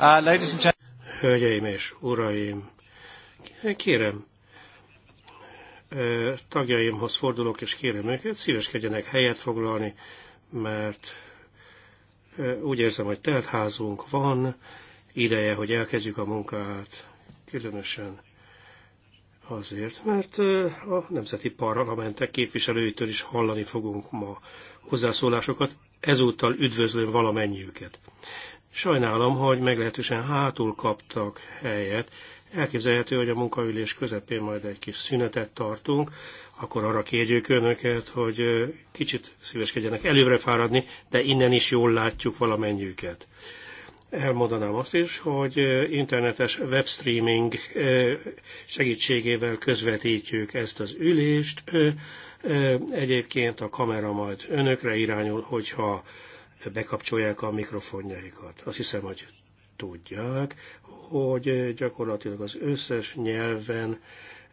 Uh, Hölgyeim és uraim, kérem, tagjaimhoz fordulok, és kérem őket, szíveskedjenek helyet foglalni, mert úgy érzem, hogy teltházunk van, ideje, hogy elkezdjük a munkát, különösen azért, mert a nemzeti parlamentek képviselőitől is hallani fogunk ma hozzászólásokat, ezúttal üdvözlöm valamennyiüket. Sajnálom, hogy meglehetősen hátul kaptak helyet. Elképzelhető, hogy a munkaülés közepén majd egy kis szünetet tartunk, akkor arra kérjük önöket, hogy kicsit szíveskedjenek előbbre fáradni, de innen is jól látjuk valamennyiüket. Elmondanám azt is, hogy internetes webstreaming segítségével közvetítjük ezt az ülést. Egyébként a kamera majd önökre irányul, hogyha bekapcsolják a mikrofonjaikat. Azt hiszem, hogy tudják, hogy gyakorlatilag az összes nyelven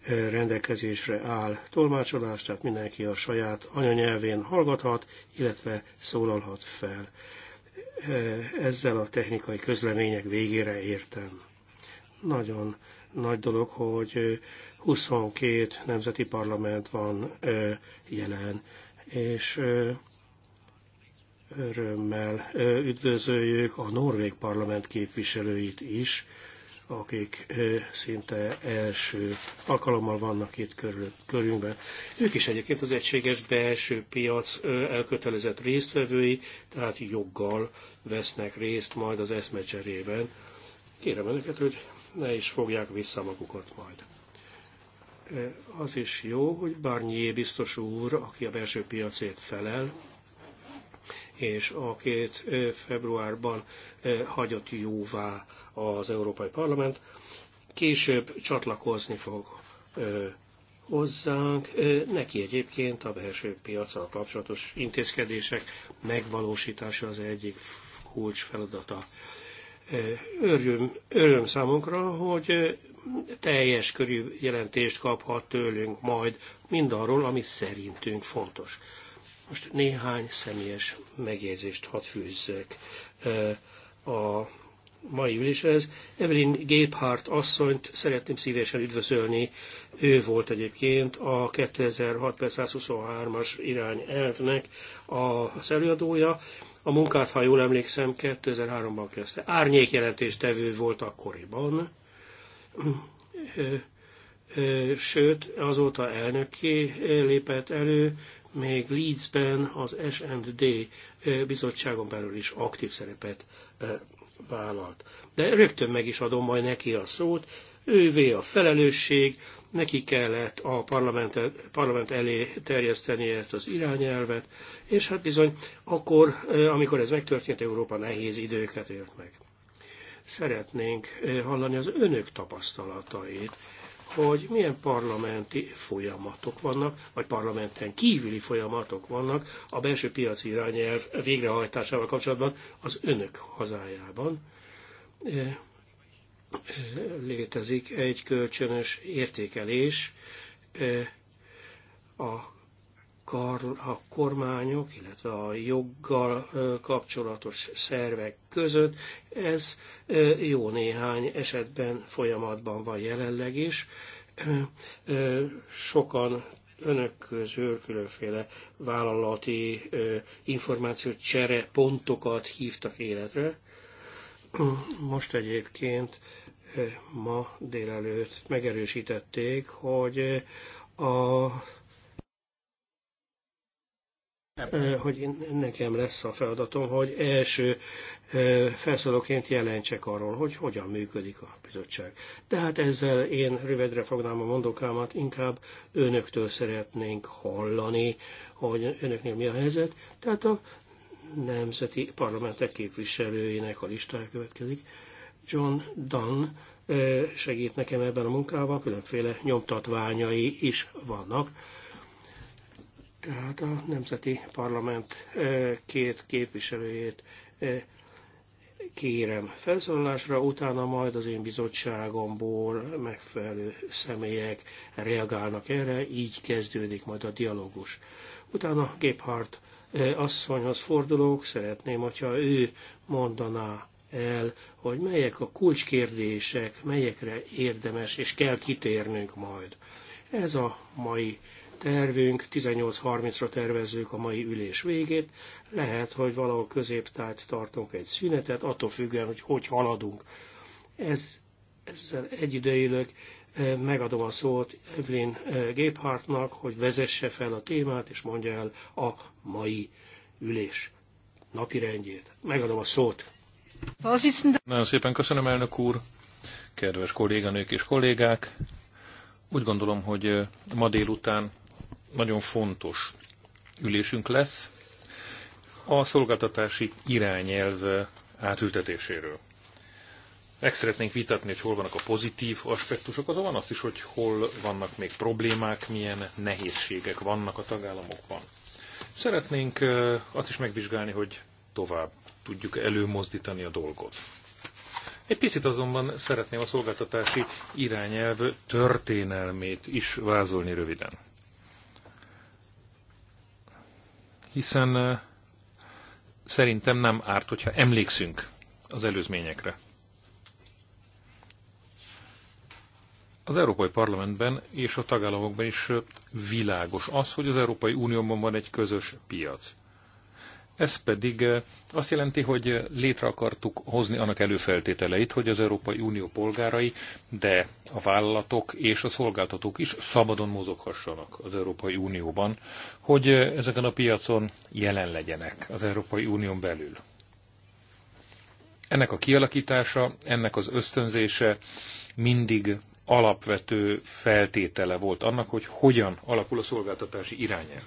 eh, rendelkezésre áll tolmácsolás, tehát mindenki a saját anyanyelvén hallgathat, illetve szólalhat fel. Eh, ezzel a technikai közlemények végére értem. Nagyon nagy dolog, hogy 22 eh, nemzeti parlament van jelen, és Örömmel üdvözöljük a Norvég parlament képviselőit is, akik szinte első alkalommal vannak itt körül, körünkben. Ők is egyébként az egységes belső piac elkötelezett résztvevői, tehát joggal vesznek részt majd az eszmecserében. Kérem önöket, hogy ne is fogják vissza magukat majd. Az is jó, hogy Barnier biztos úr, aki a belső piacért felel, és a két februárban hagyott jóvá az Európai Parlament. Később csatlakozni fog hozzánk. Neki egyébként a belső piacsal kapcsolatos intézkedések megvalósítása az egyik kulcs feladata. Öröm, öröm számunkra, hogy teljes körű jelentést kaphat tőlünk majd mindarról, ami szerintünk fontos. Most néhány személyes megjegyzést hadd fűzzek a mai üléshez. Evelyn Géphárt asszonyt szeretném szívesen üdvözölni. Ő volt egyébként a 2006 as irány elvnek a előadója. A munkát, ha jól emlékszem, 2003-ban kezdte. Árnyékjelentéstevő volt akkoriban. Sőt, azóta elnöki lépett elő, még Leedsben az S&D bizottságon belül is aktív szerepet vállalt. De rögtön meg is adom majd neki a szót, ővé a felelősség, neki kellett a parlament, parlament elé terjeszteni ezt az irányelvet, és hát bizony akkor, amikor ez megtörtént, Európa nehéz időket élt meg. Szeretnénk hallani az önök tapasztalatait hogy milyen parlamenti folyamatok vannak, vagy parlamenten kívüli folyamatok vannak a belső piaci irányelv végrehajtásával kapcsolatban az önök hazájában. E, e, létezik egy kölcsönös értékelés e, a kar, a kormányok, illetve a joggal kapcsolatos szervek között. Ez jó néhány esetben folyamatban van jelenleg is. Sokan önök közül különféle vállalati információcsere pontokat hívtak életre. Most egyébként ma délelőtt megerősítették, hogy a hogy én, nekem lesz a feladatom, hogy első felszólóként jelentsek arról, hogy hogyan működik a bizottság. Tehát ezzel én rövidre fognám a mondókámat, inkább önöktől szeretnénk hallani, hogy önöknél mi a helyzet. Tehát a nemzeti parlamentek képviselőinek a listája következik. John Dunn segít nekem ebben a munkában, különféle nyomtatványai is vannak tehát a Nemzeti Parlament két képviselőjét kérem felszólalásra, utána majd az én bizottságomból megfelelő személyek reagálnak erre, így kezdődik majd a dialógus. Utána Géphárt asszonyhoz fordulók, szeretném, hogyha ő mondaná el, hogy melyek a kulcskérdések, melyekre érdemes és kell kitérnünk majd. Ez a mai tervünk, 18.30-ra tervezzük a mai ülés végét, lehet, hogy valahol középtájt tartunk egy szünetet, attól függően, hogy hogy haladunk. Ez, ezzel idejülök. E, megadom a szót Evelyn e, Géphartnak, hogy vezesse fel a témát, és mondja el a mai ülés napirendjét. Megadom a szót. Nagyon szépen köszönöm, elnök úr, kedves kolléganők és kollégák. Úgy gondolom, hogy e, ma délután nagyon fontos ülésünk lesz a szolgáltatási irányelv átültetéséről. Meg szeretnénk vitatni, hogy hol vannak a pozitív aspektusok, azonban azt is, hogy hol vannak még problémák, milyen nehézségek vannak a tagállamokban. Szeretnénk azt is megvizsgálni, hogy tovább tudjuk előmozdítani a dolgot. Egy picit azonban szeretném a szolgáltatási irányelv történelmét is vázolni röviden. hiszen szerintem nem árt, hogyha emlékszünk az előzményekre. Az Európai Parlamentben és a tagállamokban is világos az, hogy az Európai Unióban van egy közös piac. Ez pedig eh, azt jelenti, hogy létre akartuk hozni annak előfeltételeit, hogy az Európai Unió polgárai, de a vállalatok és a szolgáltatók is szabadon mozoghassanak az Európai Unióban, hogy eh, ezeken a piacon jelen legyenek az Európai Unión belül. Ennek a kialakítása, ennek az ösztönzése mindig alapvető feltétele volt annak, hogy hogyan alakul a szolgáltatási irányelv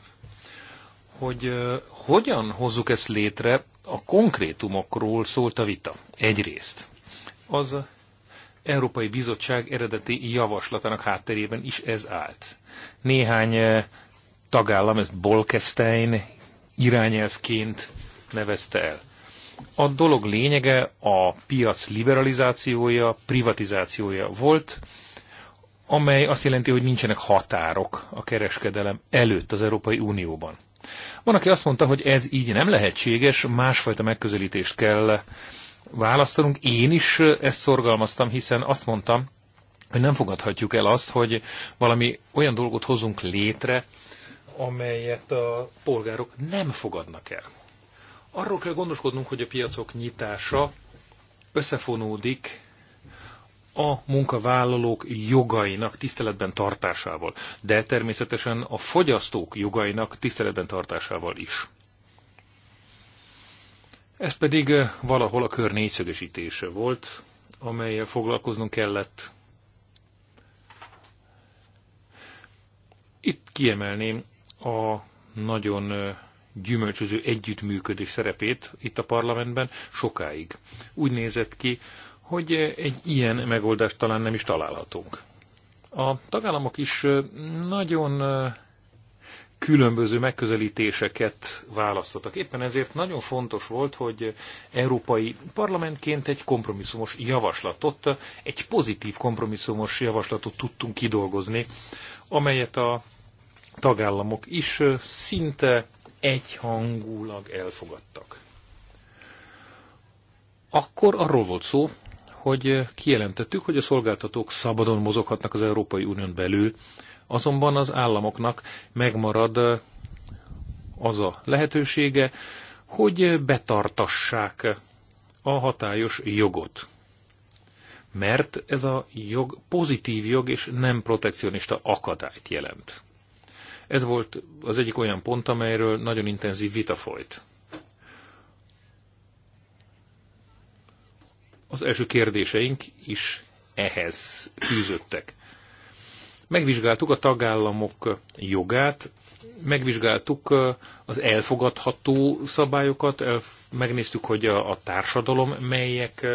hogy hogyan hozzuk ezt létre, a konkrétumokról szólt a vita. Egyrészt az Európai Bizottság eredeti javaslatának hátterében is ez állt. Néhány tagállam ezt Bolkestein irányelvként nevezte el. A dolog lényege a piac liberalizációja, privatizációja volt, amely azt jelenti, hogy nincsenek határok a kereskedelem előtt az Európai Unióban. Van, aki azt mondta, hogy ez így nem lehetséges, másfajta megközelítést kell választanunk. Én is ezt szorgalmaztam, hiszen azt mondtam, hogy nem fogadhatjuk el azt, hogy valami olyan dolgot hozunk létre, amelyet a polgárok nem fogadnak el. Arról kell gondoskodnunk, hogy a piacok nyitása összefonódik a munkavállalók jogainak tiszteletben tartásával, de természetesen a fogyasztók jogainak tiszteletben tartásával is. Ez pedig eh, valahol a kör négyszögesítése volt, amelyel foglalkoznunk kellett. Itt kiemelném a nagyon eh, gyümölcsöző együttműködés szerepét itt a parlamentben sokáig. Úgy nézett ki, hogy egy ilyen megoldást talán nem is találhatunk. A tagállamok is nagyon különböző megközelítéseket választottak. Éppen ezért nagyon fontos volt, hogy európai parlamentként egy kompromisszumos javaslatot, egy pozitív kompromisszumos javaslatot tudtunk kidolgozni, amelyet a tagállamok is szinte egyhangulag elfogadtak. Akkor arról volt szó, hogy eh, kijelentettük, hogy a szolgáltatók szabadon mozoghatnak az Európai Unión belül, azonban az államoknak megmarad eh, az a lehetősége, hogy eh, betartassák a hatályos jogot. Mert ez a jog pozitív jog és nem protekcionista akadályt jelent. Ez volt az egyik olyan pont, amelyről nagyon intenzív vita folyt. az első kérdéseink is ehhez fűzöttek. Megvizsgáltuk a tagállamok jogát, megvizsgáltuk az elfogadható szabályokat, megnéztük, hogy a, a társadalom melyek,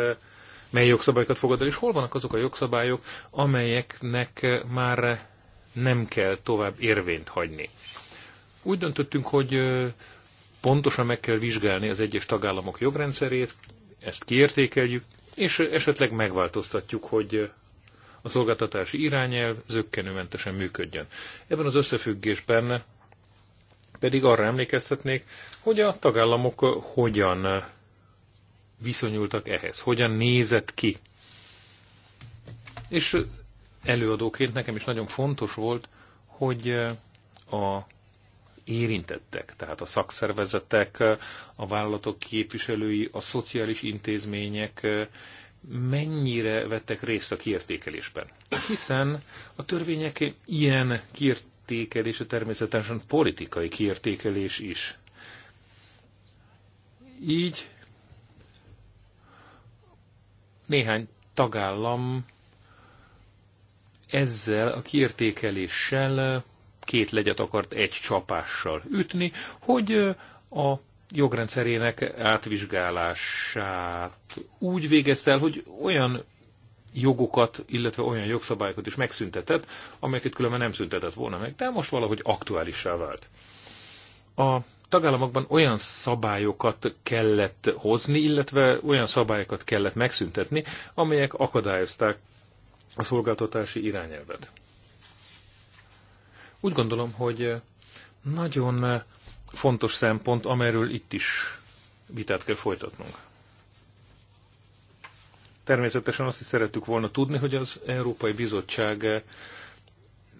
mely jogszabályokat fogad el, és hol vannak azok a jogszabályok, amelyeknek már nem kell tovább érvényt hagyni. Úgy döntöttünk, hogy pontosan meg kell vizsgálni az egyes tagállamok jogrendszerét, ezt kiértékeljük, és esetleg megváltoztatjuk, hogy a szolgáltatási irányelv zöggenőmentesen működjön. Ebben az összefüggésben pedig arra emlékeztetnék, hogy a tagállamok hogyan viszonyultak ehhez, hogyan nézett ki. És előadóként nekem is nagyon fontos volt, hogy a érintettek, tehát a szakszervezetek, a vállalatok képviselői, a szociális intézmények eh, mennyire vettek részt a kiértékelésben. Hiszen a törvények ilyen kiértékelése természetesen politikai kiértékelés is. Így néhány tagállam ezzel a kiértékeléssel két legyet akart egy csapással ütni, hogy a jogrendszerének átvizsgálását úgy végezte el, hogy olyan jogokat, illetve olyan jogszabályokat is megszüntetett, amelyeket különben nem szüntetett volna meg, de most valahogy aktuálissá vált. A tagállamokban olyan szabályokat kellett hozni, illetve olyan szabályokat kellett megszüntetni, amelyek akadályozták a szolgáltatási irányelvet. Úgy gondolom, hogy eh, nagyon eh, fontos szempont, amelyről itt is vitát kell folytatnunk. Természetesen azt is szerettük volna tudni, hogy az Európai Bizottság eh,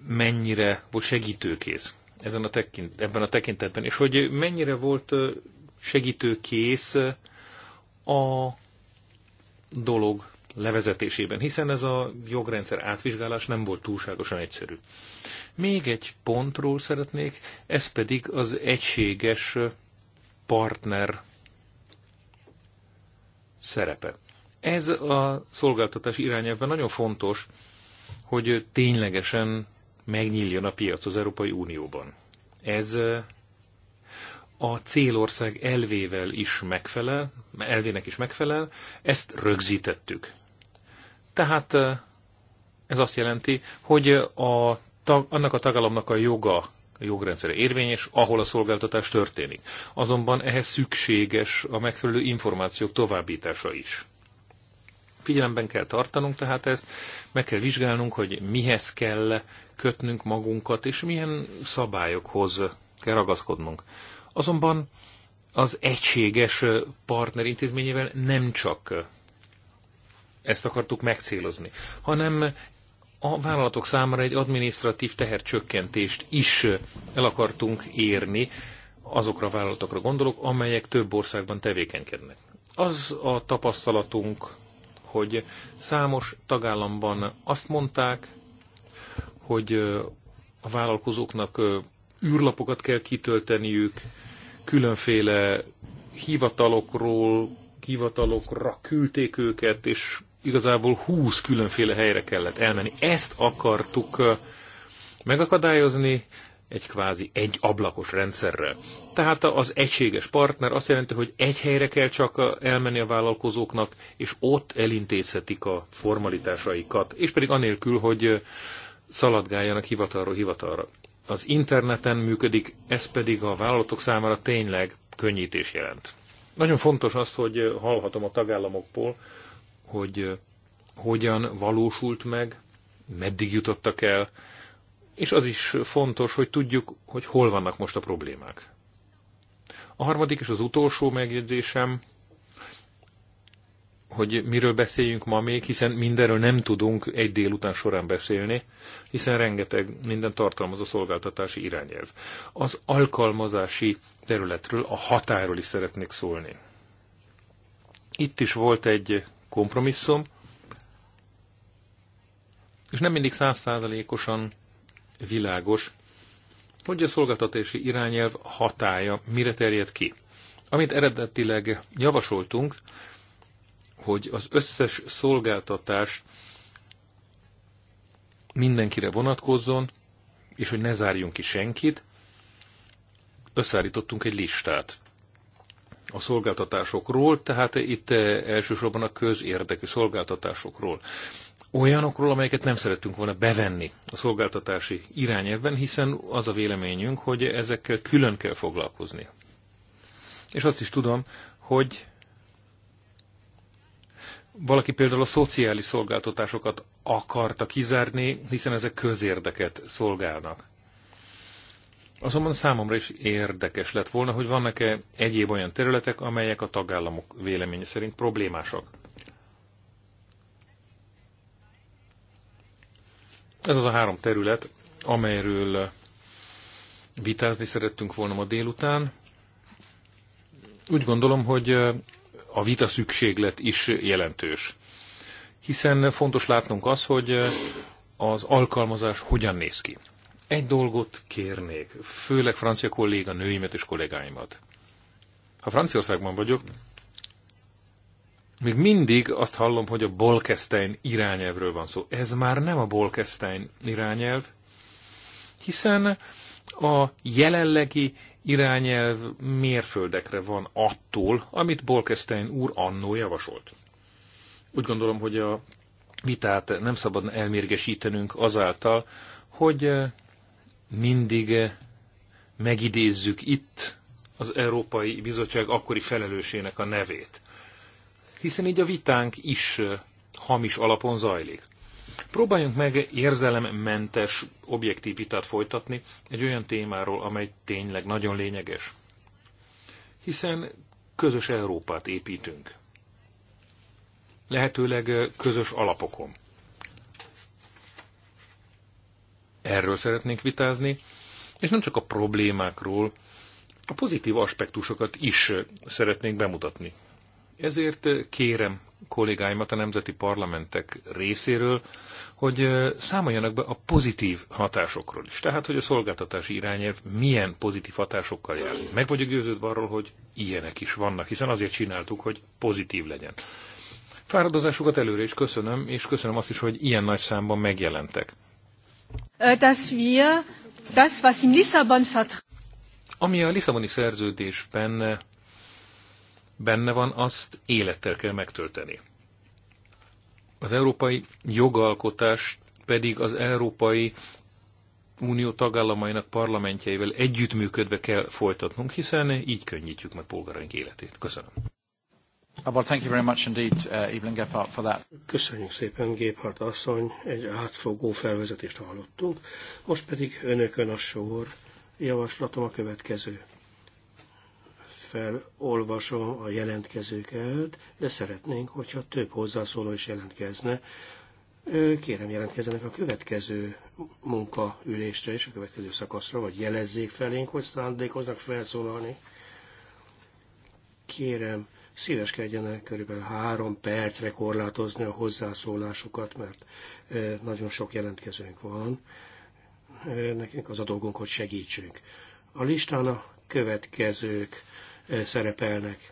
mennyire volt segítőkész ezen a tekint, ebben a tekintetben, és hogy mennyire volt segítőkész a dolog levezetésében, hiszen ez a jogrendszer átvizsgálás nem volt túlságosan egyszerű. Még egy pontról szeretnék, ez pedig az egységes partner szerepe. Ez a szolgáltatás irányában nagyon fontos, hogy ténylegesen megnyíljon a piac az Európai Unióban. Ez a célország elvével is megfelel, elvének is megfelel, ezt rögzítettük. Tehát ez azt jelenti, hogy a tag, annak a tagállamnak a joga, a jogrendszere érvényes, ahol a szolgáltatás történik. Azonban ehhez szükséges a megfelelő információk továbbítása is. Figyelemben kell tartanunk tehát ezt, meg kell vizsgálnunk, hogy mihez kell kötnünk magunkat, és milyen szabályokhoz kell ragaszkodnunk. Azonban az egységes partner intézményével nem csak ezt akartuk megcélozni, hanem a vállalatok számára egy adminisztratív tehercsökkentést is el akartunk érni, azokra a vállalatokra gondolok, amelyek több országban tevékenykednek. Az a tapasztalatunk, hogy számos tagállamban azt mondták, hogy a vállalkozóknak űrlapokat kell kitölteniük, különféle hivatalokról, hivatalokra küldték őket, és igazából 20 különféle helyre kellett elmenni. Ezt akartuk megakadályozni egy kvázi egy ablakos rendszerrel. Tehát az egységes partner azt jelenti, hogy egy helyre kell csak elmenni a vállalkozóknak, és ott elintézhetik a formalitásaikat, és pedig anélkül, hogy szaladgáljanak hivatalról hivatalra. Az interneten működik, ez pedig a vállalatok számára tényleg könnyítés jelent. Nagyon fontos az, hogy hallhatom a tagállamokból, hogy hogyan valósult meg, meddig jutottak el, és az is fontos, hogy tudjuk, hogy hol vannak most a problémák. A harmadik és az utolsó megjegyzésem, hogy miről beszéljünk ma még, hiszen mindenről nem tudunk egy délután során beszélni, hiszen rengeteg minden tartalmaz a szolgáltatási irányelv. Az alkalmazási területről, a határól is szeretnék szólni. Itt is volt egy kompromisszum, és nem mindig százszázalékosan világos, hogy a szolgáltatási irányelv hatája mire terjed ki. Amit eredetileg javasoltunk, hogy az összes szolgáltatás mindenkire vonatkozzon, és hogy ne zárjunk ki senkit, összeállítottunk egy listát a szolgáltatásokról, tehát itt eh, elsősorban a közérdekű szolgáltatásokról. Olyanokról, amelyeket nem szerettünk volna bevenni a szolgáltatási irányelven, hiszen az a véleményünk, hogy ezekkel külön kell foglalkozni. És azt is tudom, hogy valaki például a szociális szolgáltatásokat akarta kizárni, hiszen ezek közérdeket szolgálnak. Azonban számomra is érdekes lett volna, hogy vannak-e egyéb olyan területek, amelyek a tagállamok véleménye szerint problémásak. Ez az a három terület, amelyről vitázni szerettünk volna ma délután. Úgy gondolom, hogy a vita szükséglet is jelentős. Hiszen fontos látnunk az, hogy az alkalmazás hogyan néz ki. Egy dolgot kérnék, főleg francia kolléga nőimet és kollégáimat. Ha Franciaországban vagyok, még mindig azt hallom, hogy a Bolkestein irányelvről van szó. Ez már nem a Bolkestein irányelv, hiszen a jelenlegi irányelv mérföldekre van attól, amit Bolkestein úr annó javasolt. Úgy gondolom, hogy a vitát nem szabad elmérgesítenünk azáltal, hogy mindig eh, megidézzük itt az Európai Bizottság akkori felelősének a nevét. Hiszen így a vitánk is eh, hamis alapon zajlik. Próbáljunk meg érzelemmentes, objektív vitát folytatni egy olyan témáról, amely tényleg nagyon lényeges. Hiszen közös Európát építünk. Lehetőleg eh, közös alapokon. Erről szeretnénk vitázni, és nem csak a problémákról, a pozitív aspektusokat is szeretnénk bemutatni. Ezért kérem kollégáimat a nemzeti parlamentek részéről, hogy számoljanak be a pozitív hatásokról is. Tehát, hogy a szolgáltatási irányelv milyen pozitív hatásokkal jár. Meg vagyok győződve arról, hogy ilyenek is vannak, hiszen azért csináltuk, hogy pozitív legyen. Fáradozásukat előre is köszönöm, és köszönöm azt is, hogy ilyen nagy számban megjelentek dass wir das, was im Lissabon Ami a Lisszaboni szerződésben eh, benne van, azt élettel kell megtölteni. Az európai jogalkotás pedig az Európai Unió tagállamainak parlamentjeivel együttműködve kell folytatnunk, hiszen így könnyítjük meg polgáraink életét. Köszönöm. Uh, uh, Köszönjük szépen, Gephardt asszony, egy átfogó felvezetést hallottunk. Most pedig önökön a sor. Javaslatom a következő. Felolvasom a jelentkezőket, de szeretnénk, hogyha több hozzászóló is jelentkezne. Kérem, jelentkezzenek a következő munkaülésre és a következő szakaszra, vagy jelezzék felénk, hogy szándékoznak felszólalni. Kérem, el körülbelül három percre korlátozni a hozzászólásukat, mert nagyon sok jelentkezőnk van. Nekünk az a dolgunk, hogy segítsünk. A listán a következők szerepelnek.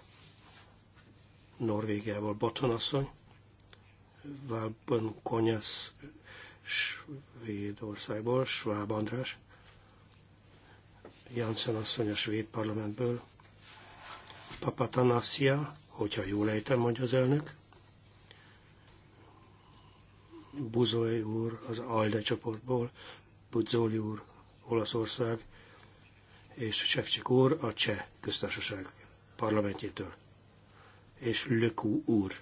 Norvégiával Botonasszony, Valban Konyasz, Svédországból, Schwab András, Janssen asszony a svéd parlamentből, Papatanasia, hogyha jól ejtem, mondja az elnök. Buzoly úr az Alde csoportból, Buzoli úr Olaszország, és Sefcsik úr a Cseh köztársaság parlamentjétől, és Lökú úr.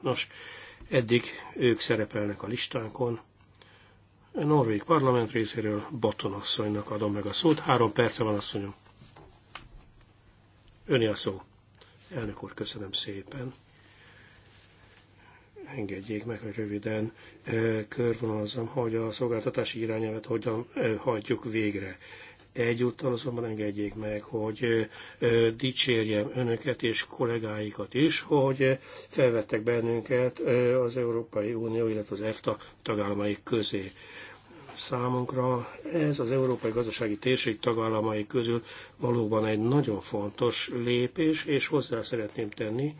Nos, eddig ők szerepelnek a listánkon. A Norvég parlament részéről Baton asszonynak adom meg a szót. Három perce van, asszonyom. Öni a szó. Elnök úr, köszönöm szépen. Engedjék meg, hogy röviden körvonalazzam, hogy a szolgáltatási irányelvet hogyan hagyjuk végre. Egyúttal azonban engedjék meg, hogy dicsérjem önöket és kollégáikat is, hogy felvettek bennünket az Európai Unió, illetve az EFTA tagállamai közé számunkra ez az európai gazdasági térség tagállamai közül valóban egy nagyon fontos lépés, és hozzá szeretném tenni,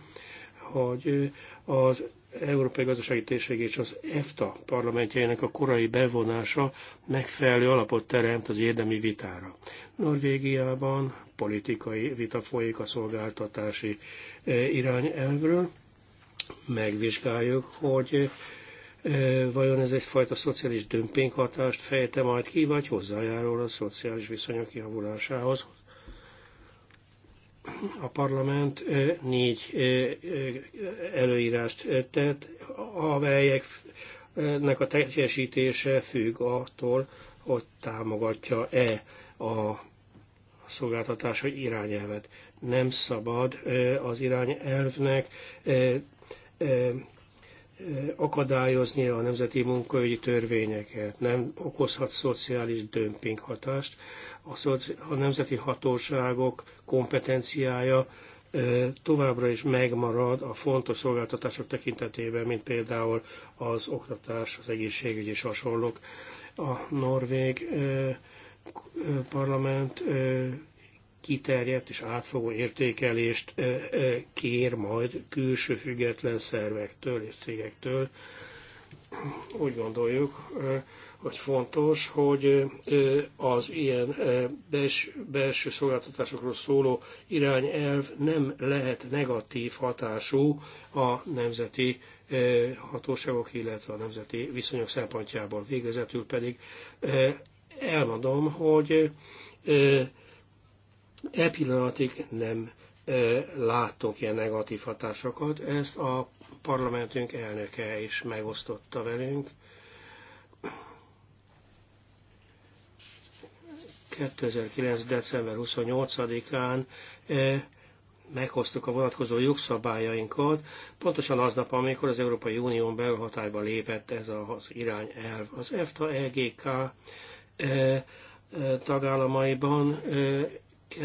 hogy az Európai Gazdasági Térség és az EFTA parlamentjeinek a korai bevonása megfelelő alapot teremt az érdemi vitára. Norvégiában politikai vita folyik a szolgáltatási eh, irányelvről. Megvizsgáljuk, hogy vajon ez egyfajta szociális dömpinghatást fejte majd ki, vagy hozzájárul a szociális viszonyok javulásához. A parlament négy előírást tett, amelyeknek a teljesítése függ attól, hogy támogatja-e a szolgáltatás vagy irányelvet. Nem szabad az irányelvnek akadályozni a nemzeti munkaügyi törvényeket, nem okozhat szociális dömping hatást. A, szoci- a nemzeti hatóságok kompetenciája továbbra is megmarad a fontos szolgáltatások tekintetében, mint például az oktatás, az egészségügy és hasonlók. A norvég parlament kiterjedt és átfogó értékelést kér majd külső független szervektől és cégektől. Úgy gondoljuk, hogy fontos, hogy az ilyen belső szolgáltatásokról szóló irányelv nem lehet negatív hatású a nemzeti hatóságok, illetve a nemzeti viszonyok szempontjából. Végezetül pedig elmondom, hogy E pillanatig nem e, látok ilyen negatív hatásokat. Ezt a parlamentünk elnöke is megosztotta velünk. 2009. december 28-án e, meghoztuk a vonatkozó jogszabályainkat, pontosan aznap, amikor az Európai Unión belül hatályba lépett ez az irányelv. Az EFTA EGK e, tagállamaiban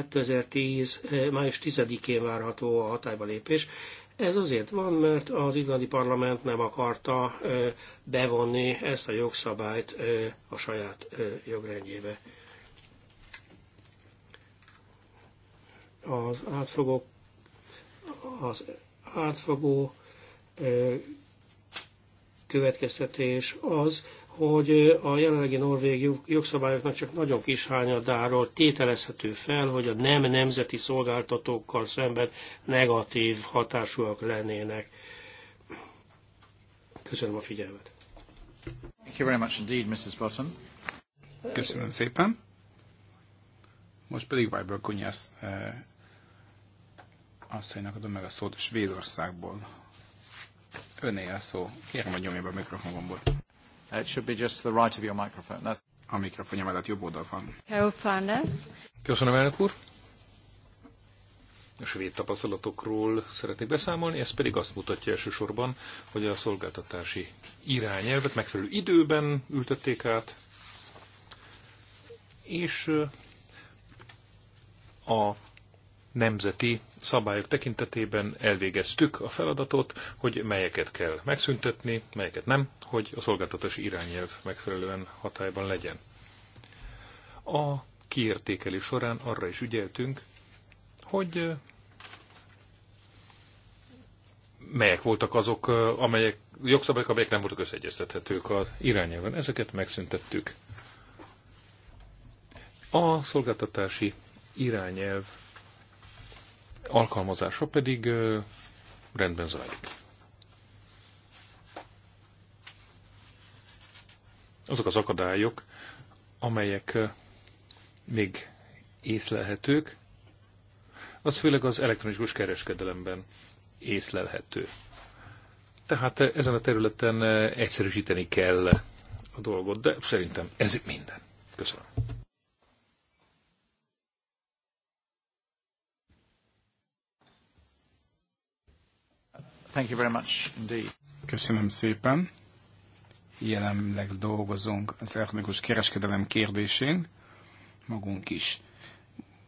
2010. Eh, május 10-én várható a hatályba lépés. Ez azért van, mert az izlandi parlament nem akarta eh, bevonni ezt a jogszabályt eh, a saját jogrendjébe. Az átfogó, az átfogó következtetés az, hogy a jelenlegi norvég jogszabályoknak csak nagyon kis hányadáról tételezhető fel, hogy a nem nemzeti szolgáltatókkal szemben negatív hatásúak lennének. Köszönöm a figyelmet. Thank you very much indeed, Mrs. Botton. Köszönöm szépen. Most pedig Weibel Kunyász eh, asszonynak adom meg a szót Svédországból. Öné a szó. Kérem, hogy nyomja be a mikrofongombot. It should be just the right of your microphone. That's... A mikrofonja mellett jobb oldal van. Jó, Köszönöm, elnök úr. A svéd tapasztalatokról szeretnék beszámolni, ez pedig azt mutatja elsősorban, hogy a szolgáltatási irányelvet megfelelő időben ültették át, és a nemzeti szabályok tekintetében elvégeztük a feladatot, hogy melyeket kell megszüntetni, melyeket nem, hogy a szolgáltatási irányelv megfelelően hatályban legyen. A kiértékelés során arra is ügyeltünk, hogy melyek voltak azok, amelyek jogszabályok, amelyek nem voltak összeegyeztethetők az irányelven. Ezeket megszüntettük. A szolgáltatási irányelv alkalmazása pedig rendben zajlik. Azok az akadályok, amelyek még észlelhetők, az főleg az elektronikus kereskedelemben észlelhető. Tehát ezen a területen egyszerűsíteni kell a dolgot, de szerintem ez minden. Köszönöm. Thank you very much indeed. Köszönöm szépen. Jelenleg dolgozunk az elektronikus kereskedelem kérdésén, magunk is.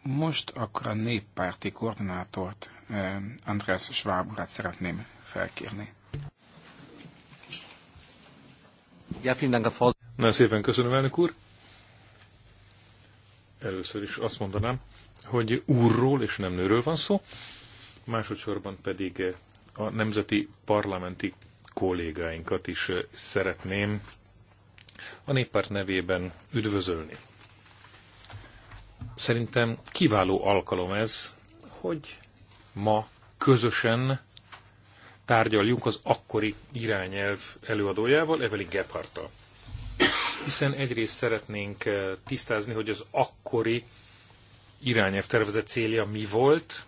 Most akkor a néppárti koordinátort, eh, András Schwab urat szeretném felkérni. Nagyon szépen köszönöm, elnök úr. Először is azt mondanám, hogy úrról és nem nőről van szó, másodszorban pedig eh, a nemzeti parlamenti kollégáinkat is szeretném a néppárt nevében üdvözölni. Szerintem kiváló alkalom ez, hogy ma közösen tárgyaljuk az akkori irányelv előadójával, Evelyn Gephardtal. Hiszen egyrészt szeretnénk tisztázni, hogy az akkori irányelv tervezett célja mi volt,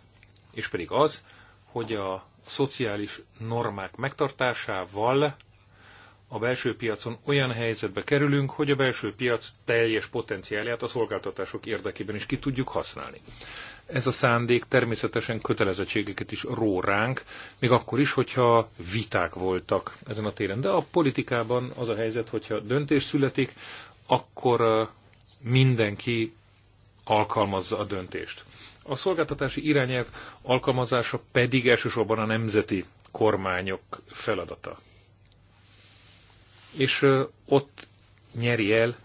és pedig az, hogy a szociális normák megtartásával a belső piacon olyan helyzetbe kerülünk, hogy a belső piac teljes potenciálját a szolgáltatások érdekében is ki tudjuk használni. Ez a szándék természetesen kötelezettségeket is ró ránk, még akkor is, hogyha viták voltak ezen a téren. De a politikában az a helyzet, hogyha döntés születik, akkor mindenki alkalmazza a döntést. A szolgáltatási irányelv alkalmazása pedig elsősorban a nemzeti kormányok feladata. És ott nyeri el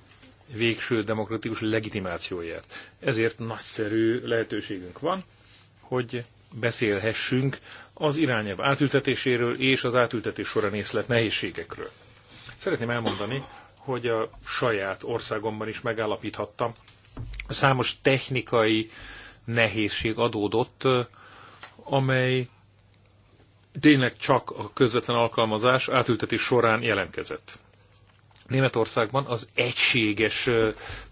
végső demokratikus legitimációját. Ezért nagyszerű lehetőségünk van, hogy beszélhessünk az irányelv átültetéséről és az átültetés során észlelt nehézségekről. Szeretném elmondani, hogy a saját országomban is megállapíthattam számos technikai nehézség adódott, amely tényleg csak a közvetlen alkalmazás átültetés során jelentkezett. Németországban az egységes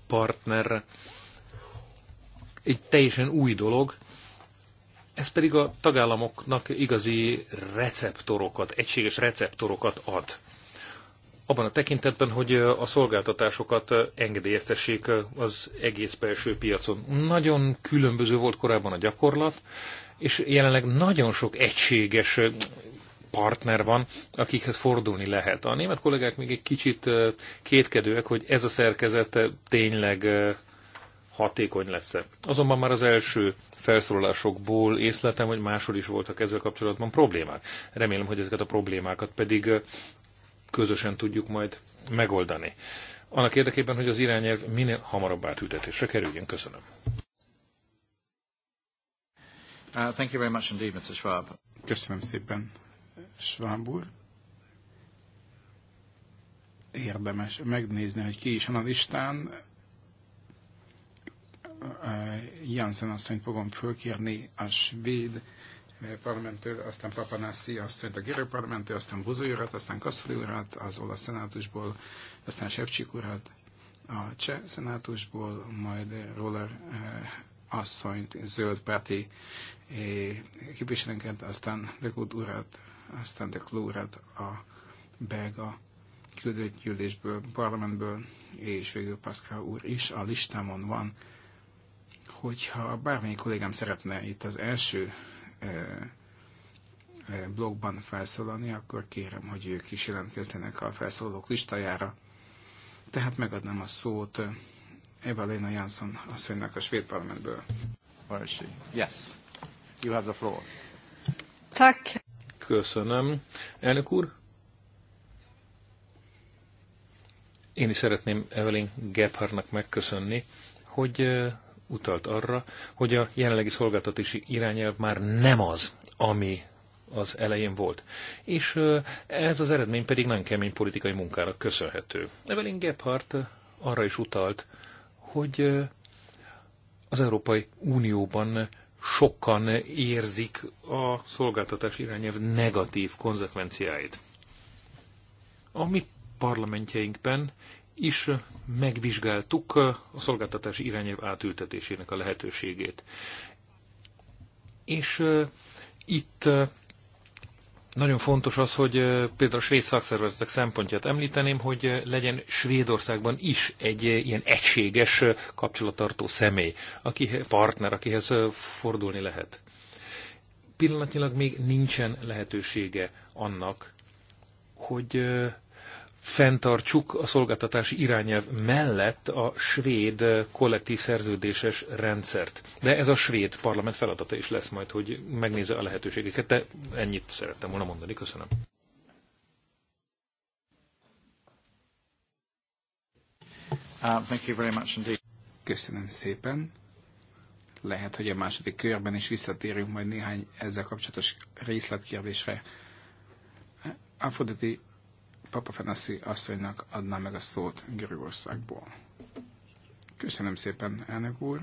partner egy teljesen új dolog, ez pedig a tagállamoknak igazi receptorokat, egységes receptorokat ad abban a tekintetben, hogy a szolgáltatásokat engedélyeztessék az egész belső piacon. Nagyon különböző volt korábban a gyakorlat, és jelenleg nagyon sok egységes partner van, akikhez fordulni lehet. A német kollégák még egy kicsit kétkedőek, hogy ez a szerkezet tényleg hatékony lesz-e. Azonban már az első felszólalásokból észletem, hogy máshol is voltak ezzel kapcsolatban problémák. Remélem, hogy ezeket a problémákat pedig közösen tudjuk majd megoldani. Annak érdekében, hogy az irányelv minél hamarabb átültetésre kerüljön. Köszönöm. Uh, thank you very much indeed, Mr. Schwab. Köszönöm szépen, Schwab úr. Érdemes megnézni, hogy ki is van a listán. Uh, Jansen asszonyt fogom fölkérni a svéd parlamenttől, aztán Papanászi asszonyt a Gérő parlamenttől, aztán Buzói urat, aztán Kasztoli urat, az olasz szenátusból, aztán Sevcsik urat a cseh szenátusból, majd Roller eh, asszonyt, zöld Peti eh, képviselőnket, aztán de Good urat, aztán de Kló urat a belga küldött gyűlésből, parlamentből, és végül Pascal úr is a listámon van, hogyha bármelyik kollégám szeretne itt az első blogban felszólalni, akkor kérem, hogy ők is jelentkezzenek a felszólók listájára. Tehát megadnám a szót Lena Jansson asszonynak a svéd parlamentből. Where is she? Yes. You have the floor. Tak. Köszönöm. Elnök úr? Én is szeretném Evelyn Gebhardnak megköszönni, hogy utalt arra, hogy a jelenlegi szolgáltatási irányelv már nem az, ami az elején volt. És ez az eredmény pedig nagyon kemény politikai munkának köszönhető. Evelyn Gebhardt arra is utalt, hogy az Európai Unióban sokan érzik a szolgáltatás irányelv negatív konzekvenciáit. A mi parlamentjeinkben is megvizsgáltuk a szolgáltatási irányelv átültetésének a lehetőségét. És itt nagyon fontos az, hogy például a svéd szakszervezetek szempontját említeném, hogy legyen Svédországban is egy ilyen egységes kapcsolattartó személy, aki partner, akihez fordulni lehet. Pillanatnyilag még nincsen lehetősége annak, hogy fenntartsuk a szolgáltatási irányelv mellett a svéd kollektív szerződéses rendszert. De ez a svéd parlament feladata is lesz majd, hogy megnézze a lehetőségeket. De ennyit szerettem volna mondani. Köszönöm. Uh, Köszönöm szépen. Lehet, hogy a második körben is visszatérünk majd néhány ezzel kapcsolatos részletkérdésre. Afroditi Papa Fenassi asszonynak adná meg a szót Görögországból. Köszönöm szépen, elnök úr.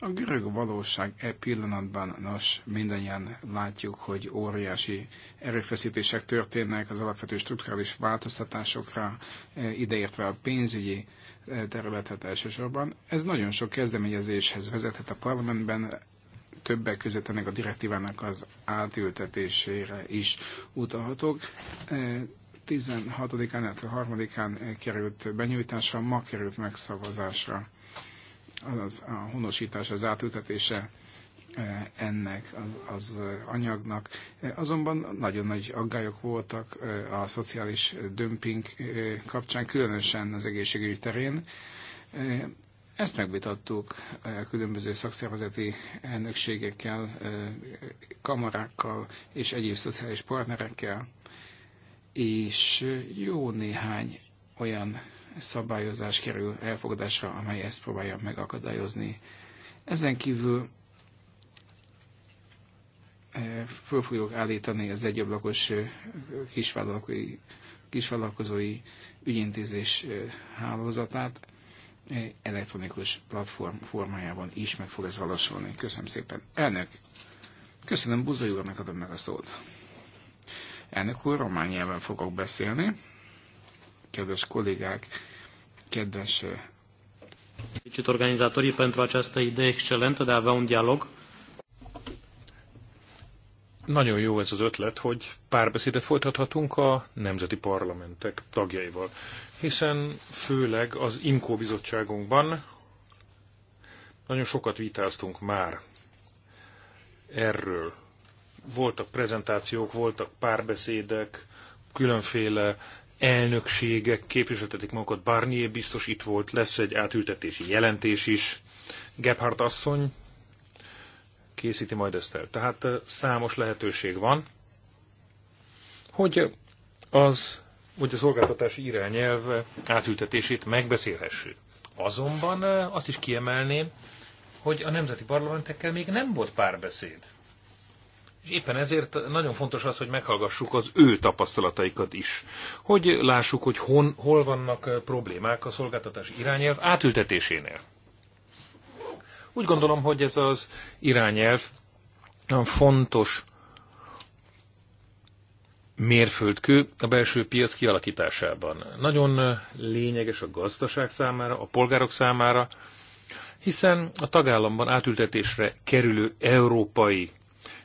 A görög valóság e pillanatban, nos, mindannyian látjuk, hogy óriási erőfeszítések történnek az alapvető strukturális változtatásokra, e, ideértve a pénzügyi e, területet elsősorban. Ez nagyon sok kezdeményezéshez vezethet a parlamentben, többek között ennek a direktívának az átültetésére is utalhatok. E, 16-án, illetve 3-án került benyújtásra, ma került megszavazásra az, a honosítás, az átültetése e, ennek az, az anyagnak. E, azonban nagyon nagy aggályok voltak e, a szociális dömping kapcsán, különösen az egészségügy terén. Ezt megvitattuk különböző szakszervezeti elnökségekkel, kamarákkal és egyéb szociális partnerekkel és jó néhány olyan szabályozás kerül elfogadásra, amely ezt próbálja megakadályozni. Ezen kívül eh, föl fogjuk állítani az egyablakos eh, kisvállalkozói, kisvállalkozói ügyintézés eh, hálózatát elektronikus platform formájában is meg fog ez valósulni. Köszönöm szépen. Elnök, köszönöm Buzolyúrnak adom meg a szót. Elnök úr, román nyelven fogok beszélni. Kedves kollégák, kedves... Kicsit organizátori pentru această idee excelentă de a avea un dialog. Nagyon jó ez az ötlet, hogy párbeszédet folytathatunk a nemzeti parlamentek tagjaival, hiszen főleg az IMKO bizottságunkban nagyon sokat vitáztunk már erről voltak prezentációk, voltak párbeszédek, különféle elnökségek képviseltetik magukat. Barnier biztos itt volt, lesz egy átültetési jelentés is. Gebhardt asszony készíti majd ezt el. Tehát számos lehetőség van, hogy az, hogy a szolgáltatási irányelv átültetését megbeszélhessük. Azonban azt is kiemelném, hogy a nemzeti parlamentekkel még nem volt párbeszéd. És éppen ezért nagyon fontos az, hogy meghallgassuk az ő tapasztalataikat is. Hogy lássuk, hogy hon, hol vannak problémák a szolgáltatás irányelv átültetésénél. Úgy gondolom, hogy ez az irányelv nagyon fontos mérföldkő a belső piac kialakításában. Nagyon lényeges a gazdaság számára, a polgárok számára, hiszen a tagállamban átültetésre kerülő európai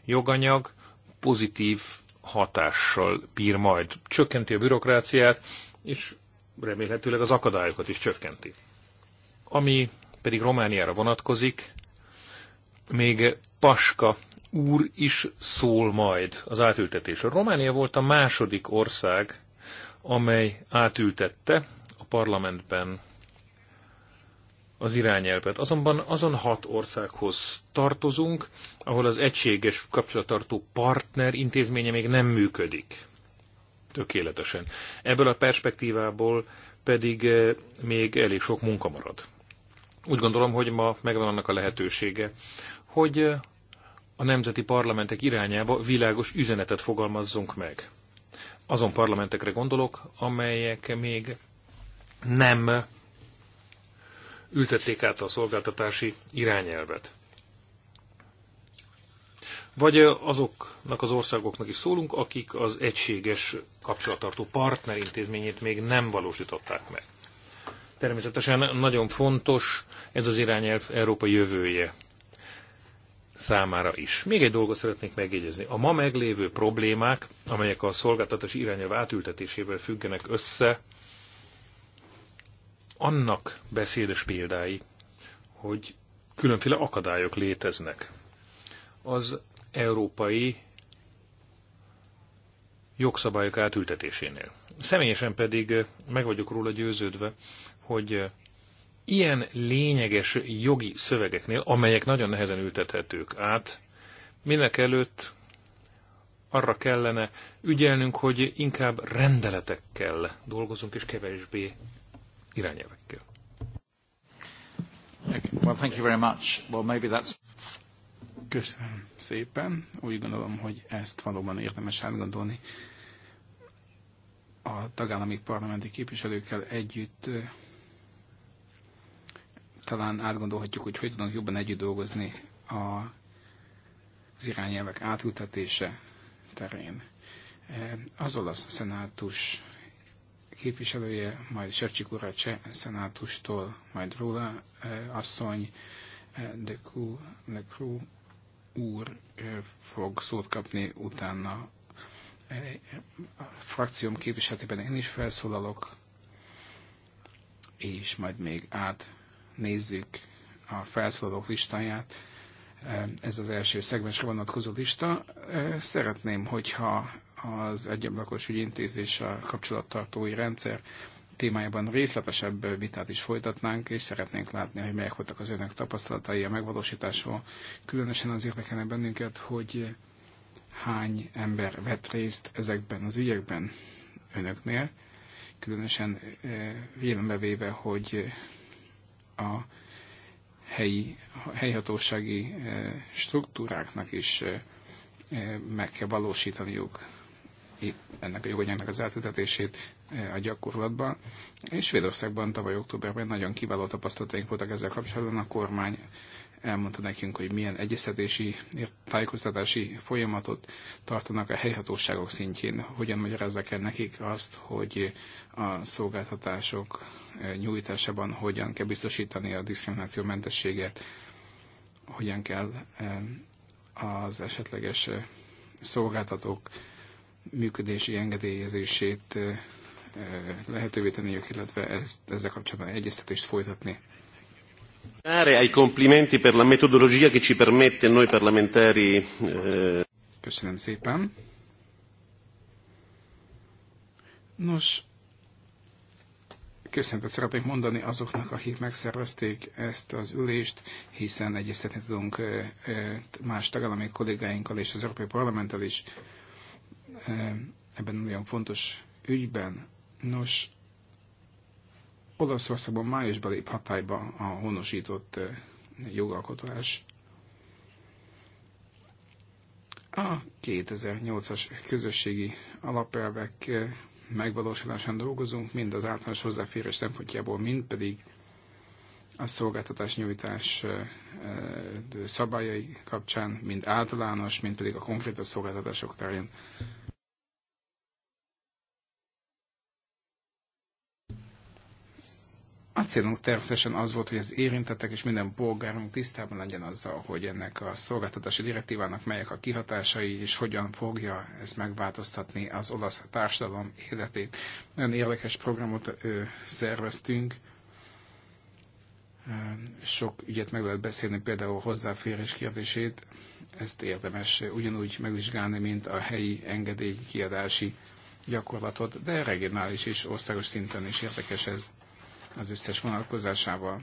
joganyag pozitív hatással bír majd. Csökkenti a bürokráciát, és remélhetőleg az akadályokat is csökkenti. Ami pedig Romániára vonatkozik, még Paska úr is szól majd az átültetésről. Románia volt a második ország, amely átültette a parlamentben az irányelvet. Azonban azon hat országhoz tartozunk, ahol az egységes kapcsolattartó partner intézménye még nem működik tökéletesen. Ebből a perspektívából pedig eh, még elég sok munka marad. Úgy gondolom, hogy ma megvan annak a lehetősége, hogy eh, a nemzeti parlamentek irányába világos üzenetet fogalmazzunk meg. Azon parlamentekre gondolok, amelyek még nem ültették át a szolgáltatási irányelvet. Vagy azoknak az országoknak is szólunk, akik az egységes kapcsolattartó partnerintézményét még nem valósították meg. Természetesen nagyon fontos ez az irányelv Európa jövője számára is. Még egy dolgot szeretnék megjegyezni. A ma meglévő problémák, amelyek a szolgáltatási irányelv átültetésével függenek össze, annak beszédes példái, hogy különféle akadályok léteznek. Az európai jogszabályok átültetésénél. Személyesen pedig meg vagyok róla győződve, hogy ilyen lényeges jogi szövegeknél, amelyek nagyon nehezen ültethetők át, minek előtt arra kellene ügyelnünk, hogy inkább rendeletekkel dolgozunk, és kevesbé irányelvekkel. Well, thank you very much. Well, maybe that's... Köszönöm szépen. Úgy gondolom, hogy ezt valóban érdemes átgondolni. A tagállami parlamenti képviselőkkel együtt talán átgondolhatjuk, hogy hogy tudnak jobban együtt dolgozni a, az irányelvek átültetése terén. Eh, az olasz szenátus képviselője, majd Sercsik úr a cseh szenátustól, majd róla eh, asszony, eh, de Kru, de Kru úr eh, fog szót kapni utána. A frakcióm képviseletében én is felszólalok, és majd még átnézzük a felszólalók listáját. Ez az első szegmensre vonatkozó lista. Szeretném, hogyha az egyablakos a kapcsolattartói rendszer témájában részletesebb vitát is folytatnánk, és szeretnénk látni, hogy melyek voltak az önök tapasztalatai a megvalósításról. Különösen az érdekelne bennünket, hogy hány ember vett részt ezekben az ügyekben önöknél, különösen eh, véve, hogy a helyi, helyhatósági eh, struktúráknak is eh, meg kell valósítaniuk ennek a joganyagnak az átültetését e, a gyakorlatban. És Svédországban tavaly októberben nagyon kiváló tapasztalataink voltak ezzel kapcsolatban. A kormány elmondta nekünk, hogy milyen egyeztetési, tájékoztatási folyamatot tartanak a helyhatóságok szintjén, hogyan magyarázzák el nekik azt, hogy a szolgáltatások e, nyújtásában hogyan kell biztosítani a diszkrimináció mentességet, hogyan kell e, az esetleges szolgáltatók működési engedélyezését lehetővé tenniük, illetve ezt, ezzel kapcsolatban egyeztetést folytatni. Eh, Köszönöm szépen. Nos, köszönetet szeretnék mondani azoknak, akik megszervezték ezt az ülést, hiszen egyeztetni tudunk más tagállami kollégáinkkal és az Európai Parlamenttel is Eh, ebben nagyon fontos ügyben. Nos, Olaszországban májusban lép hatályba a honosított eh, jogalkotás. A 2008-as közösségi alapelvek eh, megvalósulásán dolgozunk, mind az általános hozzáférés szempontjából, mind pedig a szolgáltatás nyújtás szabályai kapcsán, mind általános, mind pedig a konkrét szolgáltatások terén A célunk természetesen az volt, hogy az érintettek és minden polgárunk tisztában legyen azzal, hogy ennek a szolgáltatási direktívának melyek a kihatásai, és hogyan fogja ez megváltoztatni az olasz társadalom életét. Nagyon érdekes programot ö, szerveztünk, sok ügyet meg lehet beszélni, például hozzáférés kérdését, ezt érdemes ugyanúgy megvizsgálni, mint a helyi engedélykiadási gyakorlatot, de regionális és országos szinten is érdekes ez az összes vonatkozásával.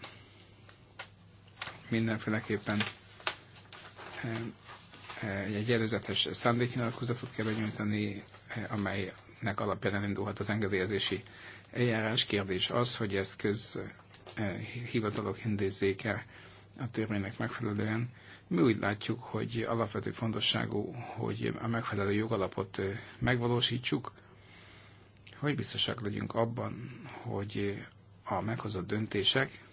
Mindenféleképpen eh, eh, egy előzetes szándéknyilatkozatot kell benyújtani, eh, amelynek alapján elindulhat az engedélyezési eljárás. Kérdés az, hogy ezt köz hivatalok intézzék el a törvénynek megfelelően. Mi úgy látjuk, hogy alapvető fontosságú, hogy a megfelelő jogalapot megvalósítsuk, hogy biztosak legyünk abban, hogy a meghozott döntések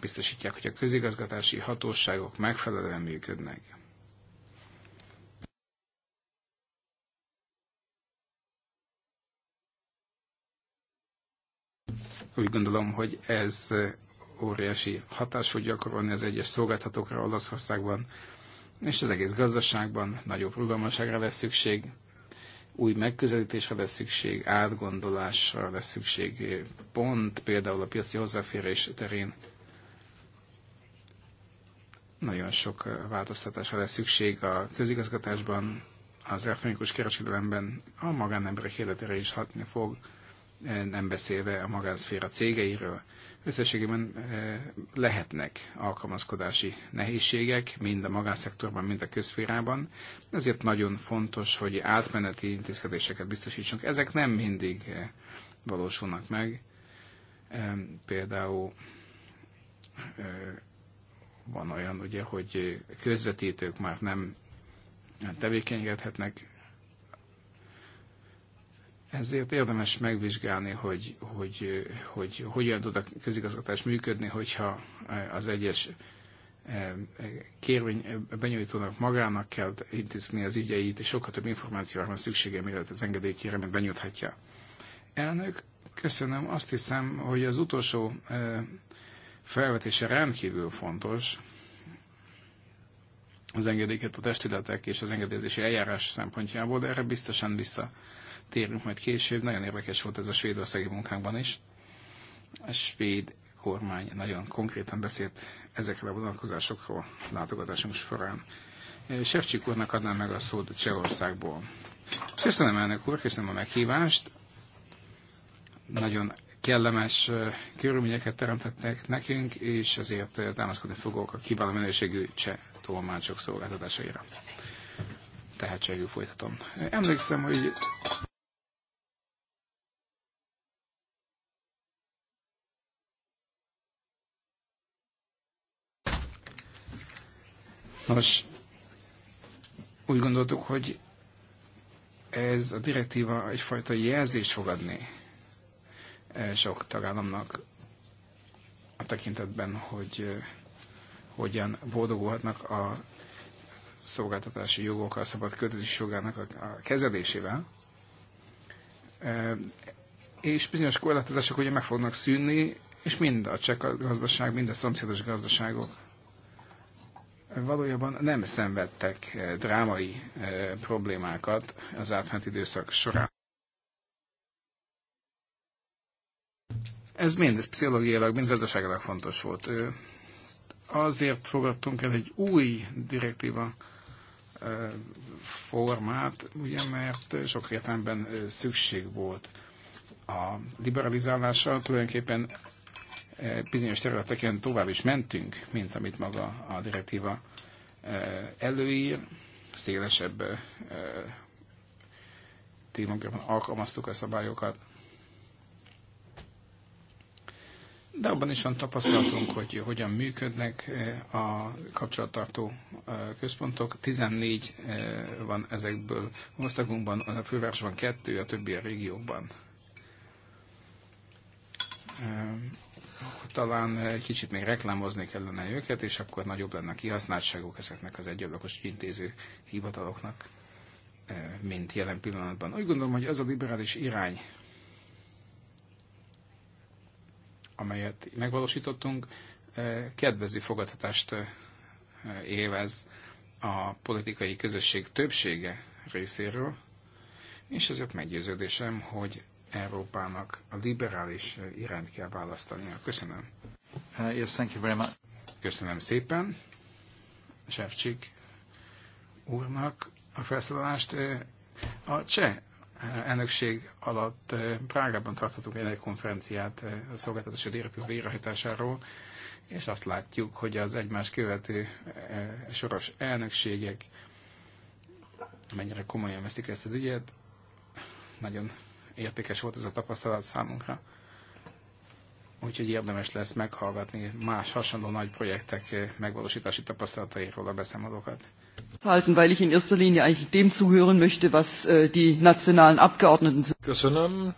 biztosítják, hogy a közigazgatási hatóságok megfelelően működnek. Úgy gondolom, hogy ez óriási hatás fog gyakorolni az egyes szolgáltatókra Olaszországban, és az egész gazdaságban nagyobb rugalmaságra lesz szükség új megközelítésre lesz szükség, átgondolásra lesz szükség, pont például a piaci hozzáférés terén nagyon sok változtatásra lesz szükség a közigazgatásban, az elektronikus kereskedelemben, a magánemberek életére is hatni fog, nem beszélve a magánszféra cégeiről. Összességében eh, lehetnek alkalmazkodási nehézségek, mind a magánszektorban, mind a közférában. Ezért nagyon fontos, hogy átmeneti intézkedéseket biztosítsunk. Ezek nem mindig eh, valósulnak meg. Például eh, van olyan, ugye, hogy közvetítők már nem tevékenykedhetnek ezért érdemes megvizsgálni, hogy, hogy, hogy hogyan tud a közigazgatás működni, hogyha az egyes eh, kérvény eh, benyújtónak magának kell intézni az ügyeit, és sokkal több információra van szüksége, mielőtt az mert benyújthatja. Elnök, köszönöm. Azt hiszem, hogy az utolsó eh, felvetése rendkívül fontos. Az engedélyeket a testületek és az engedélyezési eljárás szempontjából, de erre biztosan vissza térünk majd később. Nagyon érdekes volt ez a svédországi munkánkban is. A svéd kormány nagyon konkrétan beszélt ezekre a vonatkozásokról látogatásunk során. Sefcsik úrnak adnám meg a szót Csehországból. Köszönöm elnök úr, köszönöm a meghívást. Nagyon kellemes körülményeket teremtettek nekünk, és ezért támaszkodni fogok a kiváló minőségű cseh tolmácsok szolgáltatásaira. Tehát csehül folytatom. Emlékszem, hogy Nos, úgy gondoltuk, hogy ez a direktíva egyfajta jelzés fogadni eh, sok tagállamnak a tekintetben, hogy eh, hogyan boldogulhatnak a szolgáltatási jogok, a szabad kötözés jogának a kezelésével. Eh, és bizonyos korlátozások ugye meg fognak szűnni, és mind a cseh gazdaság, mind a szomszédos gazdaságok valójában nem szenvedtek eh, drámai eh, problémákat az átmeneti időszak során. Ez mind pszichológiailag, mind gazdaságilag fontos volt. Azért fogadtunk el egy új direktíva eh, formát, ugye, mert sok értelemben szükség volt a liberalizálásra tulajdonképpen Eh, bizonyos területeken tovább is mentünk, mint amit maga a direktíva eh, előír, szélesebb eh, témakörben alkalmaztuk a szabályokat. De abban is van tapasztalatunk, hogy hogyan működnek a kapcsolattartó központok. 14 van ezekből országunkban, a fővárosban kettő, a többi a régióban talán eh, kicsit még reklámozni kellene őket, és akkor nagyobb lenne a kihasználtságuk ezeknek az egyablakos intéző hivataloknak, eh, mint jelen pillanatban. Úgy gondolom, hogy az a liberális irány, amelyet megvalósítottunk, eh, kedvező fogadhatást élvez a politikai közösség többsége részéről, és ezért meggyőződésem, hogy Európának a liberális irányt kell választania. Köszönöm. Uh, yes, thank you very much. Köszönöm szépen Sefcsik úrnak a felszólalást. Uh, a cseh uh, elnökség alatt uh, Prágában tartottunk egy konferenciát a szolgáltatási direktív végrehajtásáról, és azt látjuk, hogy az egymás követő soros elnökségek mennyire komolyan veszik ezt az ügyet, nagyon értékes volt ez a tapasztalat számunkra. Úgyhogy érdemes lesz meghallgatni más hasonló nagy projektek megvalósítási tapasztalatairól a beszámolókat. Halten, weil ich in erster Linie eigentlich dem zuhören möchte, was äh, die nationalen Abgeordneten sind. Köszönöm.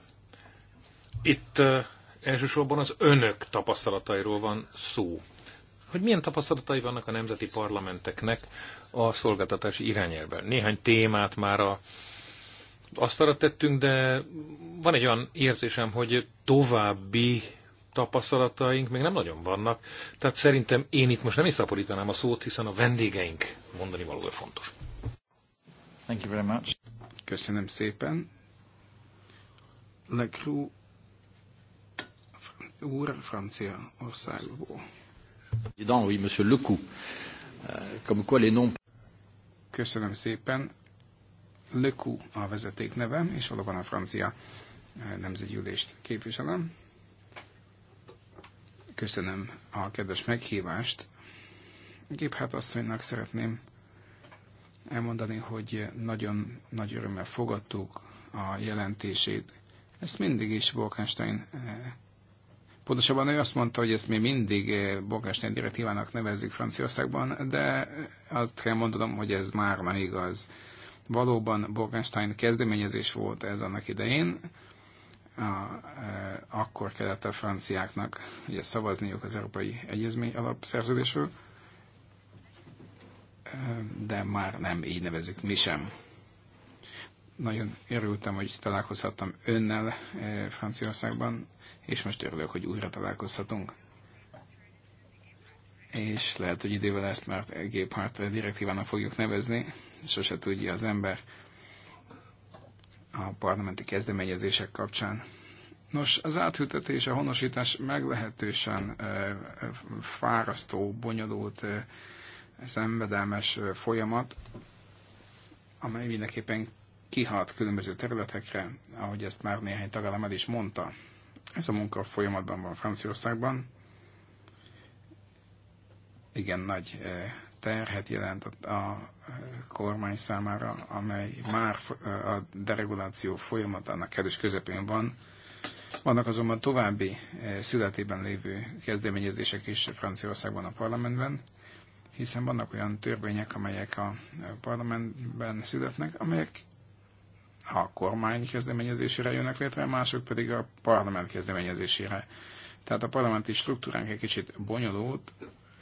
Itt äh, elsősorban az önök tapasztalatairól van szó. Hogy milyen tapasztalatai vannak a nemzeti parlamenteknek a szolgáltatási irányelvben? Néhány témát már a asztalra tettünk, de van egy olyan érzésem, hogy további tapasztalataink még nem nagyon vannak. Tehát szerintem én itt most nem is szaporítanám a szót, hiszen a vendégeink mondani valója fontos. Thank you very much. Köszönöm szépen. Le Cru, úr Franciaországból. Oui, monsieur Lecoux. Euh, comme quoi les noms... Köszönöm szépen. Le Coup a vezeték neve, és valóban a francia eh, nemzetgyűlést képviselem. Köszönöm a kedves meghívást. hát asszonynak szeretném elmondani, hogy nagyon nagy örömmel fogadtuk a jelentését. Ezt mindig is Wolkenstein eh, Pontosabban ő azt mondta, hogy ezt mi mindig eh, Bolkásnál direktívának nevezzük Franciaországban, de azt kell mondanom, hogy ez már nem igaz. Valóban Borgenstein kezdeményezés volt ez annak idején, a, e, akkor kellett a franciáknak ugye, szavazniuk az Európai Egyezmény alapszerződésről, e, de már nem így nevezük mi sem. Nagyon örültem, hogy találkozhattam önnel e, Franciaországban, és most örülök, hogy újra találkozhatunk. És lehet, hogy idővel ezt már Géphárt direktívának fogjuk nevezni, sose tudja az ember a parlamenti kezdeményezések kapcsán. Nos, az áthültetés, a honosítás meglehetősen fárasztó, bonyolult, szenvedelmes folyamat, amely mindenképpen kihat különböző területekre, ahogy ezt már néhány tagállamad is mondta. Ez a munka folyamatban van Franciaországban. Igen, nagy terhet jelent a, a kormány számára, amely már a dereguláció folyamatának kedves közepén van. Vannak azonban további e, születében lévő kezdeményezések is Franciaországban a parlamentben, hiszen vannak olyan törvények, amelyek a parlamentben születnek, amelyek a kormány kezdeményezésére jönnek létre, mások pedig a parlament kezdeményezésére. Tehát a parlamenti struktúránk egy kicsit bonyolult,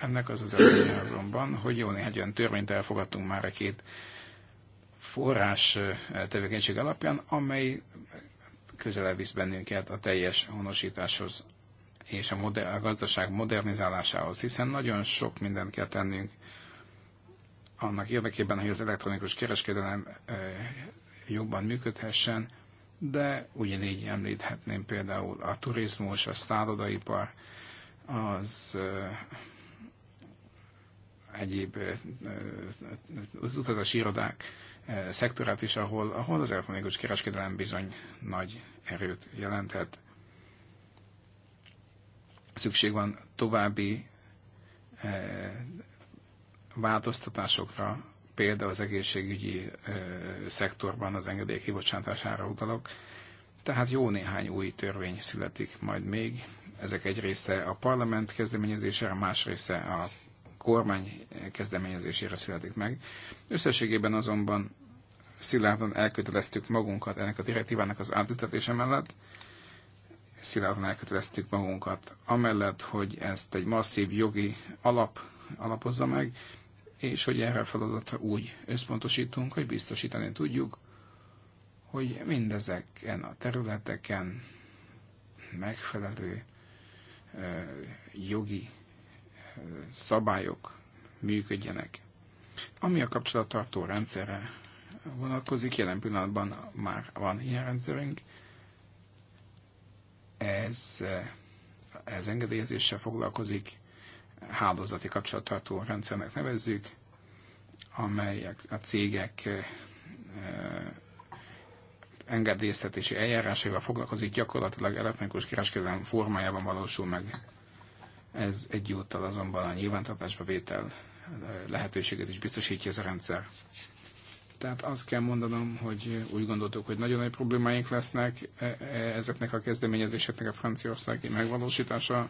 ennek az az eredménye azonban, hogy jó néhány olyan törvényt elfogadtunk már a két forrás tevékenység alapján, amely közelebb visz bennünket a teljes honosításhoz és a, moder- a gazdaság modernizálásához, hiszen nagyon sok mindent kell tennünk annak érdekében, hogy az elektronikus kereskedelem jobban működhessen, de ugyanígy említhetném például a turizmus, a szállodaipar, az egyéb az utazási irodák szektorát is, ahol, ahol az elektronikus kereskedelem bizony nagy erőt jelenthet. Szükség van további változtatásokra, például az egészségügyi szektorban az engedélyek kibocsátására utalok. Tehát jó néhány új törvény születik majd még. Ezek egy része a parlament kezdeményezésére, más része a kormány kezdeményezésére születik meg. Összességében azonban szilárdan elköteleztük magunkat ennek a direktívának az átültetése mellett, szilárdan elköteleztük magunkat amellett, hogy ezt egy masszív jogi alap alapozza meg, és hogy erre a feladatra úgy összpontosítunk, hogy biztosítani tudjuk, hogy mindezeken a területeken megfelelő jogi szabályok működjenek. Ami a kapcsolattartó rendszerre vonatkozik, jelen pillanatban már van ilyen rendszerünk. Ez, ez engedélyezéssel foglalkozik, hálózati kapcsolattartó rendszernek nevezzük, amelyek a cégek e, engedélyeztetési eljárásaival foglalkozik, gyakorlatilag elektronikus kereskedelem formájában valósul meg ez egyúttal azonban a nyilvántartásba vétel eh, lehetőséget is biztosítja ez a rendszer. Tehát azt kell mondanom, hogy úgy gondoltuk, hogy nagyon nagy problémáink lesznek e, e, ezeknek a kezdeményezéseknek a franciaországi megvalósítása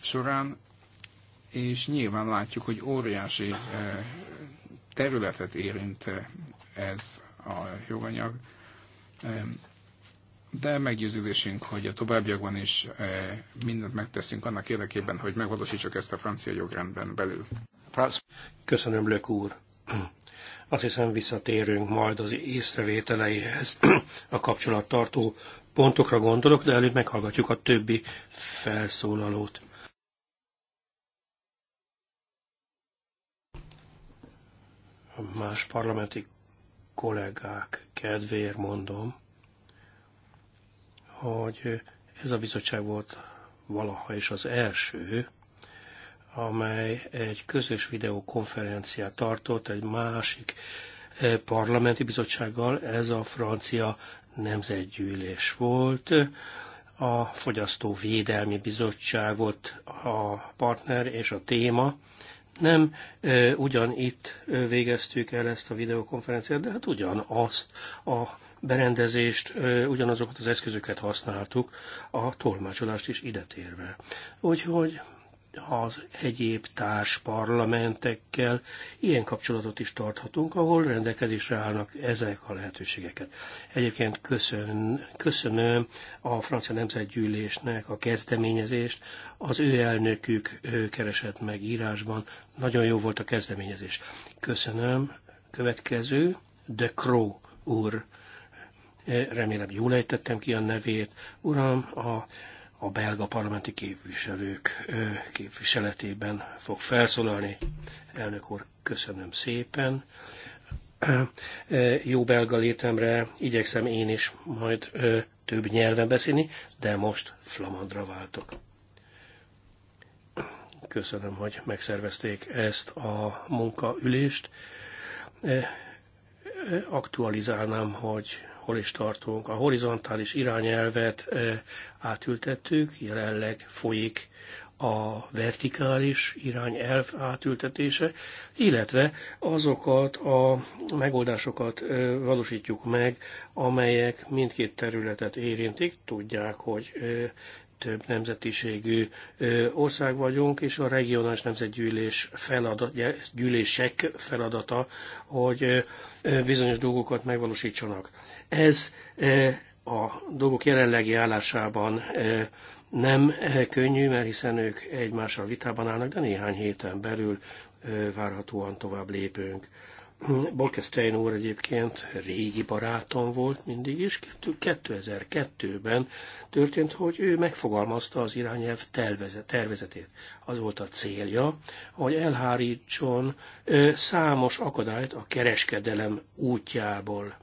során, és nyilván látjuk, hogy óriási eh, területet érint eh, ez a joganyag de meggyőződésünk, hogy a továbbiakban is eh, mindent megteszünk annak érdekében, hogy megvalósítsuk ezt a francia jogrendben belül. Köszönöm, Lök úr. Azt hiszem visszatérünk majd az észrevételeihez a kapcsolattartó pontokra gondolok, de előbb meghallgatjuk a többi felszólalót. Más parlamenti kollégák kedvéért mondom, hogy ez a bizottság volt valaha is az első, amely egy közös videokonferenciát tartott egy másik eh, parlamenti bizottsággal, ez a francia nemzetgyűlés volt. A Fogyasztóvédelmi Bizottság volt a partner és a téma, nem e, ugyan itt végeztük el ezt a videokonferenciát, de hát ugyan azt, a berendezést, e, ugyanazokat az eszközöket használtuk, a tolmácsolást is ide térve. Úgyhogy az egyéb társ parlamentekkel ilyen kapcsolatot is tarthatunk, ahol rendelkezésre állnak ezek a lehetőségeket. Egyébként köszön, köszönöm a francia nemzetgyűlésnek a kezdeményezést, az ő elnökük ő keresett meg írásban, nagyon jó volt a kezdeményezés. Köszönöm. Következő, De Crow úr. Remélem jól ejtettem ki a nevét. Uram, a a belga parlamenti képviselők képviseletében fog felszólalni. Elnök úr, köszönöm szépen. Jó belga létemre igyekszem én is majd több nyelven beszélni, de most flamandra váltok. Köszönöm, hogy megszervezték ezt a munkaülést. Aktualizálnám, hogy hol is tartunk. A horizontális irányelvet átültettük, jelenleg folyik a vertikális irányelv átültetése, illetve azokat a megoldásokat valósítjuk meg, amelyek mindkét területet érintik. Tudják, hogy több nemzetiségű ország vagyunk, és a regionális nemzetgyűlés feladat, gyűlések feladata, hogy bizonyos dolgokat megvalósítsanak. Ez a dolgok jelenlegi állásában nem könnyű, mert hiszen ők egymással vitában állnak, de néhány héten belül várhatóan tovább lépünk. Bolkestein úr egyébként régi barátom volt mindig is. 2002-ben történt, hogy ő megfogalmazta az irányelv tervezetét. Az volt a célja, hogy elhárítson számos akadályt a kereskedelem útjából.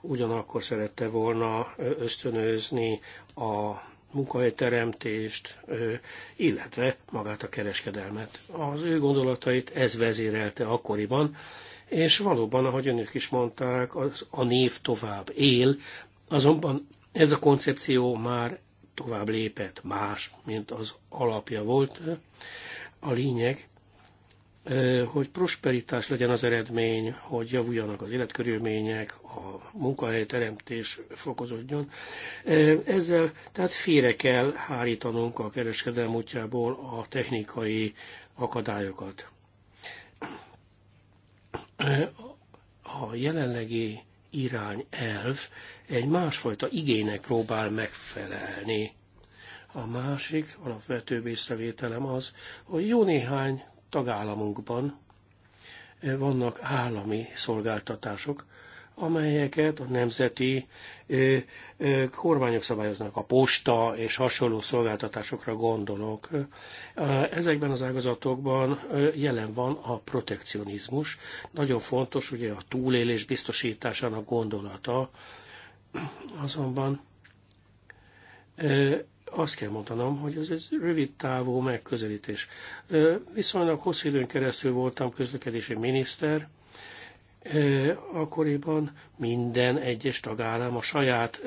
Ugyanakkor szerette volna ösztönözni a munkahelyteremtést, illetve magát a kereskedelmet. Az ő gondolatait ez vezérelte akkoriban, és valóban, ahogy önök is mondták, az, a név tovább él, azonban ez a koncepció már tovább lépett más, mint az alapja volt. A lényeg, hogy prosperitás legyen az eredmény, hogy javuljanak az életkörülmények, a munkahelyteremtés fokozódjon. Ezzel tehát félre kell hárítanunk a kereskedelm útjából a technikai akadályokat. A jelenlegi irányelv egy másfajta igénynek próbál megfelelni. A másik alapvető észrevételem az, hogy jó néhány tagállamunkban eh, vannak állami szolgáltatások, amelyeket a nemzeti ö, eh, ö, eh, kormányok szabályoznak, a posta és hasonló szolgáltatásokra gondolok. Ezekben az ágazatokban jelen van a protekcionizmus. Nagyon fontos ugye a túlélés biztosításának gondolata, azonban azt kell mondanom, hogy ez egy rövid távú megközelítés. Viszonylag hosszú időn keresztül voltam közlekedési miniszter, akkoriban minden egyes tagállam a saját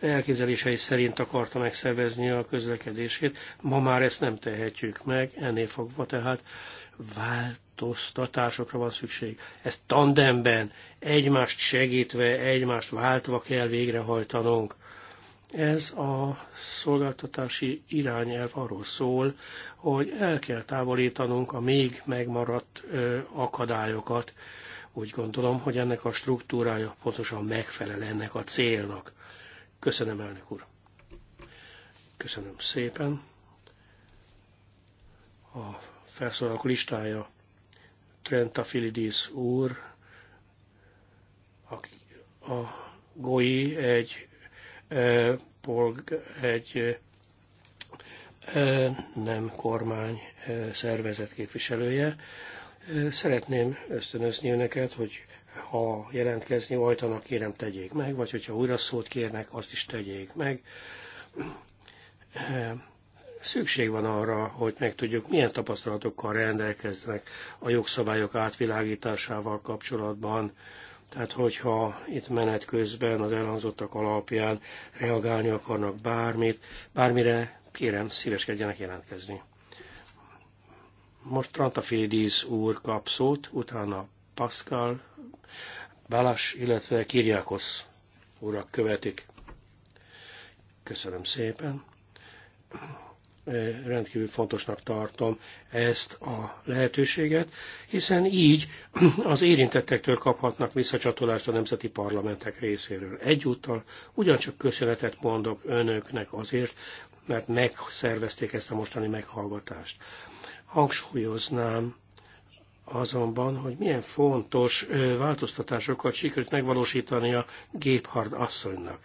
elképzelései szerint akarta megszervezni a közlekedését. Ma már ezt nem tehetjük meg, ennél fogva tehát változtatásokra van szükség. Ezt tandemben, egymást segítve, egymást váltva kell végrehajtanunk. Ez a szolgáltatási irányelv arról szól, hogy el kell távolítanunk a még megmaradt akadályokat. Úgy gondolom, hogy ennek a struktúrája pontosan megfelel ennek a célnak. Köszönöm, elnök úr! Köszönöm szépen! A felszólalók listája Trenta Filidis úr, aki a GOI egy polg, egy nem kormány szervezet képviselője. Szeretném ösztönözni önöket, hogy ha jelentkezni ajtanak kérem tegyék meg, vagy hogyha újra szót kérnek, azt is tegyék meg. Szükség van arra, hogy megtudjuk, milyen tapasztalatokkal rendelkeznek a jogszabályok átvilágításával kapcsolatban, tehát, hogyha itt menet közben az elhangzottak alapján reagálni akarnak bármit, bármire, kérem, szíveskedjenek jelentkezni. Most Trantafilidis úr kap szót, utána Pascal, Balas, illetve Kiriakos urak követik. Köszönöm szépen rendkívül fontosnak tartom ezt a lehetőséget, hiszen így az érintettektől kaphatnak visszacsatolást a nemzeti parlamentek részéről. Egyúttal ugyancsak köszönetet mondok önöknek azért, mert megszervezték ezt a mostani meghallgatást. Hangsúlyoznám, azonban, hogy milyen fontos változtatásokat sikerült megvalósítani a Géphard asszonynak.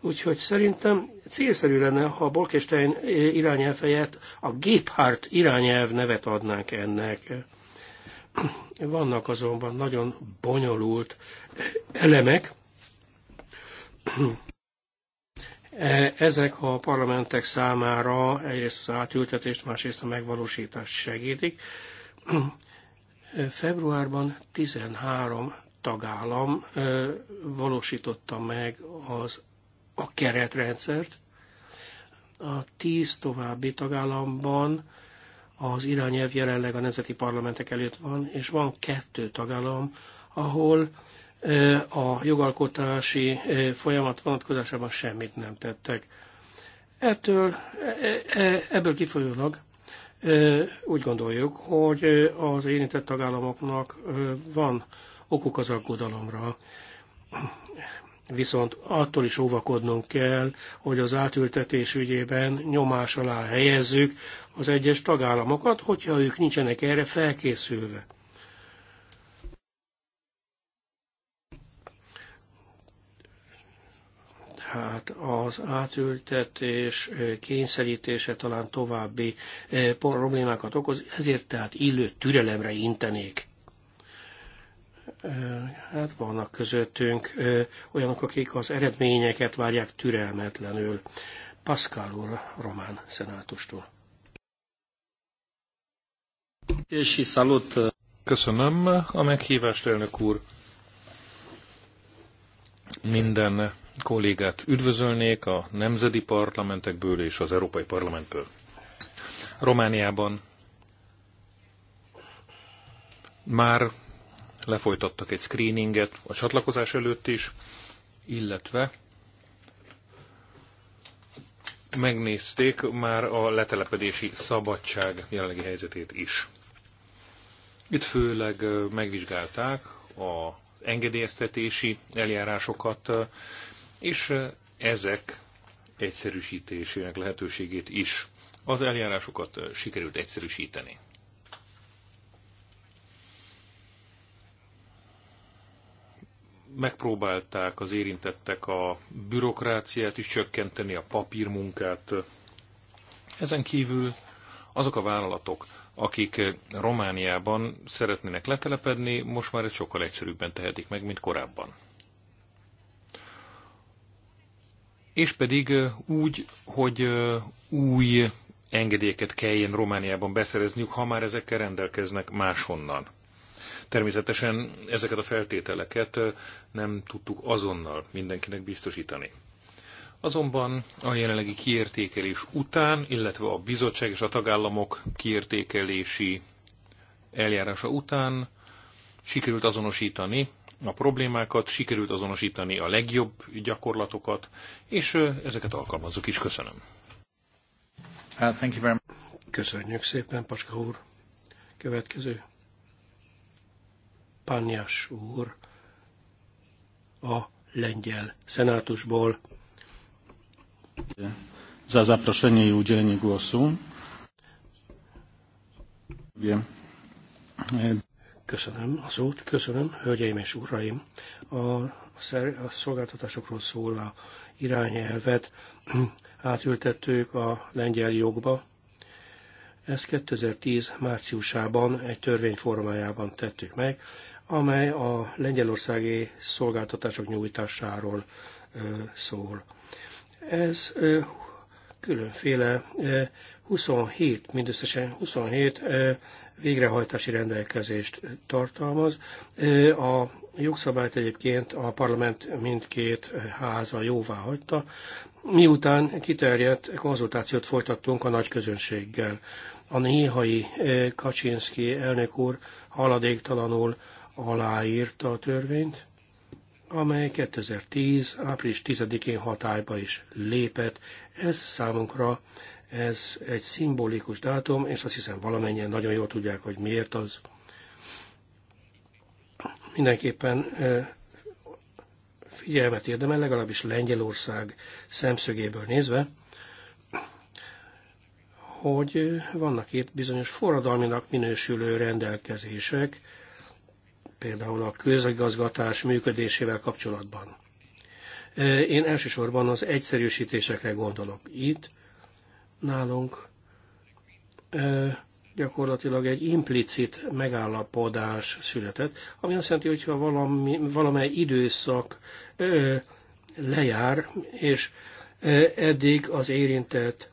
Úgyhogy szerintem célszerű lenne, ha a Bolkestein irányelv helyett a géphard irányelv nevet adnánk ennek. Vannak azonban nagyon bonyolult elemek, e, ezek a parlamentek számára egyrészt az átültetést, másrészt a megvalósítást segítik. Februárban 13 tagállam valósította meg az, a keretrendszert. A 10 további tagállamban az irányelv jelenleg a nemzeti parlamentek előtt van, és van kettő tagállam, ahol a jogalkotási folyamat vonatkozásában semmit nem tettek. Ettől, e, e, e, ebből kifolyólag úgy gondoljuk, hogy az érintett tagállamoknak van okuk az aggodalomra. Viszont attól is óvakodnunk kell, hogy az átültetés ügyében nyomás alá helyezzük az egyes tagállamokat, hogyha ők nincsenek erre felkészülve. tehát az átültetés kényszerítése talán további problémákat okoz, ezért tehát illő türelemre intenék. Hát vannak közöttünk olyanok, akik az eredményeket várják türelmetlenül. Pascal úr, román szenátustól. Köszönöm a meghívást, elnök úr. Minden kollégát üdvözölnék a nemzeti parlamentekből és az Európai Parlamentből. Romániában már lefolytattak egy screeninget a csatlakozás előtt is, illetve megnézték már a letelepedési szabadság jelenlegi helyzetét is. Itt főleg megvizsgálták a engedélyeztetési eljárásokat, és ezek egyszerűsítésének lehetőségét is. Az eljárásokat sikerült egyszerűsíteni. Megpróbálták az érintettek a bürokráciát is csökkenteni, a papírmunkát. Ezen kívül azok a vállalatok, akik Romániában szeretnének letelepedni, most már egy sokkal egyszerűbben tehetik meg, mint korábban. és pedig úgy, hogy új engedélyeket kelljen Romániában beszerezniük, ha már ezekkel rendelkeznek máshonnan. Természetesen ezeket a feltételeket nem tudtuk azonnal mindenkinek biztosítani. Azonban a jelenlegi kiértékelés után, illetve a bizottság és a tagállamok kiértékelési eljárása után sikerült azonosítani a problémákat, sikerült azonosítani a legjobb gyakorlatokat, és ezeket alkalmazzuk is. Köszönöm. Uh, Köszönjük szépen, Paska úr. Következő. Pányás úr a lengyel szenátusból. Za zaproszenie i udzielenie głosu. Wiem. Köszönöm a szót, köszönöm, hölgyeim és uraim. A, a szolgáltatásokról szól a irányelvet átültettük a lengyel jogba. Ezt 2010 márciusában egy törvény formájában tettük meg, amely a lengyelországi szolgáltatások nyújtásáról szól. Ez különféle 27, mindösszesen 27 végrehajtási rendelkezést tartalmaz. A jogszabályt egyébként a parlament mindkét háza jóvá hagyta, miután kiterjedt konzultációt folytattunk a nagy közönséggel. A néhai Kaczynszki elnök úr haladéktalanul aláírta a törvényt, amely 2010. április 10-én hatályba is lépett. Ez számunkra ez egy szimbolikus dátum, és azt hiszem valamennyien nagyon jól tudják, hogy miért az. Mindenképpen figyelmet érdemel, legalábbis Lengyelország szemszögéből nézve, hogy vannak itt bizonyos forradalminak minősülő rendelkezések, például a közigazgatás működésével kapcsolatban. Én elsősorban az egyszerűsítésekre gondolok itt, nálunk gyakorlatilag egy implicit megállapodás született, ami azt jelenti, hogyha valami, valamely időszak lejár, és eddig az érintett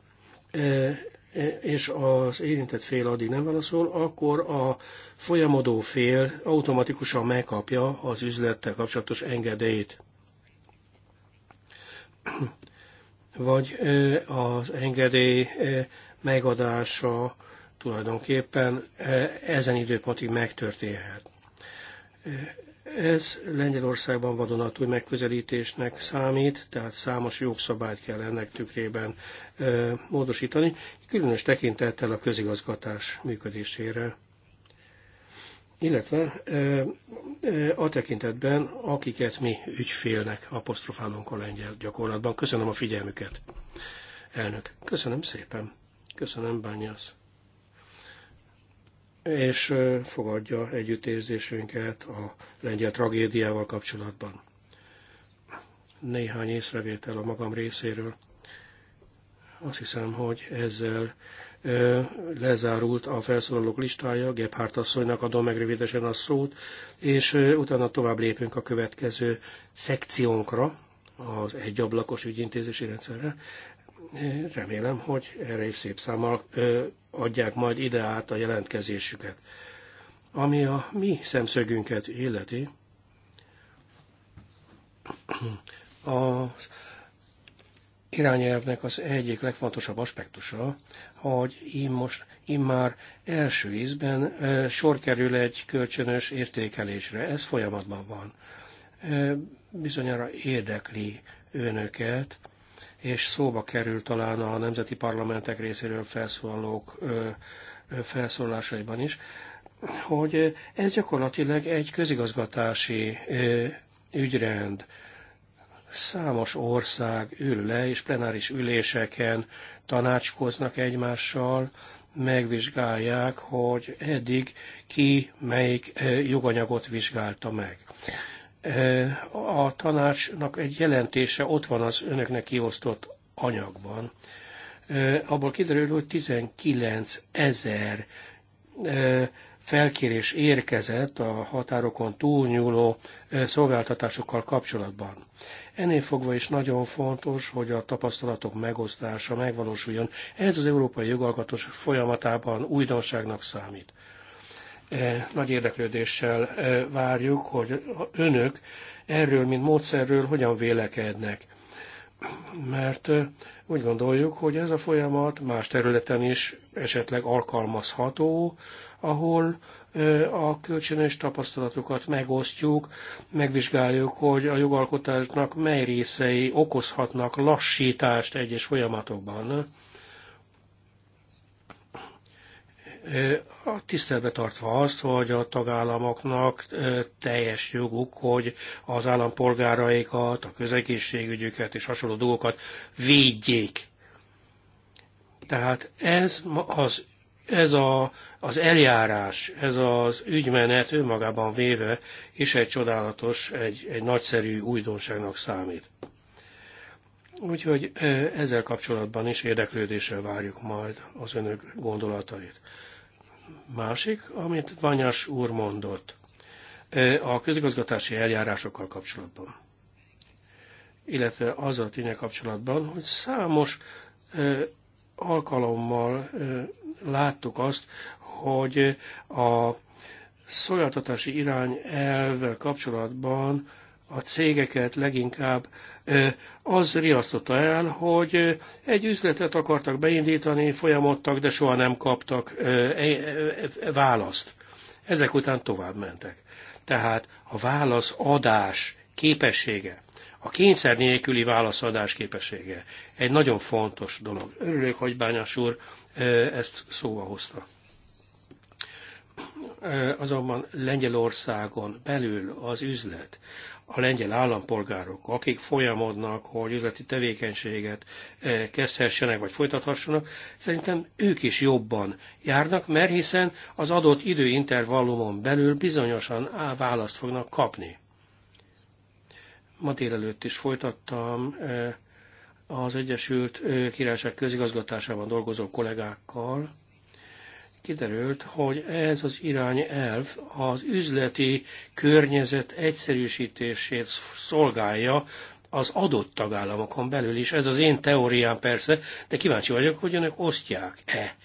és az érintett fél addig nem válaszol, akkor a folyamodó fél automatikusan megkapja az üzlettel kapcsolatos engedélyt vagy az engedély megadása tulajdonképpen ezen időpontig megtörténhet. Ez Lengyelországban vadonatúj megközelítésnek számít, tehát számos jogszabályt kell ennek tükrében módosítani, különös tekintettel a közigazgatás működésére illetve a tekintetben, akiket mi ügyfélnek apostrofálunk a lengyel gyakorlatban. Köszönöm a figyelmüket, elnök. Köszönöm szépen. Köszönöm, Bányász. És fogadja együttérzésünket a lengyel tragédiával kapcsolatban. Néhány észrevétel a magam részéről. Azt hiszem, hogy ezzel lezárult a felszólalók listája, Gebhardt asszonynak adom meg rövidesen a szót, és utána tovább lépünk a következő szekciónkra, az egyablakos ügyintézési rendszerre. Remélem, hogy erre is szép számmal adják majd ide át a jelentkezésüket. Ami a mi szemszögünket illeti, A irányelvnek az egyik legfontosabb aspektusa, hogy most immár első ízben sor kerül egy kölcsönös értékelésre. Ez folyamatban van. Bizonyára érdekli önöket, és szóba kerül talán a nemzeti parlamentek részéről felszólalók felszólásaiban is, hogy ez gyakorlatilag egy közigazgatási ügyrend Számos ország ül le, és plenáris üléseken tanácskoznak egymással, megvizsgálják, hogy eddig ki melyik eh, joganyagot vizsgálta meg. Eh, a tanácsnak egy jelentése ott van az önöknek kiosztott anyagban. Eh, abból kiderül, hogy 19 ezer felkérés érkezett a határokon túlnyúló szolgáltatásokkal kapcsolatban. Ennél fogva is nagyon fontos, hogy a tapasztalatok megosztása megvalósuljon. Ez az európai jogalkotás folyamatában újdonságnak számít. Nagy érdeklődéssel várjuk, hogy önök erről, mint módszerről hogyan vélekednek mert úgy gondoljuk, hogy ez a folyamat más területen is esetleg alkalmazható, ahol a kölcsönös tapasztalatokat megosztjuk, megvizsgáljuk, hogy a jogalkotásnak mely részei okozhatnak lassítást egyes folyamatokban. A tiszteletbe tartva azt, hogy a tagállamoknak teljes joguk, hogy az állampolgáraikat, a közegészségügyüket és hasonló dolgokat védjék. Tehát ez az ez a, az eljárás, ez az ügymenet önmagában véve is egy csodálatos, egy, egy nagyszerű újdonságnak számít. Úgyhogy ezzel kapcsolatban is érdeklődéssel várjuk majd az önök gondolatait. Másik, amit Vanyas úr mondott, a közigazgatási eljárásokkal kapcsolatban, illetve az a tények kapcsolatban, hogy számos alkalommal láttuk azt, hogy a szolgáltatási irány elvvel kapcsolatban a cégeket leginkább az riasztotta el, hogy egy üzletet akartak beindítani, folyamodtak, de soha nem kaptak e, e, választ. Ezek után tovább mentek. Tehát a válasz adás képessége a kényszer nélküli válaszadás képessége. Egy nagyon fontos dolog. Örülök, hogy Bányás úr ezt szóba hozta. Azonban Lengyelországon belül az üzlet, a lengyel állampolgárok, akik folyamodnak, hogy üzleti tevékenységet kezdhessenek vagy folytathassanak, szerintem ők is jobban járnak, mert hiszen az adott időintervallumon belül bizonyosan választ fognak kapni ma délelőtt is folytattam eh, az Egyesült eh, Királyság közigazgatásában dolgozó kollégákkal. Kiderült, hogy ez az irányelv az üzleti környezet egyszerűsítését szolgálja az adott tagállamokon belül is. Ez az én teóriám persze, de kíváncsi vagyok, hogy önök osztják-e.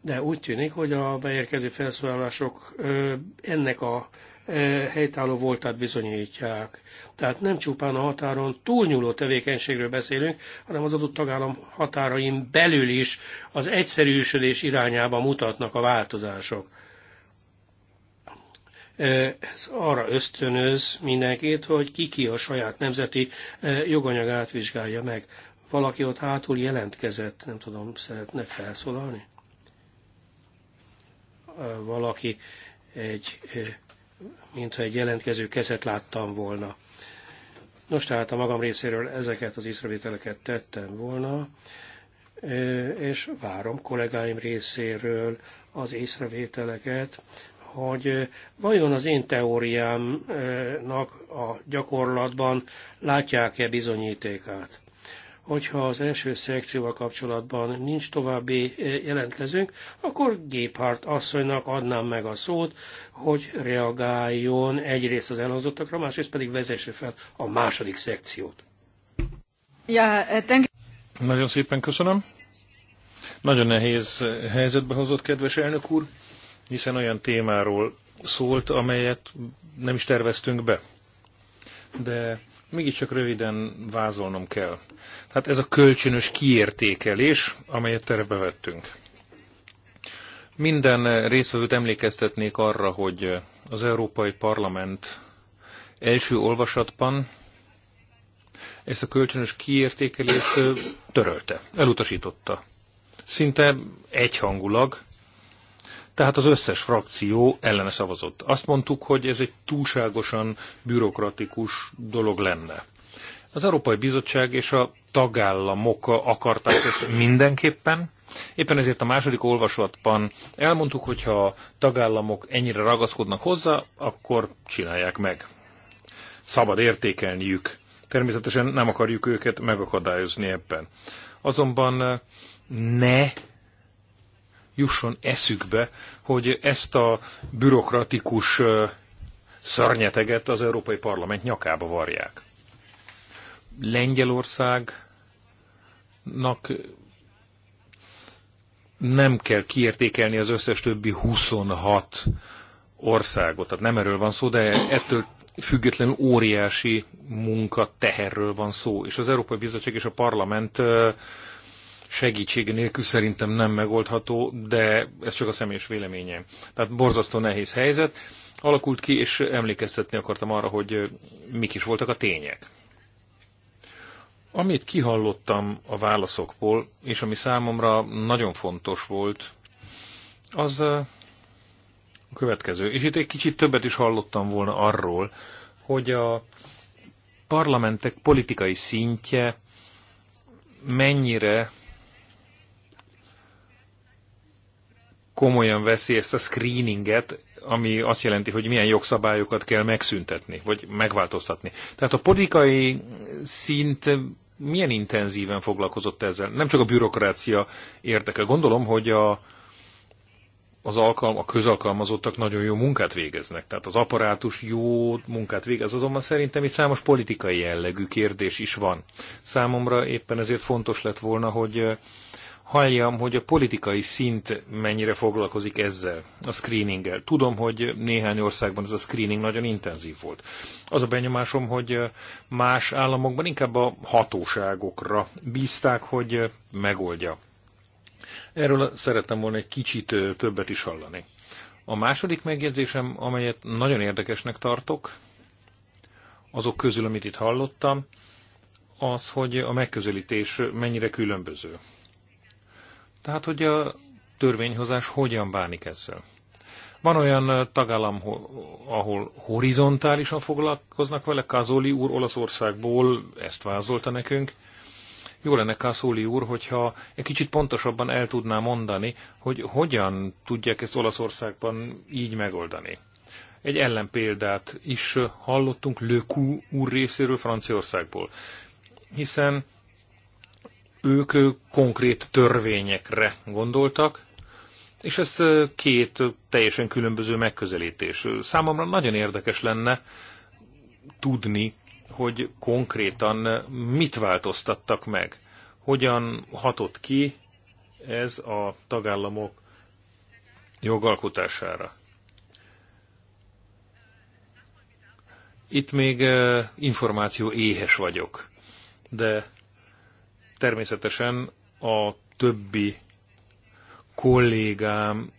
De úgy tűnik, hogy a beérkező felszólalások eh, ennek a E, helytálló voltát bizonyítják. Tehát nem csupán a határon túlnyúló tevékenységről beszélünk, hanem az adott tagállam határain belül is az egyszerűsödés irányába mutatnak a változások. E, ez arra ösztönöz mindenkit, hogy ki ki a saját nemzeti e, joganyagát vizsgálja meg. Valaki ott hátul jelentkezett, nem tudom, szeretne felszólalni? Valaki egy mintha egy jelentkező kezet láttam volna. Nos, tehát a magam részéről ezeket az észrevételeket tettem volna, és várom kollégáim részéről az észrevételeket, hogy vajon az én teóriámnak a gyakorlatban látják-e bizonyítékát. Hogyha az első szekcióval kapcsolatban nincs további eh, jelentkezünk, akkor Géphárt asszonynak adnám meg a szót, hogy reagáljon egyrészt az elhangzottakra, másrészt pedig vezesse fel a második szekciót. Ja, eh, thank Nagyon szépen köszönöm. Nagyon nehéz eh, helyzetbe hozott, kedves elnök úr, hiszen olyan témáról szólt, amelyet nem is terveztünk be. De mégiscsak röviden vázolnom kell. Tehát ez a kölcsönös kiértékelés, amelyet terve vettünk. Minden részvevőt emlékeztetnék arra, hogy az Európai Parlament első olvasatban ezt a kölcsönös kiértékelést törölte, elutasította. Szinte egyhangulag tehát az összes frakció ellene szavazott. Azt mondtuk, hogy ez egy túlságosan bürokratikus dolog lenne. Az Európai Bizottság és a tagállamok akarták ezt mindenképpen. Éppen ezért a második olvasatban elmondtuk, hogy ha a tagállamok ennyire ragaszkodnak hozzá, akkor csinálják meg. Szabad értékelniük. Természetesen nem akarjuk őket megakadályozni ebben. Azonban ne jusson eszükbe, hogy ezt a bürokratikus szörnyeteget az Európai Parlament nyakába varják. Lengyelországnak nem kell kiértékelni az összes többi 26 országot. Tehát nem erről van szó, de ettől függetlenül óriási munka teherről van szó. És az Európai Bizottság és a Parlament segítség nélkül szerintem nem megoldható, de ez csak a személyes véleményem. Tehát borzasztó nehéz helyzet alakult ki, és emlékeztetni akartam arra, hogy mik is voltak a tények. Amit kihallottam a válaszokból, és ami számomra nagyon fontos volt, az a következő. És itt egy kicsit többet is hallottam volna arról, hogy a parlamentek politikai szintje mennyire komolyan veszi ezt a screeninget, ami azt jelenti, hogy milyen jogszabályokat kell megszüntetni, vagy megváltoztatni. Tehát a politikai szint milyen intenzíven foglalkozott ezzel? Nem csak a bürokrácia érdekel. Gondolom, hogy a, az alkalm, a közalkalmazottak nagyon jó munkát végeznek. Tehát az apparátus jó munkát végez, azonban szerintem itt számos politikai jellegű kérdés is van. Számomra éppen ezért fontos lett volna, hogy halljam, hogy a politikai szint mennyire foglalkozik ezzel, a screeninggel. Tudom, hogy néhány országban ez a screening nagyon intenzív volt. Az a benyomásom, hogy más államokban inkább a hatóságokra bízták, hogy megoldja. Erről szerettem volna egy kicsit többet is hallani. A második megjegyzésem, amelyet nagyon érdekesnek tartok, azok közül, amit itt hallottam, az, hogy a megközelítés mennyire különböző. Tehát, hogy a törvényhozás hogyan bánik ezzel. Van olyan tagállam, ahol horizontálisan foglalkoznak vele. Kázoli úr Olaszországból ezt vázolta nekünk. Jó lenne Kázoli úr, hogyha egy kicsit pontosabban el tudná mondani, hogy hogyan tudják ezt Olaszországban így megoldani. Egy ellenpéldát is hallottunk Lökú úr részéről Franciaországból. Hiszen ők konkrét törvényekre gondoltak, és ez két teljesen különböző megközelítés. Számomra nagyon érdekes lenne tudni, hogy konkrétan mit változtattak meg, hogyan hatott ki ez a tagállamok jogalkotására. Itt még információ éhes vagyok, de természetesen a többi kollégám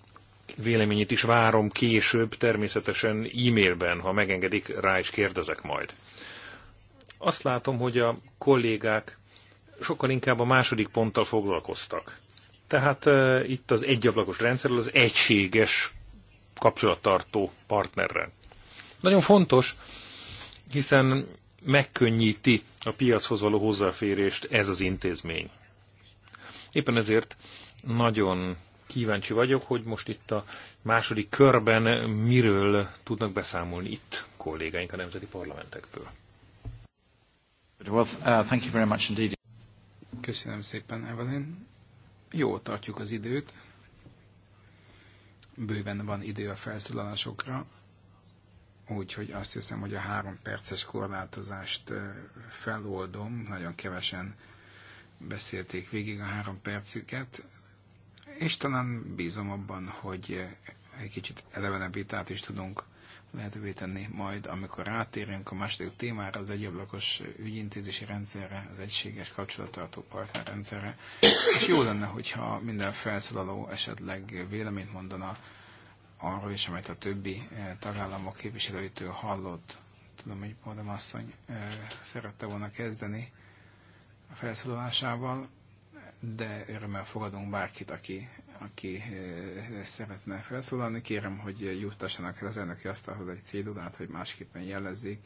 véleményét is várom később, természetesen e-mailben, ha megengedik, rá is kérdezek majd. Azt látom, hogy a kollégák sokkal inkább a második ponttal foglalkoztak. Tehát e, itt az egyablakos rendszer az egységes kapcsolattartó partnerrel. Nagyon fontos, hiszen megkönnyíti a piachoz való hozzáférést ez az intézmény. Éppen ezért nagyon kíváncsi vagyok, hogy most itt a második körben miről tudnak beszámolni itt kollégáink a nemzeti parlamentekből. Uh, Köszönöm szépen, Evelyn. Jó tartjuk az időt. Bőven van idő a felszólalásokra úgyhogy azt hiszem, hogy a három perces korlátozást feloldom, nagyon kevesen beszélték végig a három percüket, és talán bízom abban, hogy egy kicsit elevenebb vitát is tudunk lehetővé tenni majd, amikor rátérünk a második témára, az egyablakos ügyintézési rendszerre, az egységes kapcsolattartó partnerrendszerre. És jó lenne, hogyha minden felszólaló esetleg véleményt mondana arról is, amit a többi eh, tagállamok képviselőitől hallott. Tudom, hogy Podem asszony eh, szerette volna kezdeni a felszólalásával, de örömmel fogadunk bárkit, aki, aki eh, szeretne felszólalni. Kérem, hogy juttassanak el az elnöki asztalhoz egy cédulát, hogy másképpen jelezzék.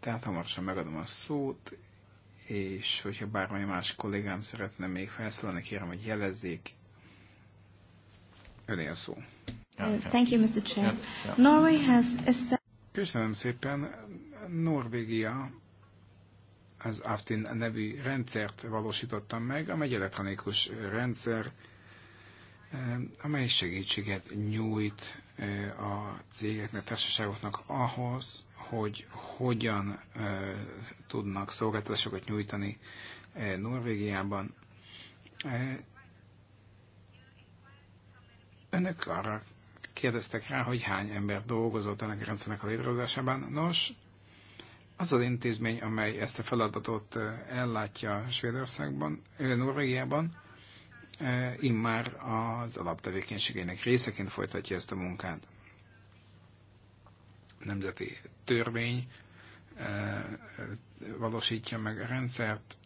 Tehát hamarosan megadom a szót, és hogyha bármely más kollégám szeretne még felszólalni, kérem, hogy jelezzék, Önél szó. Thank you, Mr. Chair. Norway has Köszönöm szépen. Norvégia az Aftin nevű rendszert valósítottam meg, amely elektronikus rendszer, amely segítséget nyújt a cégeknek, társaságoknak ahhoz, hogy hogyan tudnak szolgáltatásokat nyújtani Norvégiában. Önök arra kérdeztek rá, hogy hány ember dolgozott ennek a rendszernek a létrehozásában. Nos, az az intézmény, amely ezt a feladatot ellátja Svédországban, Norvégiában, immár az alaptevékenységének részeként folytatja ezt a munkát. Nemzeti törvény valósítja meg a rendszert,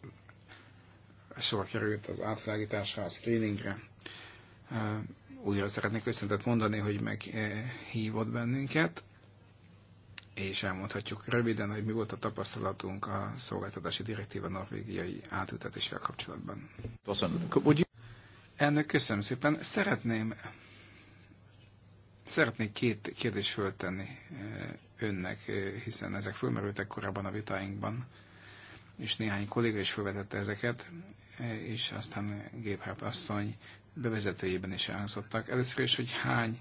sor került az átvilágításra, a screeningre újra szeretnék köszöntet mondani, hogy meghívott bennünket, és elmondhatjuk röviden, hogy mi volt a tapasztalatunk a szolgáltatási direktíva norvégiai átültetéssel kapcsolatban. Elnök, köszönöm szépen. Szeretném Szeretnék két kérdést föltenni eh, önnek, eh, hiszen ezek fölmerültek korábban a vitáinkban, és néhány kolléga is felvetette ezeket, eh, és aztán Géphárt asszony bevezetőjében is elhangzottak. Először is, hogy hány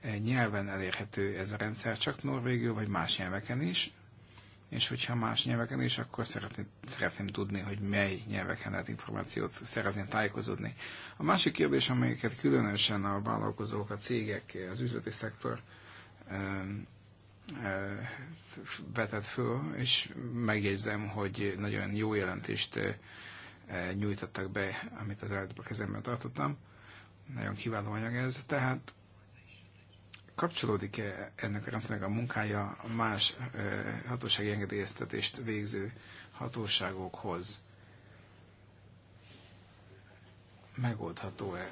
eh, nyelven elérhető ez a rendszer, csak norvégül vagy más nyelveken is, és hogyha más nyelveken is, akkor szeretném, szeretném tudni, hogy mely nyelveken lehet információt szerezni, tájékozódni. A másik kérdés, amelyeket különösen a vállalkozók, a cégek, az üzleti szektor eh, vetett föl, és megjegyzem, hogy nagyon jó jelentést eh, Eh, nyújtottak be, amit az előbb a kezemben tartottam. Nagyon kiváló anyag ez. Tehát kapcsolódik -e ennek a rendszernek a munkája más eh, hatósági engedélyeztetést végző hatóságokhoz? Megoldható-e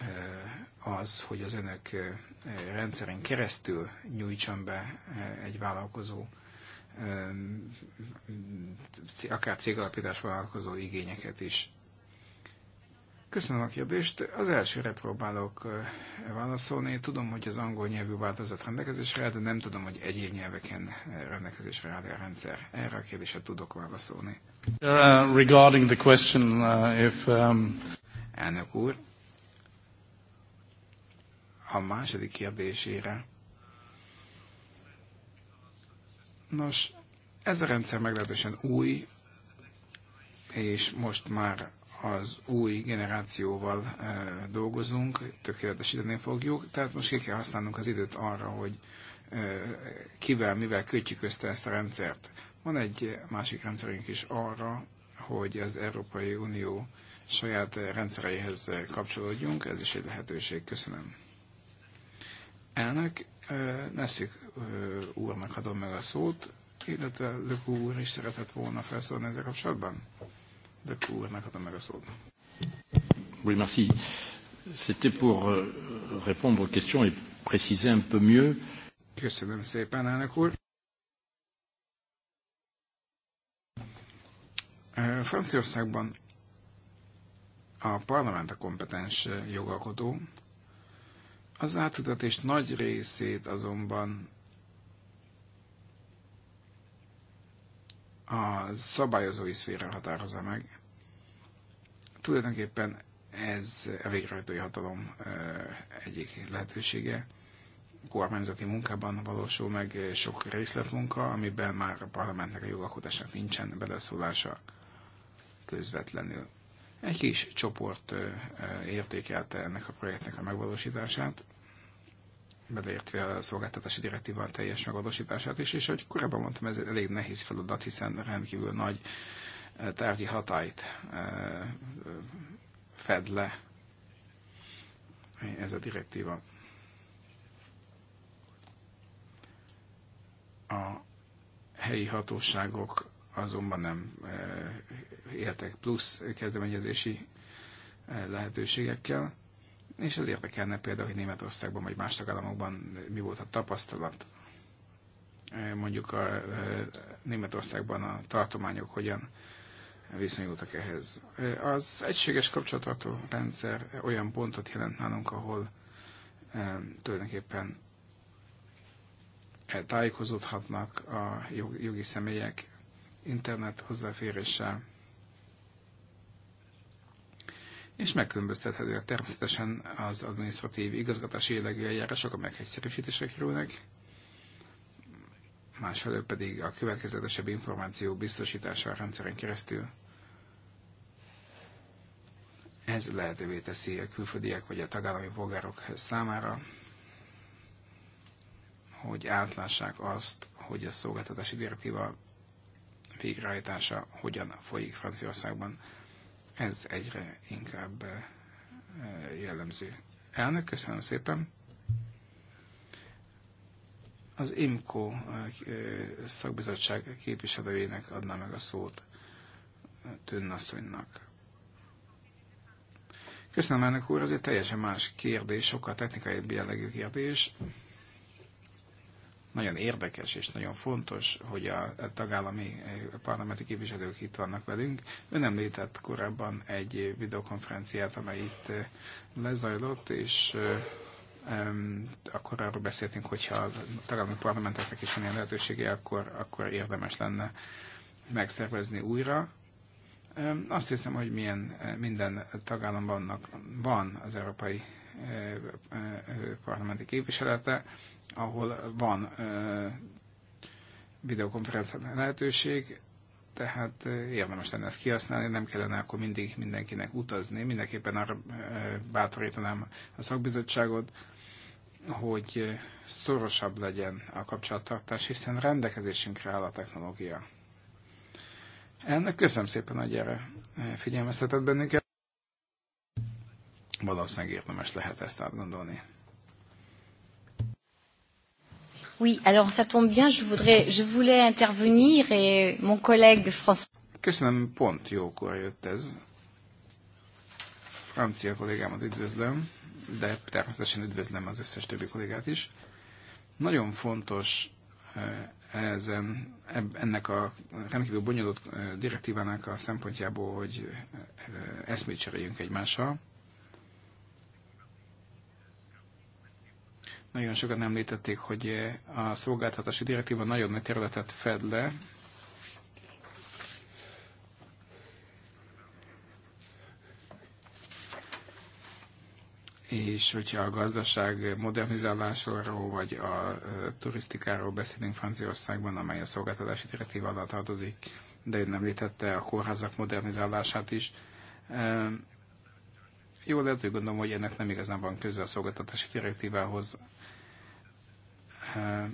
eh, az, hogy az önök rendszeren keresztül nyújtson be egy vállalkozó akár cégalapítás vállalkozó igényeket is. Köszönöm a kérdést. Az elsőre próbálok válaszolni. Tudom, hogy az angol nyelvű változat rendelkezésre áll, de nem tudom, hogy egyéb nyelveken rendelkezésre áll a rendszer. Erre a kérdésre tudok válaszolni. Uh, regarding the question, uh, if, um... Elnök úr, a második kérdésére Nos, ez a rendszer meglehetősen új, és most már az új generációval eh, dolgozunk, tökéletesíteni fogjuk, tehát most ki kell használnunk az időt arra, hogy eh, kivel, mivel kötjük össze ezt a rendszert. Van egy másik rendszerünk is arra, hogy az Európai Unió saját rendszereihez kapcsolódjunk, ez is egy lehetőség. Köszönöm. Elnök, eh, Neszük úrnak adom meg a szót, illetve Lökú úr is szeretett volna felszólni ezzel kapcsolatban. Lökú úrnak adom meg a szót. Oui, merci. C'était pour euh, répondre aux questions et préciser un peu mieux. Köszönöm szépen, elnök úr. Franciaországban a parlament a kompetens jogalkotó, az átültetés nagy részét azonban a szabályozói szféra határozza meg. Tulajdonképpen ez a végrehajtói hatalom egyik lehetősége. Kormányzati munkában valósul meg sok részletmunka, amiben már a parlamentnek a jogalkotásnak nincsen beleszólása közvetlenül. Egy kis csoport értékelte ennek a projektnek a megvalósítását, beleértve a szolgáltatási direktíva teljes megvalósítását is, és ahogy korábban mondtam, ez elég nehéz feladat, hiszen rendkívül nagy eh, tárgyi hatályt eh, fed le ez a direktíva. A helyi hatóságok azonban nem eh, éltek plusz kezdeményezési lehetőségekkel és az érdekelne például, hogy Németországban vagy más tagállamokban mi volt a tapasztalat. E, mondjuk a, e, Németországban a tartományok hogyan viszonyultak ehhez. E, az egységes kapcsolatartó rendszer olyan pontot jelent nálunk, ahol tulajdonképpen tájékozódhatnak a jogi személyek internet hozzáféréssel, és megkülönböztethetőek természetesen az adminisztratív igazgatási jellegű eljárások, amelyek egyszerűsítésre kerülnek, másfelől pedig a következetesebb információ biztosítása a rendszeren keresztül. Ez lehetővé teszi a külföldiek vagy a tagállami polgárok számára, hogy átlássák azt, hogy a szolgáltatási direktíva végrehajtása hogyan folyik Franciaországban ez egyre inkább eh, jellemző. Elnök, köszönöm szépen. Az IMCO eh, szakbizottság képviselőjének adná meg a szót eh, Tönnasszonynak. Köszönöm, elnök úr, ez egy teljesen más kérdés, sokkal technikai jellegű kérdés. Nagyon érdekes és nagyon fontos, hogy a tagállami eh, parlamenti képviselők itt vannak velünk. Ön említett korábban egy videokonferenciát, amely itt eh, lezajlott, és eh, akkor arról beszéltünk, hogyha a tagállami parlamenteknek is van ilyen lehetősége, akkor, akkor érdemes lenne megszervezni újra. Azt hiszem, hogy milyen minden tagállamban van az Európai parlamenti képviselete, ahol van videokonferencia lehetőség, tehát érdemes lenne ezt kihasználni, nem kellene akkor mindig mindenkinek utazni. Mindenképpen arra bátorítanám a szakbizottságot, hogy szorosabb legyen a kapcsolattartás, hiszen rendelkezésünkre áll a technológia. Ennek köszönöm szépen, hogy erre figyelmeztetett bennünket valószínűleg érdemes lehet ezt átgondolni. Oui, alors ça tombe bien, je, voudrais, je voulais intervenir et mon collègue français. Köszönöm, pont jókor jött ez. Francia kollégámat üdvözlöm, de természetesen üdvözlöm az összes többi kollégát is. Nagyon fontos eh, ezen, ennek a rendkívül bonyolult eh, direktívának a szempontjából, hogy eh, eszmét cseréljünk egymással. Nagyon sokan említették, hogy eh, a szolgáltatási direktíva nagyon nagy területet fed le, és hogyha a gazdaság modernizálásról vagy a eh, turisztikáról beszélünk Franciaországban, amely a szolgáltatási direktíva alatt tartozik, de ön említette a kórházak modernizálását is. Eh, jó lehet, hogy gondolom, hogy ennek nem igazán van köze a szolgáltatási direktívához, Eh,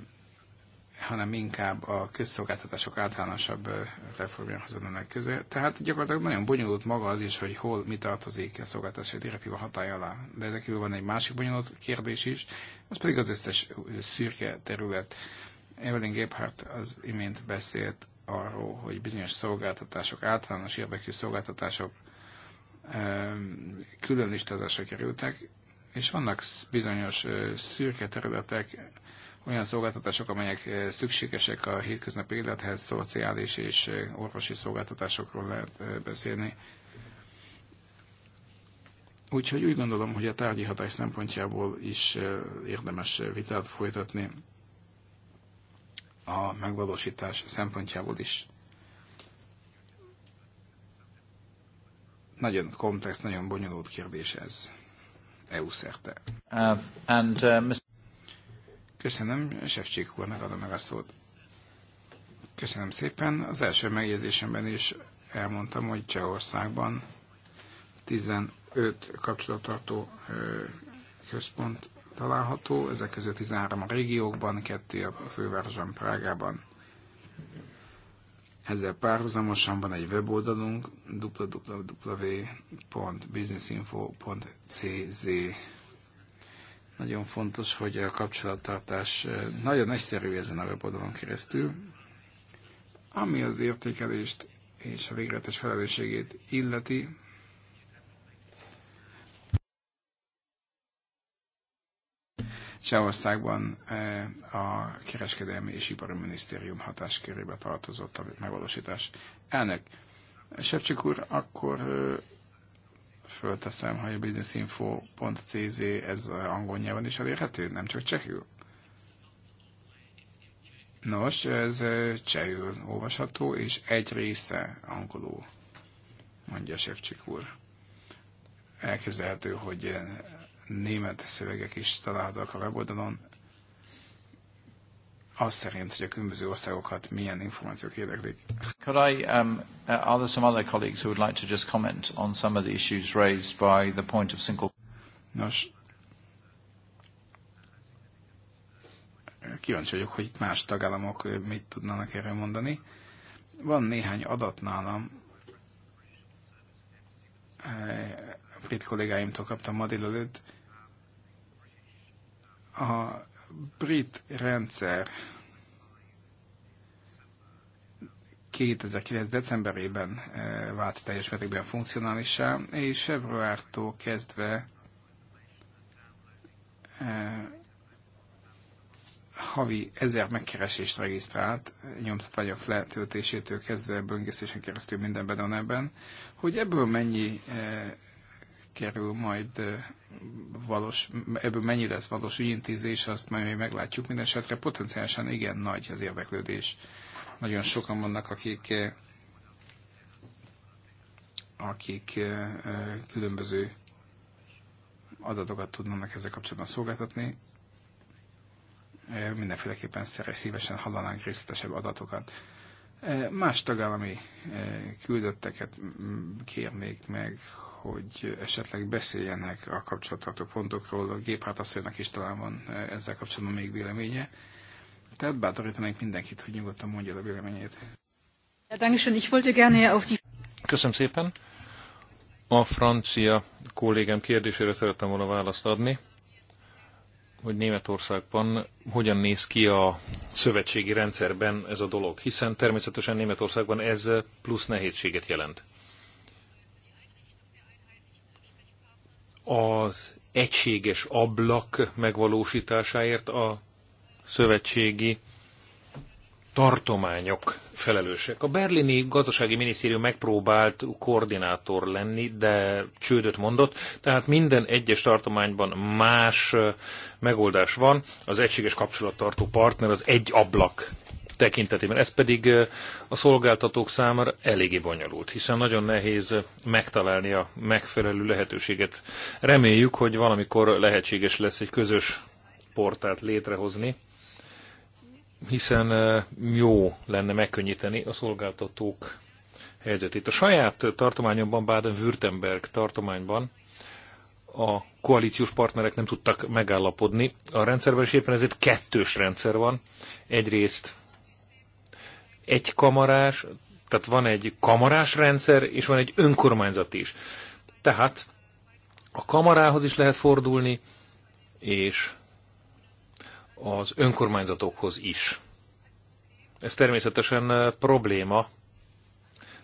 hanem inkább a közszolgáltatások általánosabb eh, reformjához adnak közé. Tehát gyakorlatilag nagyon bonyolult maga az is, hogy hol mi tartozik a szolgáltatási direktíva hatája alá. De ezek van egy másik bonyolult kérdés is, az pedig az összes szürke terület. Evelyn Gebhardt az imént beszélt arról, hogy bizonyos szolgáltatások, általános érdekű szolgáltatások eh, külön listázásra kerültek, és vannak bizonyos szürke területek, olyan szolgáltatások, amelyek eh, szükségesek a hétköznapi élethez, szociális és eh, orvosi szolgáltatásokról lehet eh, beszélni. Úgyhogy úgy gondolom, hogy a tárgyi hatás szempontjából is érdemes vitát folytatni a megvalósítás szempontjából is. Nagyon komplex, nagyon bonyolult kérdés ez EU szerte. Uh, and, uh, Mr. Köszönöm, Sefcsik úrnak adom meg a szót. Köszönöm szépen. Az első megjegyzésemben is elmondtam, hogy Csehországban 15 kapcsolattartó központ található, ezek közül 13 a régiókban, kettő a fővárosban, Prágában. Ezzel párhuzamosan van egy weboldalunk, www.businessinfo.cz nagyon fontos, hogy a kapcsolattartás eh, nagyon egyszerű ezen a weboldalon keresztül, ami az értékelést és a végletes felelősségét illeti, Csehországban eh, a kereskedelmi és ipari minisztérium hatáskörébe tartozott a megvalósítás. Elnök, Sepcsik úr, akkor eh, fölteszem, hogy a businessinfo.cz ez angol nyelven is elérhető, nem csak csehül. Nos, ez eh, csehül olvasható, és egy része angolul, mondja Sefcsik úr. Elképzelhető, hogy eh, német szövegek is találhatók a weboldalon, az szerint, hogy a különböző országokat milyen információk érdeklik. Could I, um, uh, are there some other colleagues who would like to just comment on some of the issues raised by the point of single... Nos, kíváncsi vagyok, hogy itt más tagállamok mit tudnának erről mondani. Van néhány adat nálam, a brit kollégáimtól kaptam ma délelőtt, a brit rendszer 2009. decemberében eh, vált teljes mértékben funkcionálisá, és februártól kezdve eh, havi ezer megkeresést regisztrált, nyomtatványok letöltésétől kezdve böngészésen keresztül minden ebben, hogy ebből mennyi eh, kerül majd valós, ebből mennyi lesz valós ügyintézés, azt majd még meglátjuk. Mindenesetre potenciálisan igen nagy az érdeklődés. Nagyon sokan vannak, akik akik különböző adatokat tudnának ezzel kapcsolatban szolgáltatni. Mindenféleképpen szívesen hallanánk részletesebb adatokat. Más tagállami küldötteket kérnék meg, hogy esetleg beszéljenek a kapcsolattartó pontokról. A géphátaszonynak is talán van e, ezzel kapcsolatban még véleménye. Tehát bátorítanék mindenkit, hogy nyugodtan mondja a véleményét. Köszönöm szépen. A francia kollégám kérdésére szerettem volna választ adni, hogy Németországban hogyan néz ki a szövetségi rendszerben ez a dolog, hiszen természetesen Németországban ez plusz nehézséget jelent. az egységes ablak megvalósításáért a szövetségi tartományok felelősek. A berlini gazdasági minisztérium megpróbált koordinátor lenni, de csődöt mondott, tehát minden egyes tartományban más megoldás van. Az egységes kapcsolattartó partner az egy ablak tekintetében. Ez pedig a szolgáltatók számára eléggé bonyolult, hiszen nagyon nehéz megtalálni a megfelelő lehetőséget. Reméljük, hogy valamikor lehetséges lesz egy közös portát létrehozni, hiszen jó lenne megkönnyíteni a szolgáltatók helyzetét. A saját tartományomban, Baden-Württemberg tartományban a koalíciós partnerek nem tudtak megállapodni a rendszerben, és éppen ezért kettős rendszer van. Egyrészt egy kamarás, tehát van egy kamarás rendszer, és van egy önkormányzat is. Tehát a kamarához is lehet fordulni, és az önkormányzatokhoz is. Ez természetesen eh, probléma,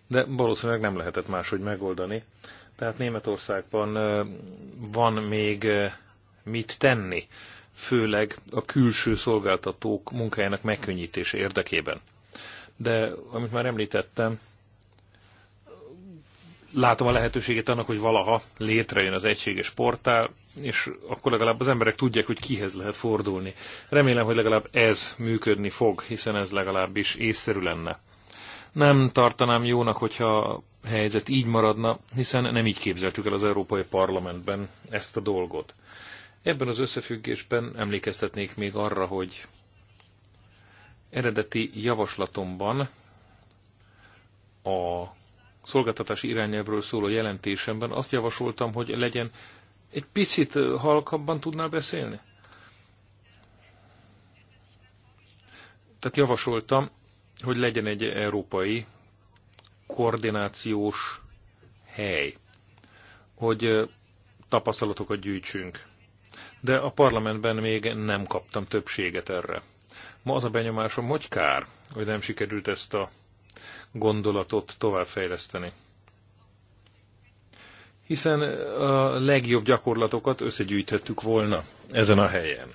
de valószínűleg nem lehetett máshogy megoldani. Tehát Németországban eh, van még eh, mit tenni, főleg a külső szolgáltatók munkájának megkönnyítése érdekében de amit már említettem, látom a lehetőséget annak, hogy valaha létrejön az egységes portál, és akkor legalább az emberek tudják, hogy kihez lehet fordulni. Remélem, hogy legalább ez működni fog, hiszen ez legalábbis észszerű lenne. Nem tartanám jónak, hogyha a helyzet így maradna, hiszen nem így képzeltük el az Európai Parlamentben ezt a dolgot. Ebben az összefüggésben emlékeztetnék még arra, hogy Eredeti javaslatomban a szolgáltatási irányelvről szóló jelentésemben azt javasoltam, hogy legyen egy picit halkabban tudnál beszélni? Tehát javasoltam, hogy legyen egy európai koordinációs hely, hogy tapasztalatokat gyűjtsünk. De a parlamentben még nem kaptam többséget erre. Ma az a benyomásom, hogy kár, hogy nem sikerült ezt a gondolatot továbbfejleszteni. Hiszen a legjobb gyakorlatokat összegyűjthettük volna ezen a helyen.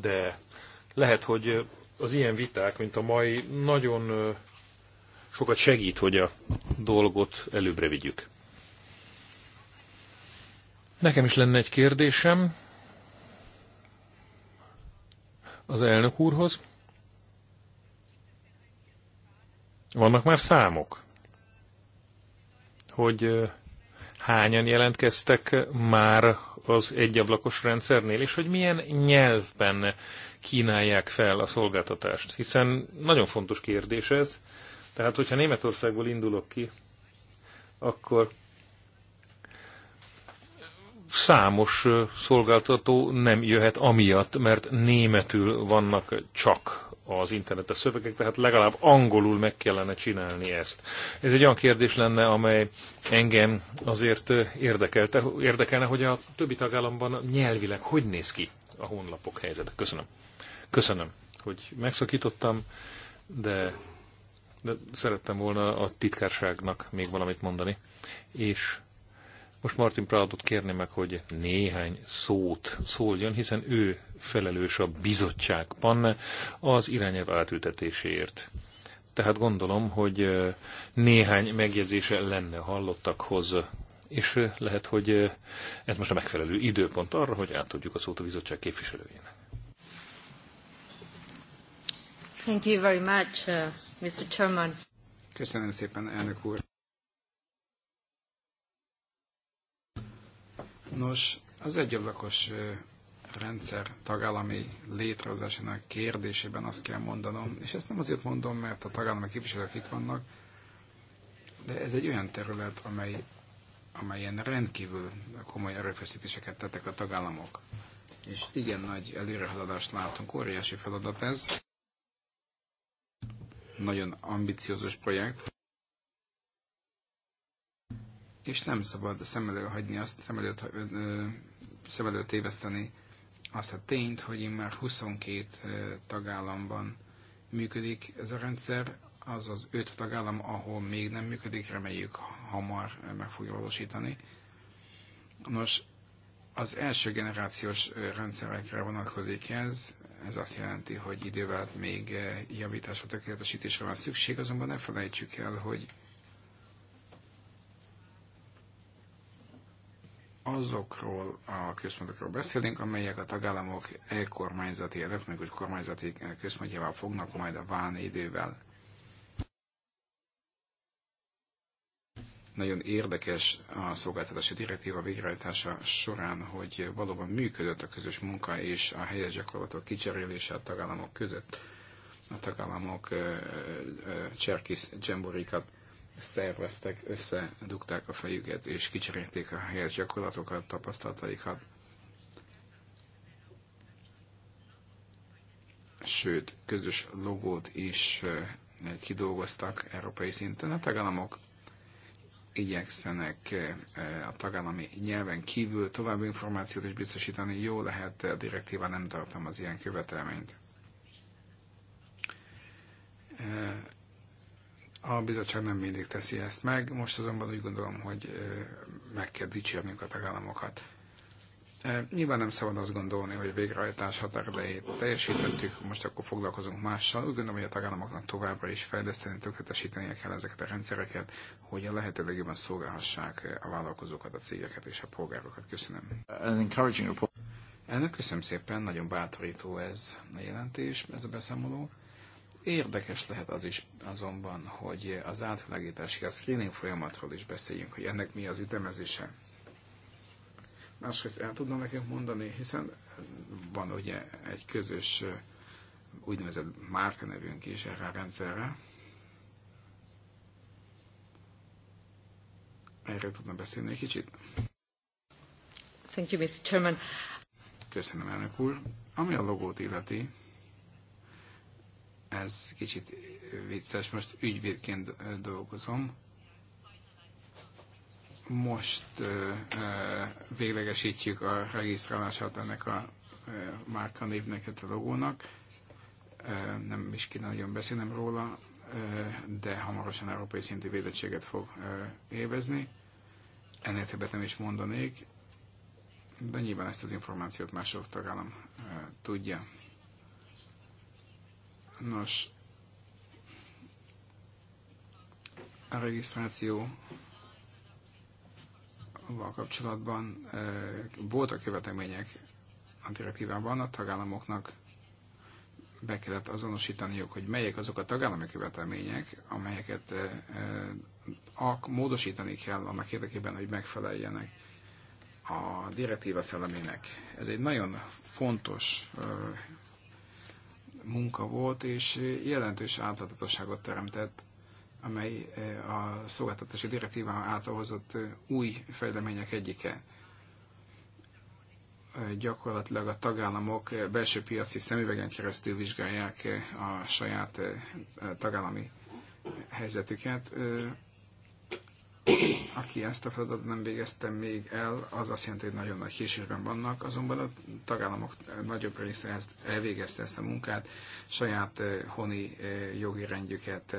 De lehet, hogy az ilyen viták, mint a mai, nagyon sokat segít, hogy a dolgot előbbre vigyük. Nekem is lenne egy kérdésem, az elnök úrhoz. Vannak már számok, hogy hányan jelentkeztek már az egyablakos rendszernél, és hogy milyen nyelvben kínálják fel a szolgáltatást. Hiszen nagyon fontos kérdés ez. Tehát, hogyha Németországból indulok ki, akkor számos szolgáltató nem jöhet amiatt, mert németül vannak csak az internetes szövegek, tehát legalább angolul meg kellene csinálni ezt. Ez egy olyan kérdés lenne, amely engem azért érdekelte, érdekelne, hogy a többi tagállamban nyelvileg hogy néz ki a honlapok helyzete. Köszönöm. Köszönöm, hogy megszakítottam, de, de szerettem volna a titkárságnak még valamit mondani, és most Martin Prádot kérni meg, hogy néhány szót szóljon, hiszen ő felelős a bizottság panne az irányelv átültetéséért. Tehát gondolom, hogy néhány megjegyzése lenne hallottakhoz, és lehet, hogy ez most a megfelelő időpont arra, hogy átadjuk a szót a bizottság képviselőjének. Thank you very much, uh, Mr. Chairman. Köszönöm szépen, elnök úr. Nos, az egyablakos rendszer tagállami létrehozásának kérdésében azt kell mondanom, és ezt nem azért mondom, mert a tagállami képviselők itt vannak, de ez egy olyan terület, amely, amelyen rendkívül komoly erőfeszítéseket tettek a tagállamok. És igen nagy előrehaladást látunk, óriási feladat ez. Nagyon ambiciózus projekt és nem szabad szem elő hagyni azt, szem előtt, szem előtt téveszteni azt a tényt, hogy már 22 tagállamban működik ez a rendszer, az az öt tagállam, ahol még nem működik, reméljük hamar meg fogja valósítani. Nos, az első generációs rendszerekre vonatkozik ez, ez azt jelenti, hogy idővel még javításra, tökéletesítésre van szükség, azonban ne felejtsük el, hogy azokról a központokról beszélünk, amelyek a tagállamok e-kormányzati, elektronikus kormányzati központjával fognak majd válni idővel. Nagyon érdekes a szolgáltatási direktíva végrehajtása során, hogy valóban működött a közös munka és a helyes gyakorlatok kicserélése a tagállamok között. A tagállamok e, e, e, cserkis dzsemborikat szerveztek, összedugták a fejüket, és kicserélték a helyes gyakorlatokat, tapasztalataikat. Sőt, közös logót is kidolgoztak európai szinten. A tagállamok igyekszenek a tagállami nyelven kívül további információt is biztosítani. Jó lehet, a direktíva nem tartalmaz ilyen követelményt a bizottság nem mindig teszi ezt meg, most azonban úgy gondolom, hogy meg kell dicsérnünk a tagállamokat. Nyilván nem szabad azt gondolni, hogy a végrehajtás határidejét teljesítettük, most akkor foglalkozunk mással. Úgy gondolom, hogy a tagállamoknak továbbra is fejleszteni, tökéletesítenie kell ezeket a rendszereket, hogy a lehető legjobban szolgálhassák a vállalkozókat, a cégeket és a polgárokat. Köszönöm. Encouraging report. Elnök, köszönöm szépen, nagyon bátorító ez a jelentés, ez a beszámoló. Érdekes lehet az is azonban, hogy az átvilágítási, a screening folyamatról is beszéljünk, hogy ennek mi az ütemezése. Másrészt el tudna nekünk mondani, hiszen van ugye egy közös úgynevezett márkanevünk is erre a rendszerre. Erről tudna beszélni egy kicsit? Thank you, Mr. Chairman. Köszönöm, elnök úr. Ami a logót illeti, ez kicsit vicces, most ügyvédként dolgozom. Most ö, ö, véglegesítjük a regisztrálását ennek a ö, márkanévnek, a logónak. Ö, nem is ki nagyon beszélnem róla, ö, de hamarosan európai szintű védettséget fog ö, évezni. Ennél többet nem is mondanék, de nyilván ezt az információt mások sok tagállam tudja. Nos, a regisztráció kapcsolatban voltak követelmények a direktívában, a tagállamoknak be kellett azonosítaniuk, hogy melyek azok a tagállami követelmények, amelyeket módosítani kell annak érdekében, hogy megfeleljenek a direktíva szellemének. Ez egy nagyon fontos munka volt, és jelentős átláthatóságot teremtett, amely eh, a szolgáltatási direktíva által hozott eh, új fejlemények egyike. Eh, gyakorlatilag a tagállamok belső piaci szemüvegen keresztül vizsgálják a saját tagállami helyzetüket aki ezt a feladatot nem végezte még el, az azt jelenti, hogy nagyon nagy késésben vannak, azonban a tagállamok nagyobb része ezt, elvégezte ezt a munkát, saját honi jogi rendjüket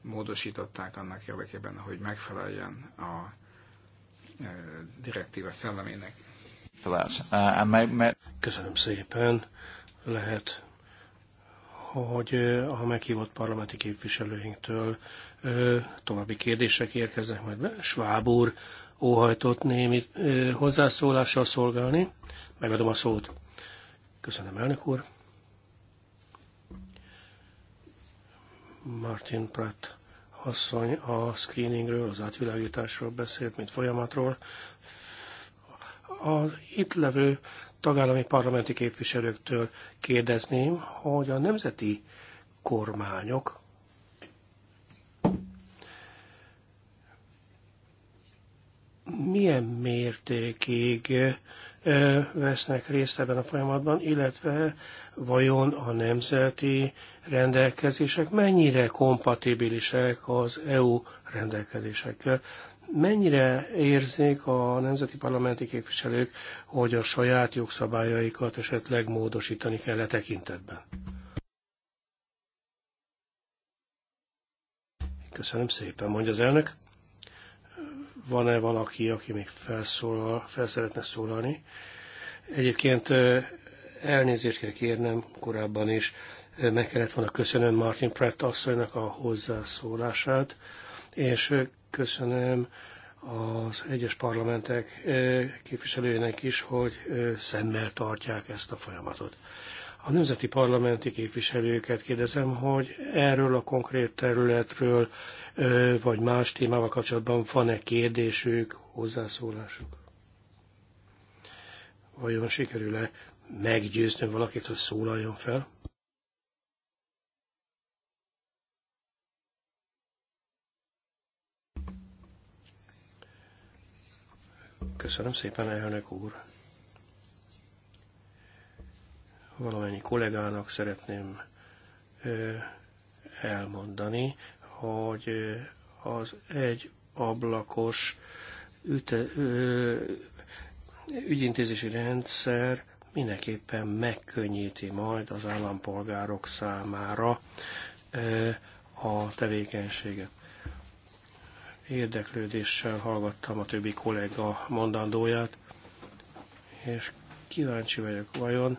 módosították annak érdekében, hogy megfeleljen a direktíva szellemének. Köszönöm szépen. Lehet, hogy a meghívott parlamenti képviselőinktől További kérdések érkeznek majd be. Schwab úr óhajtott némi hozzászólással szolgálni. Megadom a szót. Köszönöm, elnök úr. Martin Pratt asszony a screeningről, az átvilágításról beszélt, mint folyamatról. Az itt levő tagállami parlamenti képviselőktől kérdezném, hogy a nemzeti kormányok milyen mértékig vesznek részt ebben a folyamatban, illetve vajon a nemzeti rendelkezések mennyire kompatibilisek az EU rendelkezésekkel. Mennyire érzik a nemzeti parlamenti képviselők, hogy a saját jogszabályaikat esetleg módosítani kell a e tekintetben? Köszönöm szépen, mondja az elnök van-e valaki, aki még felszólal, fel szeretne szólalni. Egyébként elnézést kell kérnem korábban is, meg kellett volna köszönöm Martin Pratt asszonynak a hozzászólását, és köszönöm az egyes parlamentek képviselőjének is, hogy szemmel tartják ezt a folyamatot. A nemzeti parlamenti képviselőket kérdezem, hogy erről a konkrét területről vagy más témával kapcsolatban van-e kérdésük, hozzászólásuk? Vajon sikerül-e meggyőzni valakit, hogy szólaljon fel? Köszönöm szépen, elnök úr! Valamennyi kollégának szeretném elmondani, hogy az egy ablakos üte, ö, ügyintézési rendszer mindenképpen megkönnyíti majd az állampolgárok számára ö, a tevékenységet. Érdeklődéssel hallgattam a többi kollega mondandóját, és kíváncsi vagyok, vajon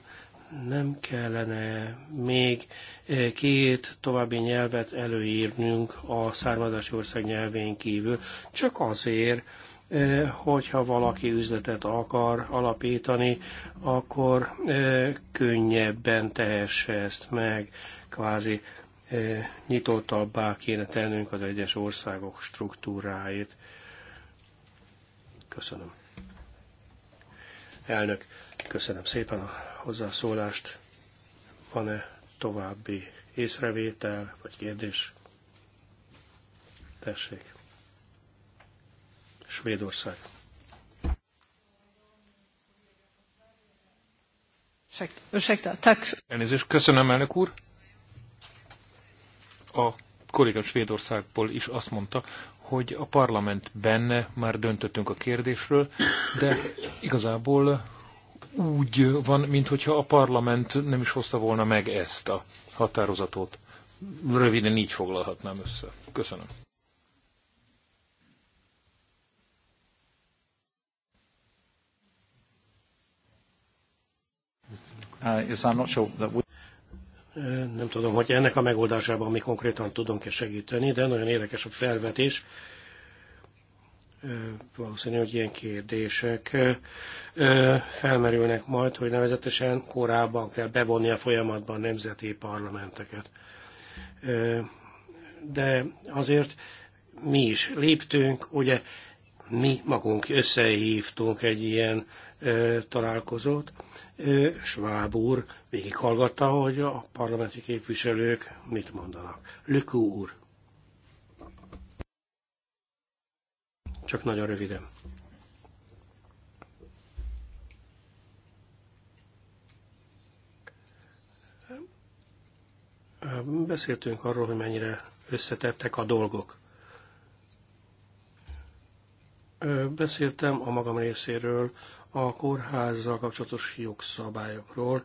nem kellene még eh, két további nyelvet előírnünk a származási ország nyelvén kívül, csak azért, eh, hogyha valaki üzletet akar alapítani, akkor eh, könnyebben tehesse ezt meg, kvázi nyitottabbá kéne tennünk az egyes országok struktúráit. Köszönöm. Elnök, köszönöm szépen a hozzászólást. Van-e további észrevétel vagy kérdés? Tessék. Svédország. Elnézést, köszönöm, elnök úr. A kolléga Svédországból is azt mondta, hogy a parlamentben már döntöttünk a kérdésről, de igazából úgy van, mintha a parlament nem is hozta volna meg ezt a határozatot. Röviden így foglalhatnám össze. Köszönöm. Uh, nem tudom, hogy ennek a megoldásában mi konkrétan tudunk-e segíteni, de nagyon érdekes a felvetés valószínű, hogy ilyen kérdések felmerülnek majd, hogy nevezetesen korábban kell bevonni a folyamatban nemzeti parlamenteket. De azért mi is léptünk, ugye mi magunk összehívtunk egy ilyen találkozót. Schwab úr végighallgatta, hogy a parlamenti képviselők mit mondanak. Lükú úr csak nagyon röviden. Beszéltünk arról, hogy mennyire összetettek a dolgok. Beszéltem a magam részéről a kórházzal kapcsolatos jogszabályokról.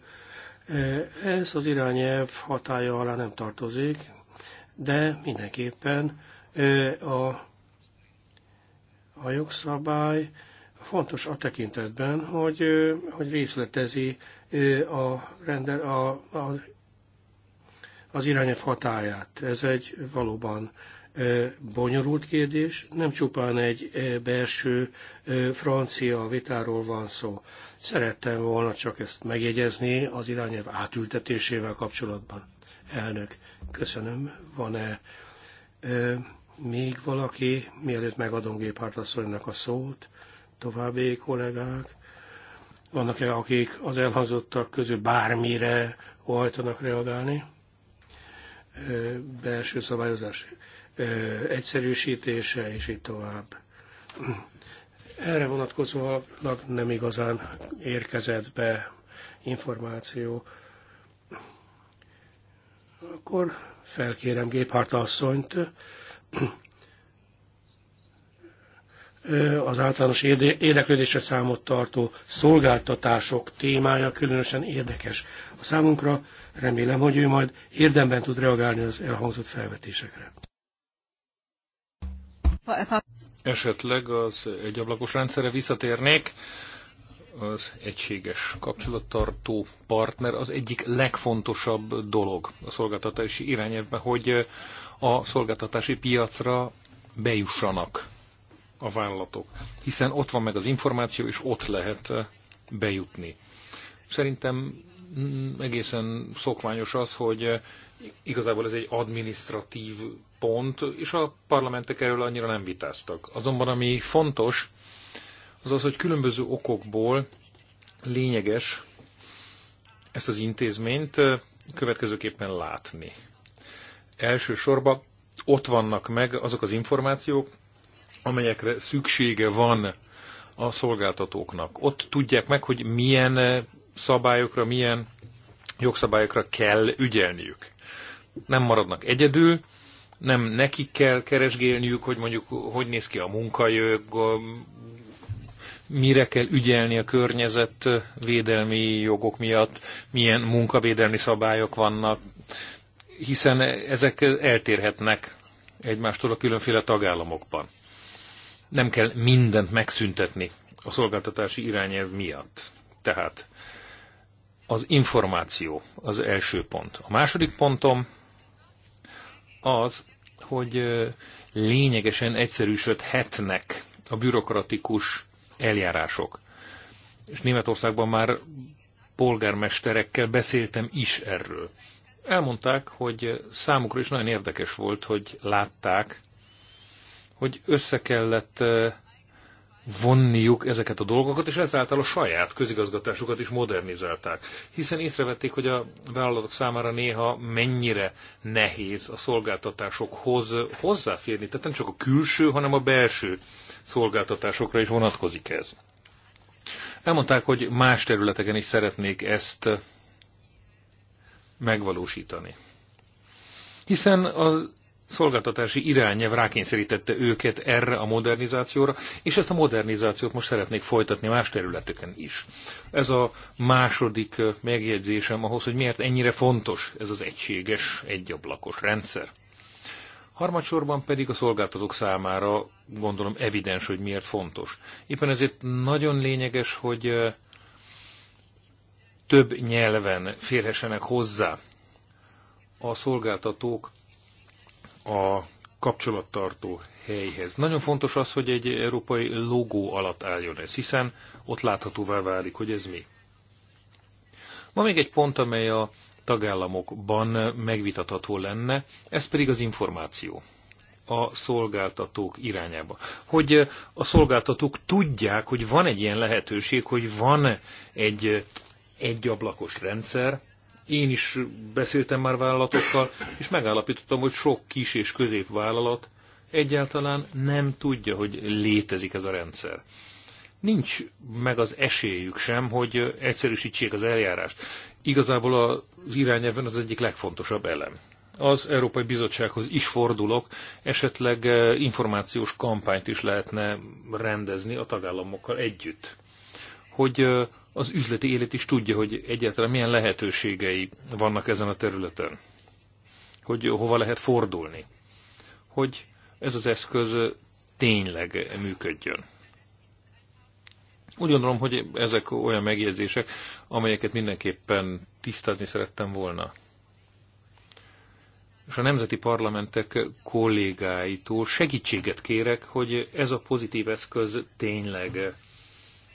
Ez az irányelv hatája alá nem tartozik, de mindenképpen a a jogszabály fontos a tekintetben, hogy, hogy részletezi a, rendel, a, a, az irányelv hatáját. Ez egy valóban bonyolult kérdés, nem csupán egy belső francia vitáról van szó. Szerettem volna csak ezt megjegyezni az irányelv átültetésével kapcsolatban. Elnök, köszönöm. Van-e még valaki, mielőtt megadom Gépárt asszonynak a szót, további kollégák, vannak-e, akik az elhangzottak közül bármire hajtanak reagálni? Belső szabályozás egyszerűsítése, és így tovább. Erre vonatkozóan nem igazán érkezett be információ. Akkor felkérem Géphárt asszonyt, az általános érdeklődésre számot tartó szolgáltatások témája különösen érdekes a számunkra. Remélem, hogy ő majd érdemben tud reagálni az elhangzott felvetésekre. Esetleg az egyablakos rendszerre visszatérnék. Az egységes kapcsolattartó partner az egyik legfontosabb dolog a szolgáltatási irányelvben, hogy a szolgáltatási piacra bejussanak a vállalatok, hiszen ott van meg az információ, és ott lehet eh, bejutni. Szerintem mm, egészen szokványos az, hogy eh, igazából ez egy administratív pont, és a parlamentek erről annyira nem vitáztak. Azonban ami fontos, az az, hogy különböző okokból lényeges ezt az intézményt eh, következőképpen látni elsősorban ott vannak meg azok az információk, amelyekre szüksége van a szolgáltatóknak. Ott tudják meg, hogy milyen szabályokra, milyen jogszabályokra kell ügyelniük. Nem maradnak egyedül, nem nekik kell keresgélniük, hogy mondjuk hogy néz ki a munkajog, mire kell ügyelni a környezetvédelmi jogok miatt, milyen munkavédelmi szabályok vannak hiszen ezek eltérhetnek egymástól a különféle tagállamokban. Nem kell mindent megszüntetni a szolgáltatási irányelv miatt. Tehát az információ az első pont. A második pontom az, hogy lényegesen egyszerűsödhetnek a bürokratikus eljárások. És Németországban már polgármesterekkel beszéltem is erről elmondták, hogy számukra is nagyon érdekes volt, hogy látták, hogy össze kellett vonniuk ezeket a dolgokat, és ezáltal a saját közigazgatásukat is modernizálták. Hiszen észrevették, hogy a vállalatok számára néha mennyire nehéz a szolgáltatásokhoz hozzáférni. Tehát nem csak a külső, hanem a belső szolgáltatásokra is vonatkozik ez. Elmondták, hogy más területeken is szeretnék ezt megvalósítani. Hiszen a szolgáltatási irányelv rákényszerítette őket erre a modernizációra, és ezt a modernizációt most szeretnék folytatni más területeken is. Ez a második megjegyzésem ahhoz, hogy miért ennyire fontos ez az egységes, egyablakos rendszer. Harmadsorban pedig a szolgáltatók számára gondolom evidens, hogy miért fontos. Éppen ezért nagyon lényeges, hogy több nyelven férhessenek hozzá a szolgáltatók a kapcsolattartó helyhez. Nagyon fontos az, hogy egy európai logó alatt álljon ez, hiszen ott láthatóvá válik, hogy ez mi. Van még egy pont, amely a tagállamokban megvitatható lenne, ez pedig az információ a szolgáltatók irányába. Hogy a szolgáltatók tudják, hogy van egy ilyen lehetőség, hogy van egy egyablakos rendszer. Én is beszéltem már vállalatokkal, és megállapítottam, hogy sok kis és középvállalat egyáltalán nem tudja, hogy létezik ez a rendszer. Nincs meg az esélyük sem, hogy egyszerűsítsék az eljárást. Igazából az irányelven az egyik legfontosabb elem. Az Európai Bizottsághoz is fordulok, esetleg eh, információs kampányt is lehetne rendezni a tagállamokkal együtt, hogy eh, az üzleti élet is tudja, hogy egyáltalán milyen lehetőségei vannak ezen a területen, hogy hova lehet fordulni, hogy ez az eszköz tényleg működjön. Úgy gondolom, hogy ezek olyan megjegyzések, amelyeket mindenképpen tisztázni szerettem volna. És a nemzeti parlamentek kollégáitól segítséget kérek, hogy ez a pozitív eszköz tényleg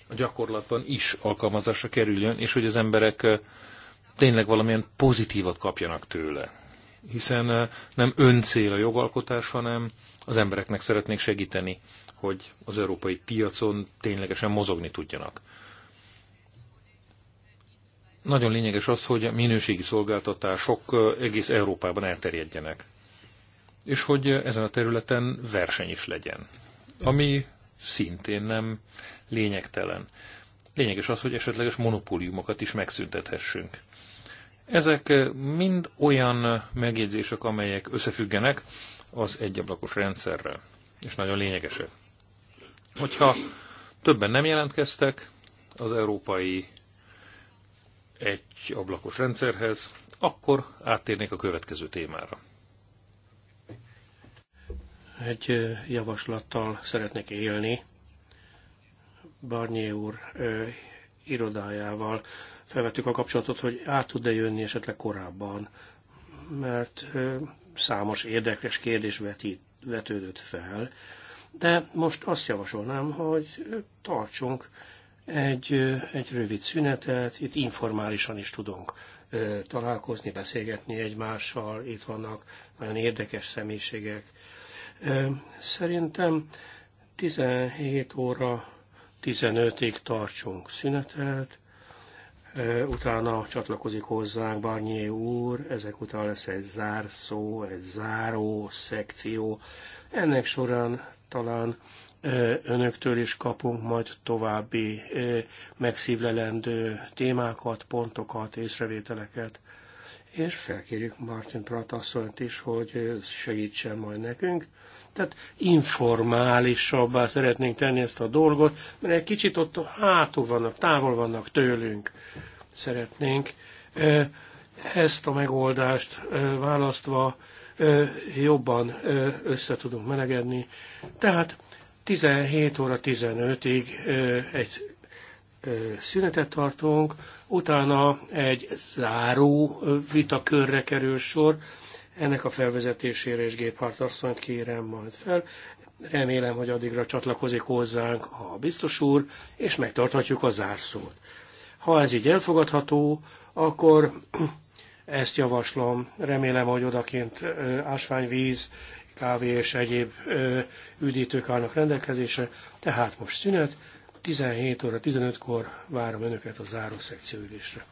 a gyakorlatban is alkalmazásra kerüljön, és hogy az emberek eh, tényleg valamilyen pozitívat kapjanak tőle. Hiszen eh, nem cél a jogalkotás, hanem az embereknek szeretnék segíteni, hogy az európai piacon ténylegesen mozogni tudjanak. Nagyon lényeges az, hogy a minőségi szolgáltatások eh, egész Európában elterjedjenek, és hogy ezen a területen verseny is legyen. Ami szintén nem lényegtelen. Lényeges az, hogy esetleges monopóliumokat is megszüntethessünk. Ezek mind olyan megjegyzések, amelyek összefüggenek az egyablakos rendszerrel, és nagyon lényegesek. Hogyha többen nem jelentkeztek az európai egy ablakos rendszerhez, akkor áttérnék a következő témára. Egy javaslattal szeretnék élni. Barnyé úr irodájával felvettük a kapcsolatot, hogy át tud-e jönni esetleg korábban, mert számos érdekes kérdés vetít, vetődött fel, de most azt javasolnám, hogy tartsunk egy, egy rövid szünetet, itt informálisan is tudunk találkozni, beszélgetni egymással, itt vannak nagyon érdekes személyiségek, Szerintem 17 óra 15-ig tartsunk szünetet, utána csatlakozik hozzánk Barnyé úr, ezek után lesz egy zárszó, egy záró szekció. Ennek során talán önöktől is kapunk majd további megszívlelendő témákat, pontokat, észrevételeket és felkérjük Martin Pratt asszonyt is, hogy segítsen majd nekünk. Tehát informálisabbá szeretnénk tenni ezt a dolgot, mert egy kicsit ott hátul vannak, távol vannak tőlünk. Szeretnénk ezt a megoldást választva jobban össze tudunk melegedni. Tehát 17 óra 15-ig egy szünetet tartunk, Utána egy záró vitakörre kerül sor, ennek a felvezetésére és Géphárt asszonyt kérem majd fel. Remélem, hogy addigra csatlakozik hozzánk a biztos úr, és megtarthatjuk a zárszót. Ha ez így elfogadható, akkor ezt javaslom. Remélem, hogy odakint ásványvíz, kávé és egyéb üdítők állnak rendelkezésre. Tehát most szünet, 17 óra 15-kor várom Önöket a záró szekcióülésre.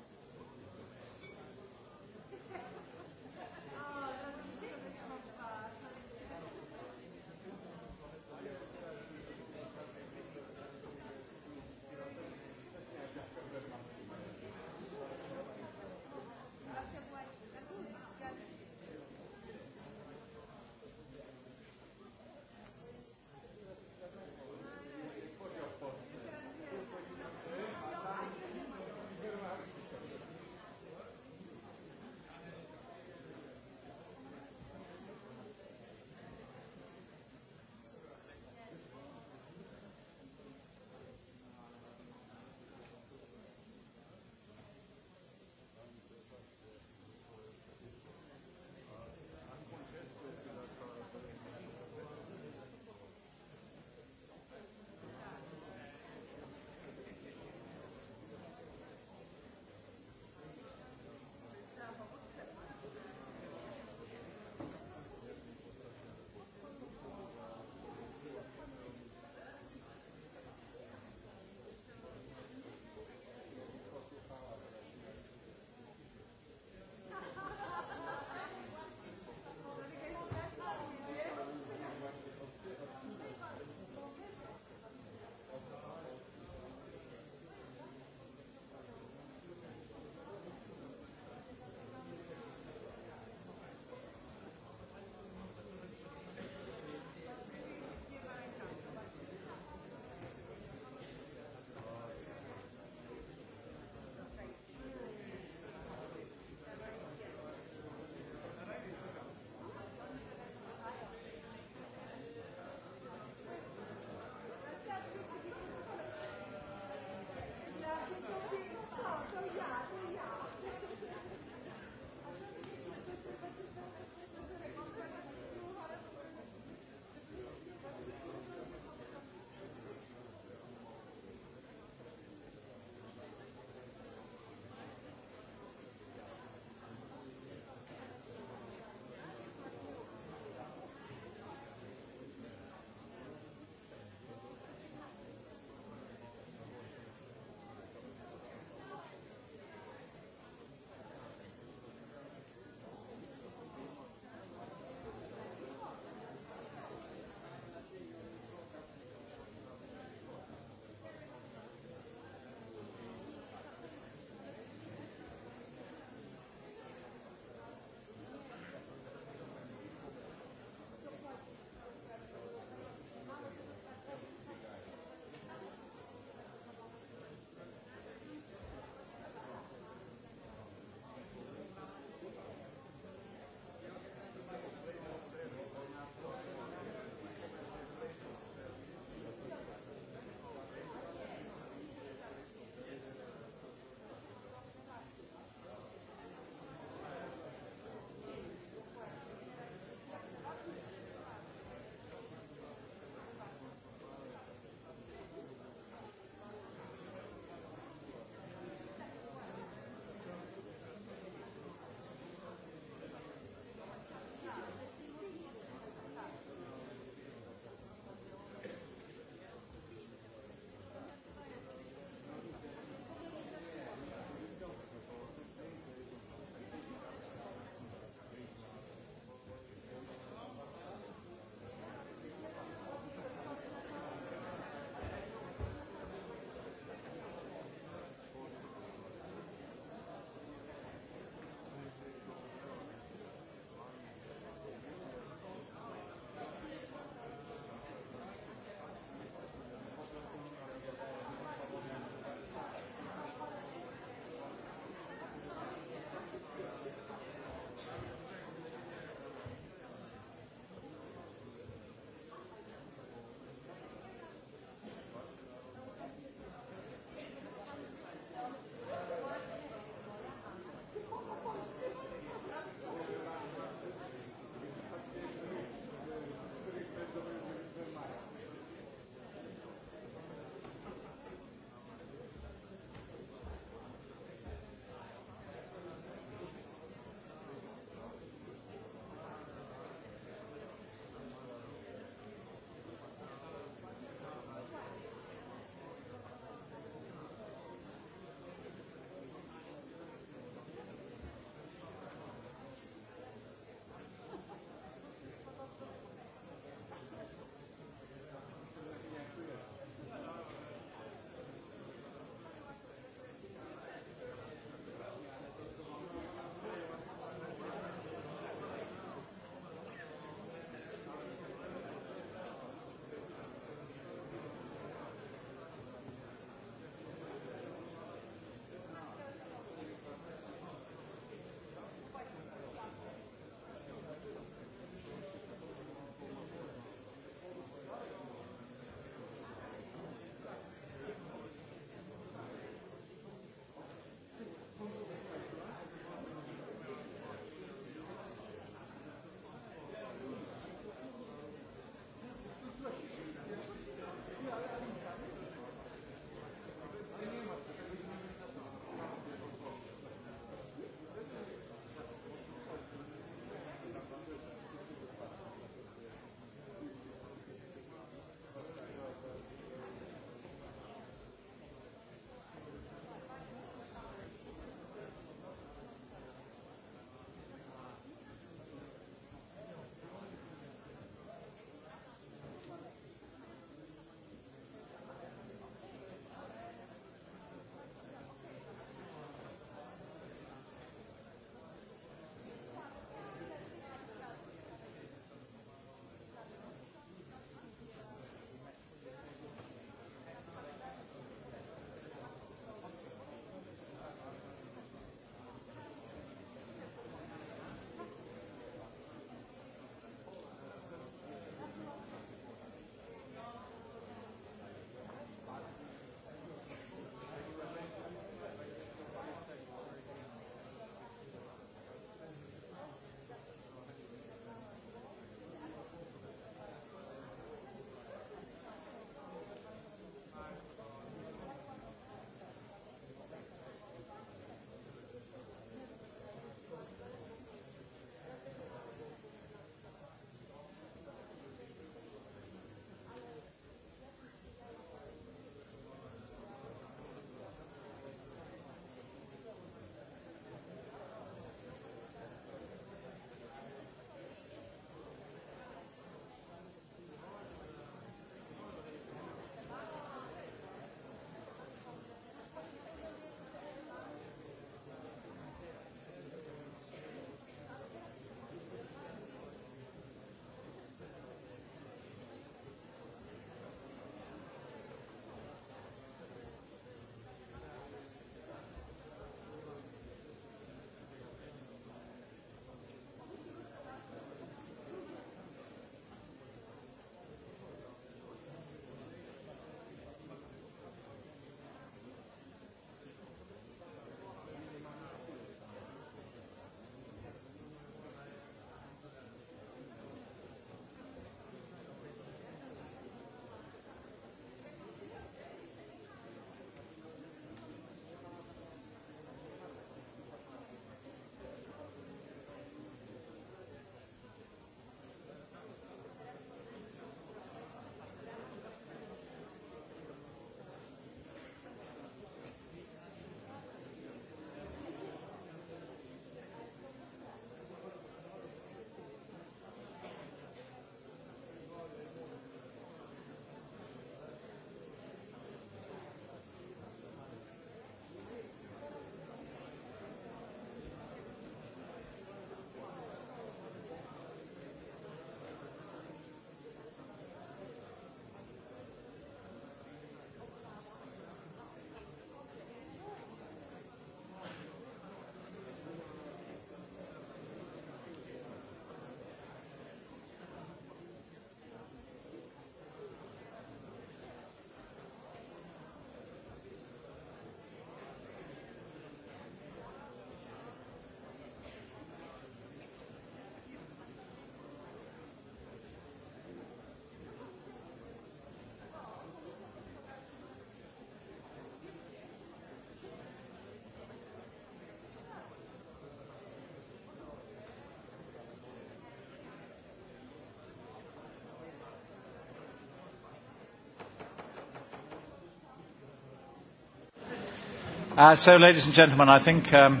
Uh, so, ladies and gentlemen, I think... Um...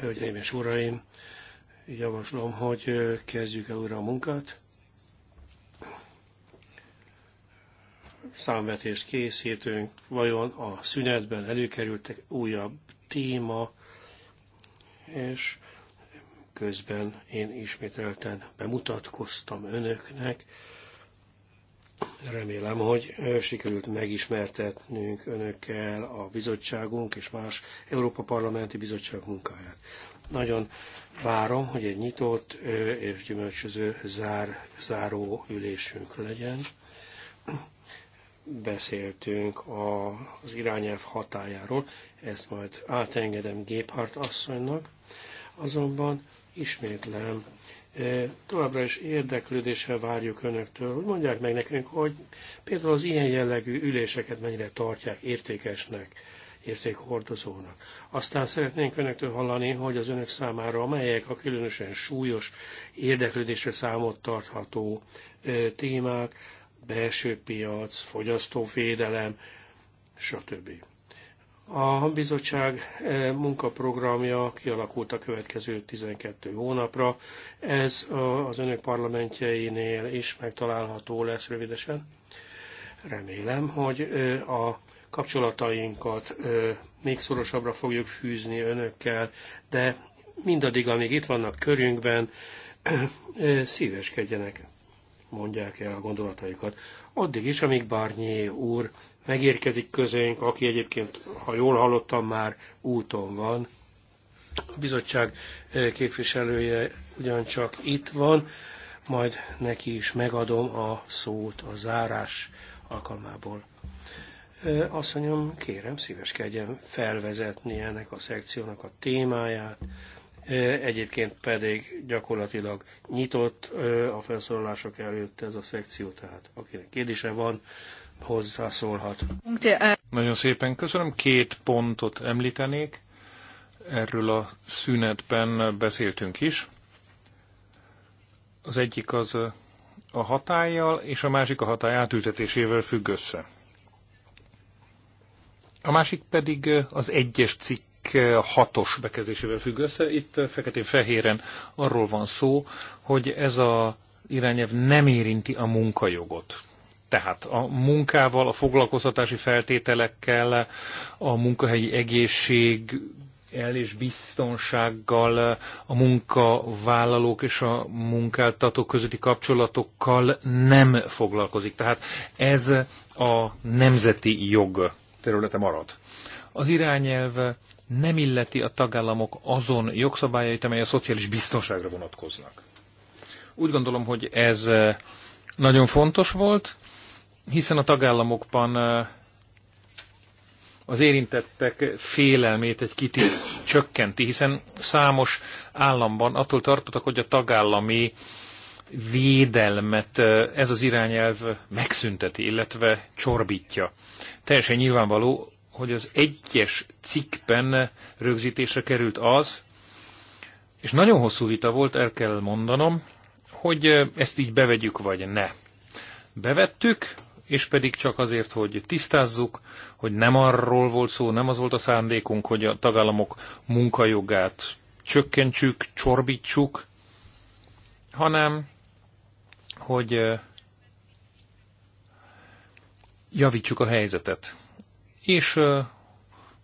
Hölgyeim és uraim, javaslom, hogy uh, kezdjük el újra a munkát. Számvetést készítünk, vajon a szünetben előkerültek újabb téma, és közben én ismételten bemutatkoztam önöknek, Remélem, hogy sikerült megismertetnünk önökkel a bizottságunk és más Európa Parlamenti Bizottság munkáját. Nagyon várom, hogy egy nyitott és gyümölcsöző zár, záró ülésünk legyen. Beszéltünk az irányelv hatájáról, ezt majd átengedem Géphart asszonynak, azonban ismétlem továbbra is érdeklődéssel várjuk önöktől, hogy mondják meg nekünk, hogy például az ilyen jellegű üléseket mennyire tartják értékesnek, értékhordozónak. Aztán szeretnénk önöktől hallani, hogy az önök számára melyek a különösen súlyos, érdeklődésre számot tartható témák, belső piac, fogyasztóvédelem, stb. A bizottság eh, munkaprogramja kialakult a következő 12 hónapra. Ez az önök parlamentjeinél is megtalálható lesz rövidesen. Remélem, hogy eh, a kapcsolatainkat eh, még szorosabbra fogjuk fűzni önökkel, de mindaddig, amíg itt vannak körünkben, szíveskedjenek, mondják el a gondolataikat. Addig is, amíg Barnyé úr megérkezik közénk, aki egyébként, ha jól hallottam, már úton van. A bizottság eh, képviselője ugyancsak itt van, majd neki is megadom a szót a zárás alkalmából. mondjam, eh, kérem, szíveskedjen felvezetni ennek a szekciónak a témáját. Eh, egyébként pedig gyakorlatilag nyitott a felszólalások előtt ez a szekció, tehát akinek kérdése van, hozzászólhat. Nagyon szépen köszönöm. Két pontot említenék. Erről a szünetben beszéltünk is. Az egyik az a hatállyal, és a másik a hatály átültetésével függ össze. A másik pedig az egyes cikk hatos bekezésével függ össze. Itt feketén-fehéren arról van szó, hogy ez a irányelv nem érinti a munkajogot. Tehát a munkával, a foglalkoztatási feltételekkel, a munkahelyi egészség, el és biztonsággal, a munkavállalók és a munkáltatók közötti kapcsolatokkal nem foglalkozik. Tehát ez a nemzeti jog területe marad. Az irányelv nem illeti a tagállamok azon jogszabályait, amely a szociális biztonságra vonatkoznak. Úgy gondolom, hogy ez nagyon fontos volt, hiszen a tagállamokban az érintettek félelmét egy kicsit csökkenti, hiszen számos államban attól tartottak, hogy a tagállami védelmet ez az irányelv megszünteti, illetve csorbítja. Teljesen nyilvánvaló, hogy az egyes cikkben rögzítésre került az, és nagyon hosszú vita volt, el kell mondanom, hogy ezt így bevegyük vagy ne. Bevettük, és pedig csak azért, hogy tisztázzuk, hogy nem arról volt szó, nem az volt a szándékunk, hogy a tagállamok munkajogát csökkentsük, csorbítsuk, hanem hogy javítsuk a helyzetet. És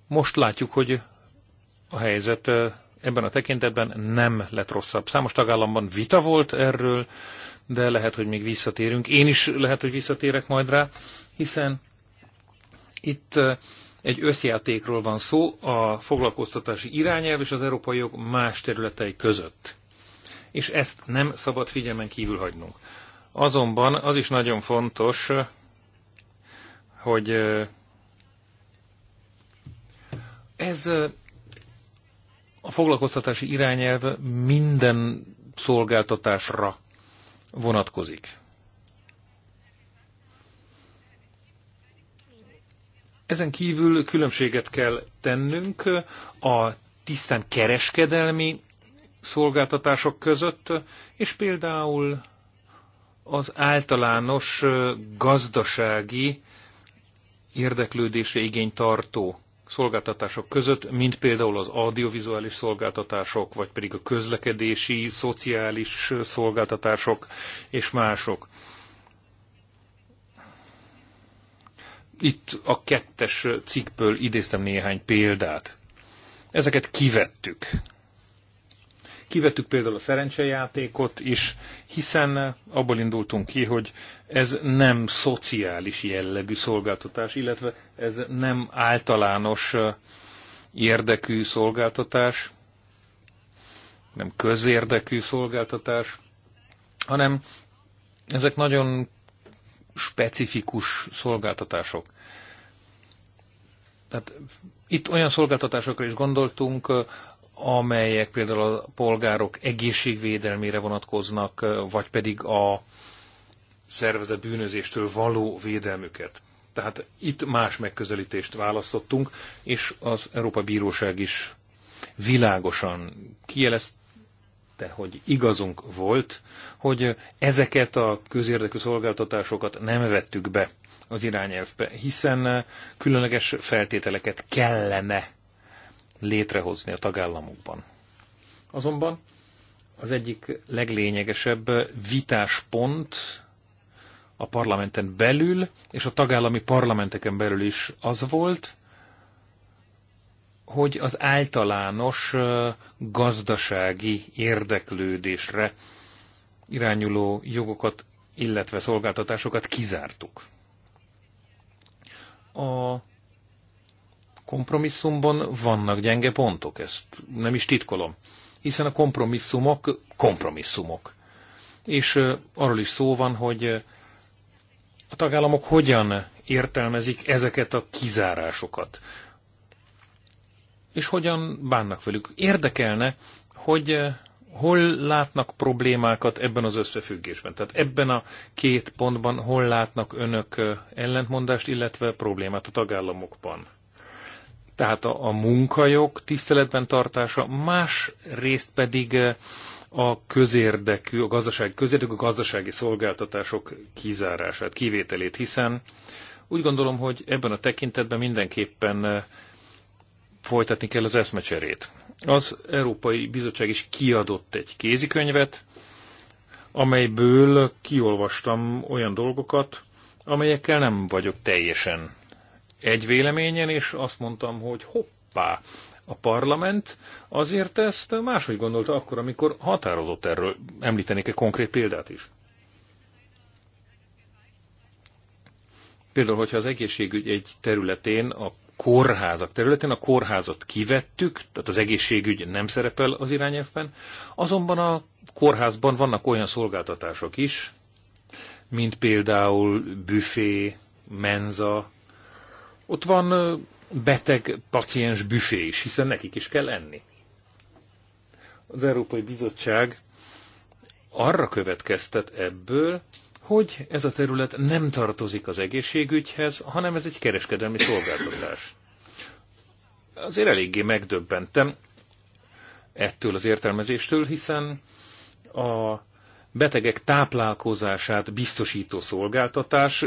most látjuk, hogy a helyzet ebben a tekintetben nem lett rosszabb. Számos tagállamban vita volt erről, de lehet, hogy még visszatérünk. Én is lehet, hogy visszatérek majd rá, hiszen itt egy összjátékról van szó a foglalkoztatási irányelv és az európai jog más területei között. És ezt nem szabad figyelmen kívül hagynunk. Azonban az is nagyon fontos, hogy ez a foglalkoztatási irányelv minden szolgáltatásra vonatkozik. Ezen kívül különbséget kell tennünk a tisztán kereskedelmi szolgáltatások között, és például az általános gazdasági érdeklődésre igény tartó szolgáltatások között, mint például az audiovizuális szolgáltatások, vagy pedig a közlekedési, szociális szolgáltatások és mások. Itt a kettes cikkből idéztem néhány példát. Ezeket kivettük Kivettük például a szerencsejátékot is, hiszen abból indultunk ki, hogy ez nem szociális jellegű szolgáltatás, illetve ez nem általános érdekű szolgáltatás, nem közérdekű szolgáltatás, hanem ezek nagyon specifikus szolgáltatások. Tehát itt olyan szolgáltatásokra is gondoltunk, amelyek például a polgárok egészségvédelmére vonatkoznak, vagy pedig a szervezet bűnözéstől való védelmüket. Tehát itt más megközelítést választottunk, és az Európa Bíróság is világosan kijelezte, hogy igazunk volt, hogy ezeket a közérdekű szolgáltatásokat nem vettük be az irányelvbe, hiszen különleges feltételeket kellene létrehozni a tagállamokban. Azonban az egyik leglényegesebb vitáspont a parlamenten belül és a tagállami parlamenteken belül is az volt, hogy az általános gazdasági érdeklődésre irányuló jogokat, illetve szolgáltatásokat kizártuk. A kompromisszumban vannak gyenge pontok, ezt nem is titkolom. Hiszen a kompromisszumok kompromisszumok. És arról is szó van, hogy a tagállamok hogyan értelmezik ezeket a kizárásokat. És hogyan bánnak velük. Érdekelne, hogy hol látnak problémákat ebben az összefüggésben? Tehát ebben a két pontban hol látnak önök ellentmondást, illetve problémát a tagállamokban? tehát a, a munkajog tiszteletben tartása, más részt pedig eh, a közérdekű, a gazdasági közérdekű, a gazdasági szolgáltatások kizárását, kivételét, hiszen úgy gondolom, hogy ebben a tekintetben mindenképpen eh, folytatni kell az eszmecserét. Az Európai Bizottság is kiadott egy kézikönyvet, amelyből kiolvastam olyan dolgokat, amelyekkel nem vagyok teljesen egy véleményen, és azt mondtam, hogy hoppá, a parlament azért ezt máshogy gondolta akkor, amikor határozott erről. Említenék egy konkrét példát is? Például, hogyha az egészségügy egy területén, a kórházak területén, a kórházat kivettük, tehát az egészségügy nem szerepel az irányelvben, azonban a kórházban vannak olyan szolgáltatások is, mint például büfé, menza, ott van beteg paciens büfé is, hiszen nekik is kell enni. Az Európai Bizottság arra következtet ebből, hogy ez a terület nem tartozik az egészségügyhez, hanem ez egy kereskedelmi szolgáltatás. Azért eléggé megdöbbentem ettől az értelmezéstől, hiszen a betegek táplálkozását biztosító szolgáltatás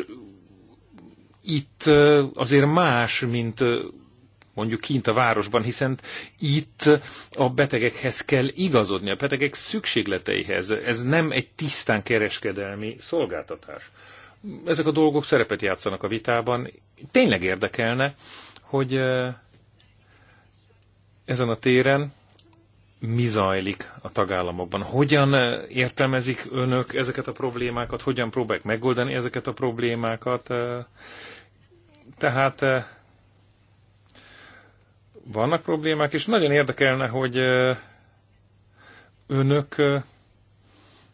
itt azért más, mint mondjuk kint a városban, hiszen itt a betegekhez kell igazodni, a betegek szükségleteihez. Ez nem egy tisztán kereskedelmi szolgáltatás. Ezek a dolgok szerepet játszanak a vitában. Tényleg érdekelne, hogy ezen a téren mi zajlik a tagállamokban? Hogyan értelmezik önök ezeket a problémákat? Hogyan próbálják megoldani ezeket a problémákat? Tehát eh, vannak problémák, és nagyon érdekelne, hogy eh, önök eh,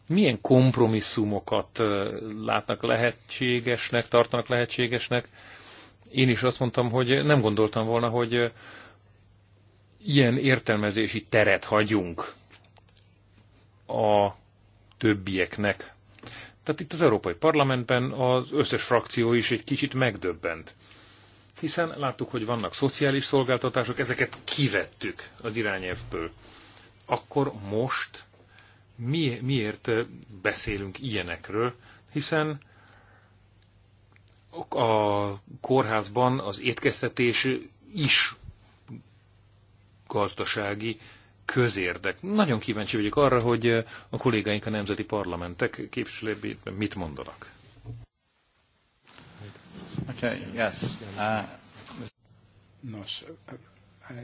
milyen kompromisszumokat látnak lehetségesnek, tartanak lehetségesnek. Én is azt mondtam, hogy nem gondoltam volna, hogy ilyen értelmezési teret hagyunk a többieknek. Tehát itt az Európai Parlamentben az összes frakció is egy kicsit megdöbbent hiszen láttuk, hogy vannak szociális szolgáltatások, ezeket kivettük az irányelvből. Akkor most mi, miért beszélünk ilyenekről, hiszen a kórházban az étkeztetés is gazdasági közérdek. Nagyon kíváncsi vagyok arra, hogy a kollégáink a nemzeti parlamentek képviselőjében mit mondanak. Okay, yes. Uh, Nos,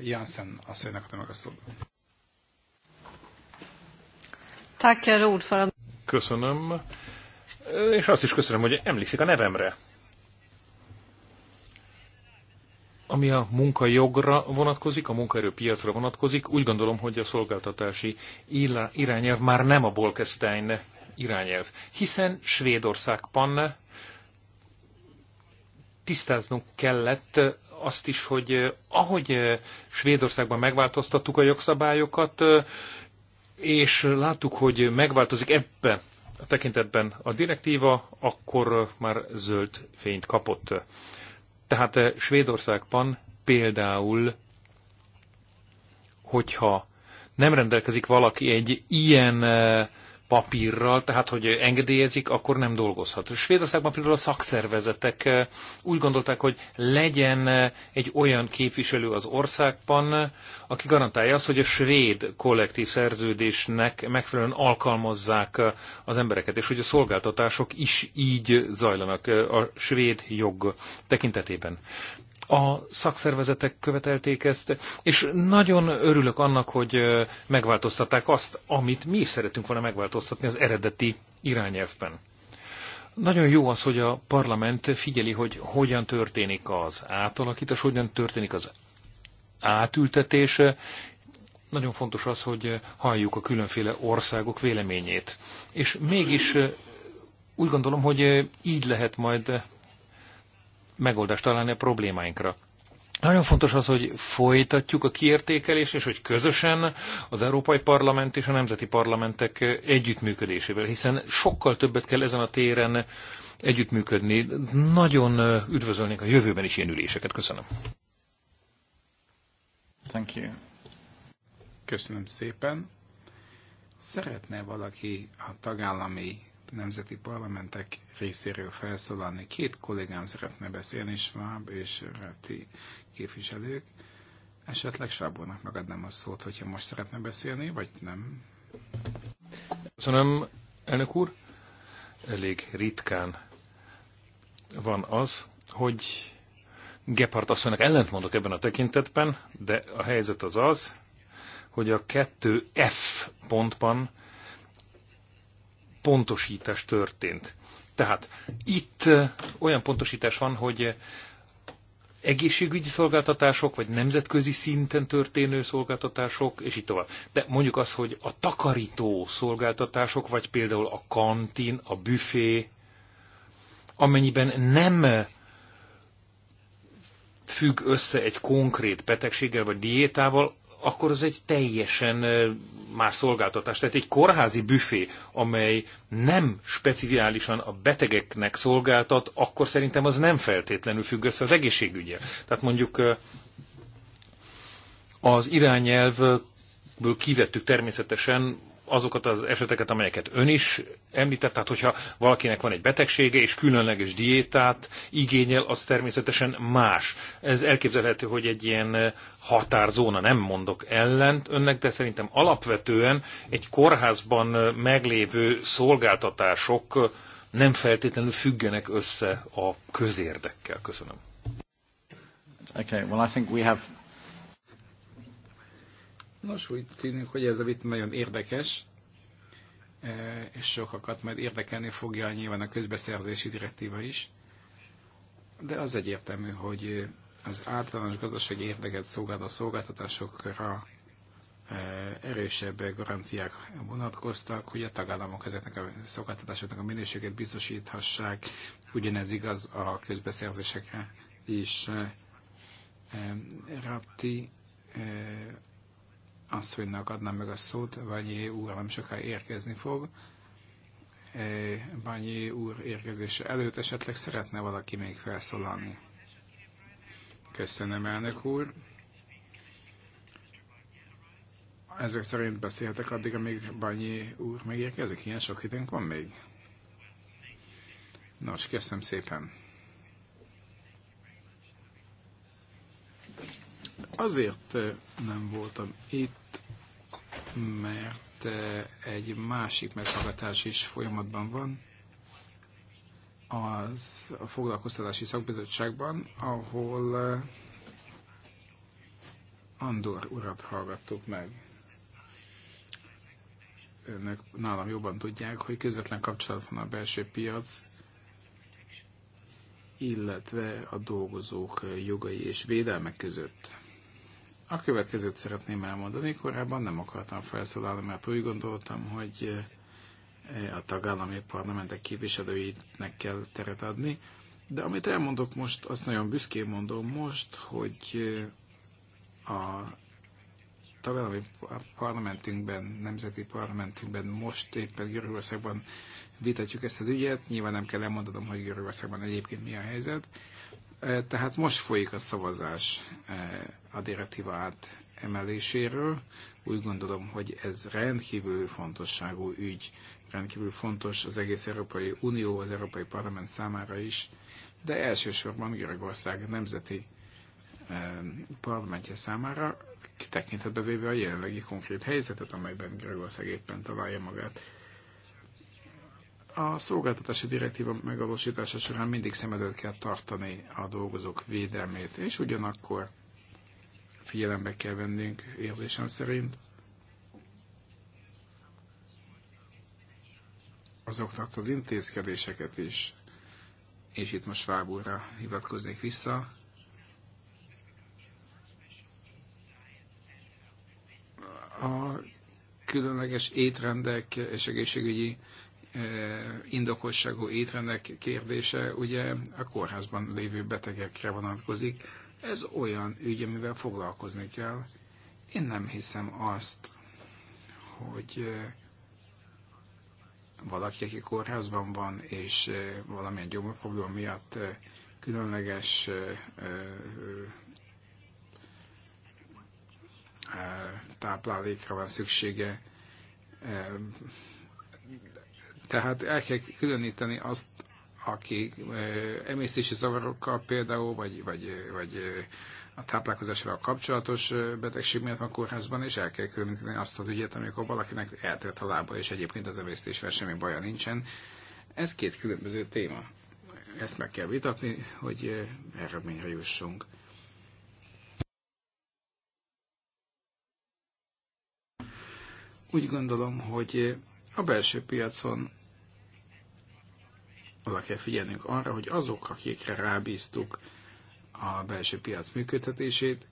Jansen asszonynak adom meg a szót. Tack, ordförande. Köszönöm. És azt is köszönöm, hogy emlékszik a nevemre. Ami a munkajogra vonatkozik, a munkaerőpiacra vonatkozik, úgy gondolom, hogy a szolgáltatási irányelv már nem a Bolkestein irányelv, hiszen Svédország panne tisztáznunk kellett azt is, hogy eh, ahogy eh, Svédországban megváltoztattuk a jogszabályokat, eh, és láttuk, hogy megváltozik ebben a tekintetben a direktíva, akkor már zöld fényt kapott. Tehát Svédországban például, hogyha nem rendelkezik valaki egy ilyen papírral, tehát hogy engedélyezik, akkor nem dolgozhat. A Svédországban például a szakszervezetek eh, úgy gondolták, hogy legyen eh, egy olyan képviselő az országban, aki garantálja azt, hogy a svéd kollektív szerződésnek megfelelően alkalmazzák eh, az embereket, és hogy a szolgáltatások is így zajlanak a svéd jog tekintetében a szakszervezetek követelték ezt, és nagyon örülök annak, hogy megváltoztatták azt, amit mi is szeretünk volna megváltoztatni az eredeti irányelvben. Nagyon jó az, hogy a parlament figyeli, hogy hogyan történik az átalakítás, hogyan történik az átültetés. Nagyon fontos az, hogy halljuk a különféle országok véleményét. És mégis úgy gondolom, hogy így lehet majd megoldást találni a problémáinkra. Nagyon fontos az, hogy folytatjuk a kiértékelést, és hogy közösen az Európai Parlament és a nemzeti parlamentek együttműködésével, hiszen sokkal többet kell ezen a téren együttműködni. Nagyon üdvözölnék a jövőben is ilyen üléseket. Köszönöm. Thank you. Köszönöm szépen. Szeretne valaki a tagállami nemzeti parlamentek részéről felszólalni. Két kollégám szeretne beszélni, Schwab és Reti képviselők. Esetleg Sábornak megadnám a szót, hogyha most szeretne beszélni, vagy nem? Köszönöm, elnök úr. Elég ritkán van az, hogy Gephardt asszonynak mondok ebben a tekintetben, de a helyzet az az, hogy a 2F pontban pontosítás történt. Tehát itt olyan pontosítás van, hogy egészségügyi szolgáltatások, vagy nemzetközi szinten történő szolgáltatások, és így tovább. De mondjuk az, hogy a takarító szolgáltatások, vagy például a kantin, a büfé, amennyiben nem függ össze egy konkrét betegséggel vagy diétával, akkor az egy teljesen más szolgáltatást. Tehát egy kórházi büfé, amely nem speciálisan a betegeknek szolgáltat, akkor szerintem az nem feltétlenül függ össze az egészségügyel. Tehát mondjuk az irányelvből kivettük természetesen azokat az eseteket, amelyeket ön is említett, tehát hogyha valakinek van egy betegsége és különleges diétát igényel, az természetesen más. Ez elképzelhető, hogy egy ilyen eh, határzóna, nem mondok ellent önnek, de szerintem alapvetően egy kórházban eh, meglévő szolgáltatások eh, nem feltétlenül függenek össze a közérdekkel. Köszönöm. Okay, well, I think we have Nos, úgy tűnik, hogy ez a vita nagyon érdekes, e, és sokakat majd érdekelni fogja nyilván a közbeszerzési direktíva is. De az egyértelmű, hogy az általános gazdasági érdeket szolgáló szolgáltatásokra e, erősebb garanciák vonatkoztak, hogy a tagállamok ezeknek a szolgáltatásoknak a minőséget biztosíthassák. Ugyanez igaz a közbeszerzésekre is. E, Rapti asszonynak adnám meg a szót, Vanyé úr nem soká érkezni fog. Vanyé e, úr érkezése előtt esetleg szeretne valaki még felszólalni. Köszönöm, elnök úr. Ezek szerint beszéltek addig, amíg Banyi úr megérkezik? Ilyen sok időnk van még? Nos, köszönöm szépen. Azért nem voltam itt, mert eh, egy másik meghallgatás is folyamatban van az a foglalkoztatási szakbizottságban, ahol eh, Andor urat hallgattuk meg. Önök nálam jobban tudják, hogy közvetlen kapcsolat van a belső piac, illetve a dolgozók jogai és védelmek között. A következőt szeretném elmondani, korábban nem akartam felszólalni, mert úgy gondoltam, hogy eh, a tagállami parlamentek képviselőinek kell teret adni, de amit elmondok most, azt nagyon büszkén mondom most, hogy eh, a tagállami parlamentünkben, nemzeti parlamentünkben most éppen Görögországban vitatjuk ezt az ügyet. Nyilván nem kell elmondanom, hogy Görögországban egyébként mi a helyzet. E, tehát most folyik a szavazás e, a direktíva át emeléséről. Úgy gondolom, hogy ez rendkívül fontosságú ügy, rendkívül fontos az egész Európai Unió, az Európai Parlament számára is, de elsősorban Görögország nemzeti e, parlamentje számára, tekintetbe véve a jelenlegi konkrét helyzetet, amelyben Görögország éppen találja magát. A szolgáltatási direktíva megvalósítása során mindig szem előtt kell tartani a dolgozók védelmét, és ugyanakkor figyelembe kell vennünk érzésem szerint azoknak az intézkedéseket is, és itt most Schwab hivatkoznék vissza, a különleges étrendek és egészségügyi indokosságú étrendek kérdése ugye a kórházban lévő betegekre vonatkozik. Ez olyan ügy, amivel foglalkozni kell. Én nem hiszem azt, hogy valaki, aki kórházban van, és valamilyen gyomorprobléma miatt különleges táplálékra van szüksége, tehát el kell különíteni azt, aki emésztési zavarokkal például, vagy, vagy, vagy a táplálkozással kapcsolatos betegség miatt van kórházban, és el kell különíteni azt az ügyet, amikor valakinek eltört a lába, és egyébként az emésztésvel semmi baja nincsen. Ez két különböző téma. Ezt meg kell vitatni, hogy eredményre jussunk. Úgy gondolom, hogy a belső piacon oda kell figyelnünk arra, hogy azok, akikre rábíztuk a belső piac működtetését,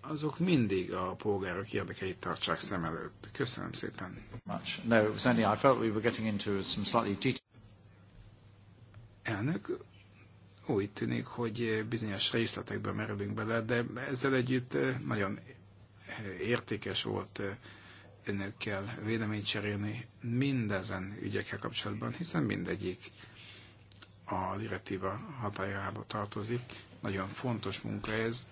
azok mindig a polgárok érdekeit tartsák szem előtt. Köszönöm szépen. Elnök, úgy tűnik, hogy bizonyos részletekbe merülünk bele, de ezzel együtt eh, nagyon eh, értékes volt eh, önökkel véleményt cserélni mindezen ügyekkel kapcsolatban, hiszen mindegyik a direktíva hatájába tartozik. Nagyon fontos munka ez,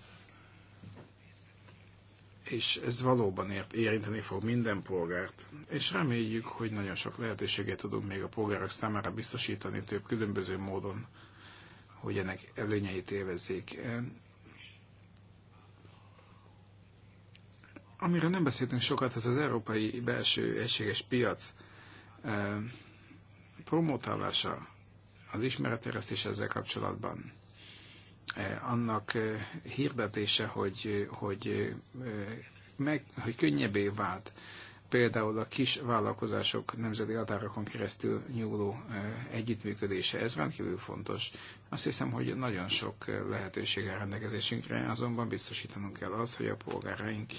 és ez valóban ért, érinteni fog minden polgárt, és reméljük, hogy nagyon sok lehetőséget tudunk még a polgárok számára biztosítani több különböző módon, hogy ennek előnyeit élvezzék. Amire nem beszéltünk sokat, ez az európai belső egységes piac eh, promotálása az ismeretterjesztés ezzel kapcsolatban e, annak e, hirdetése, hogy, hogy, e, meg, hogy könnyebbé vált például a kis vállalkozások nemzeti határokon keresztül nyúló együttműködése. Ez rendkívül fontos. Azt hiszem, hogy nagyon sok lehetőség áll rendelkezésünkre, azonban biztosítanunk kell azt, hogy a polgáraink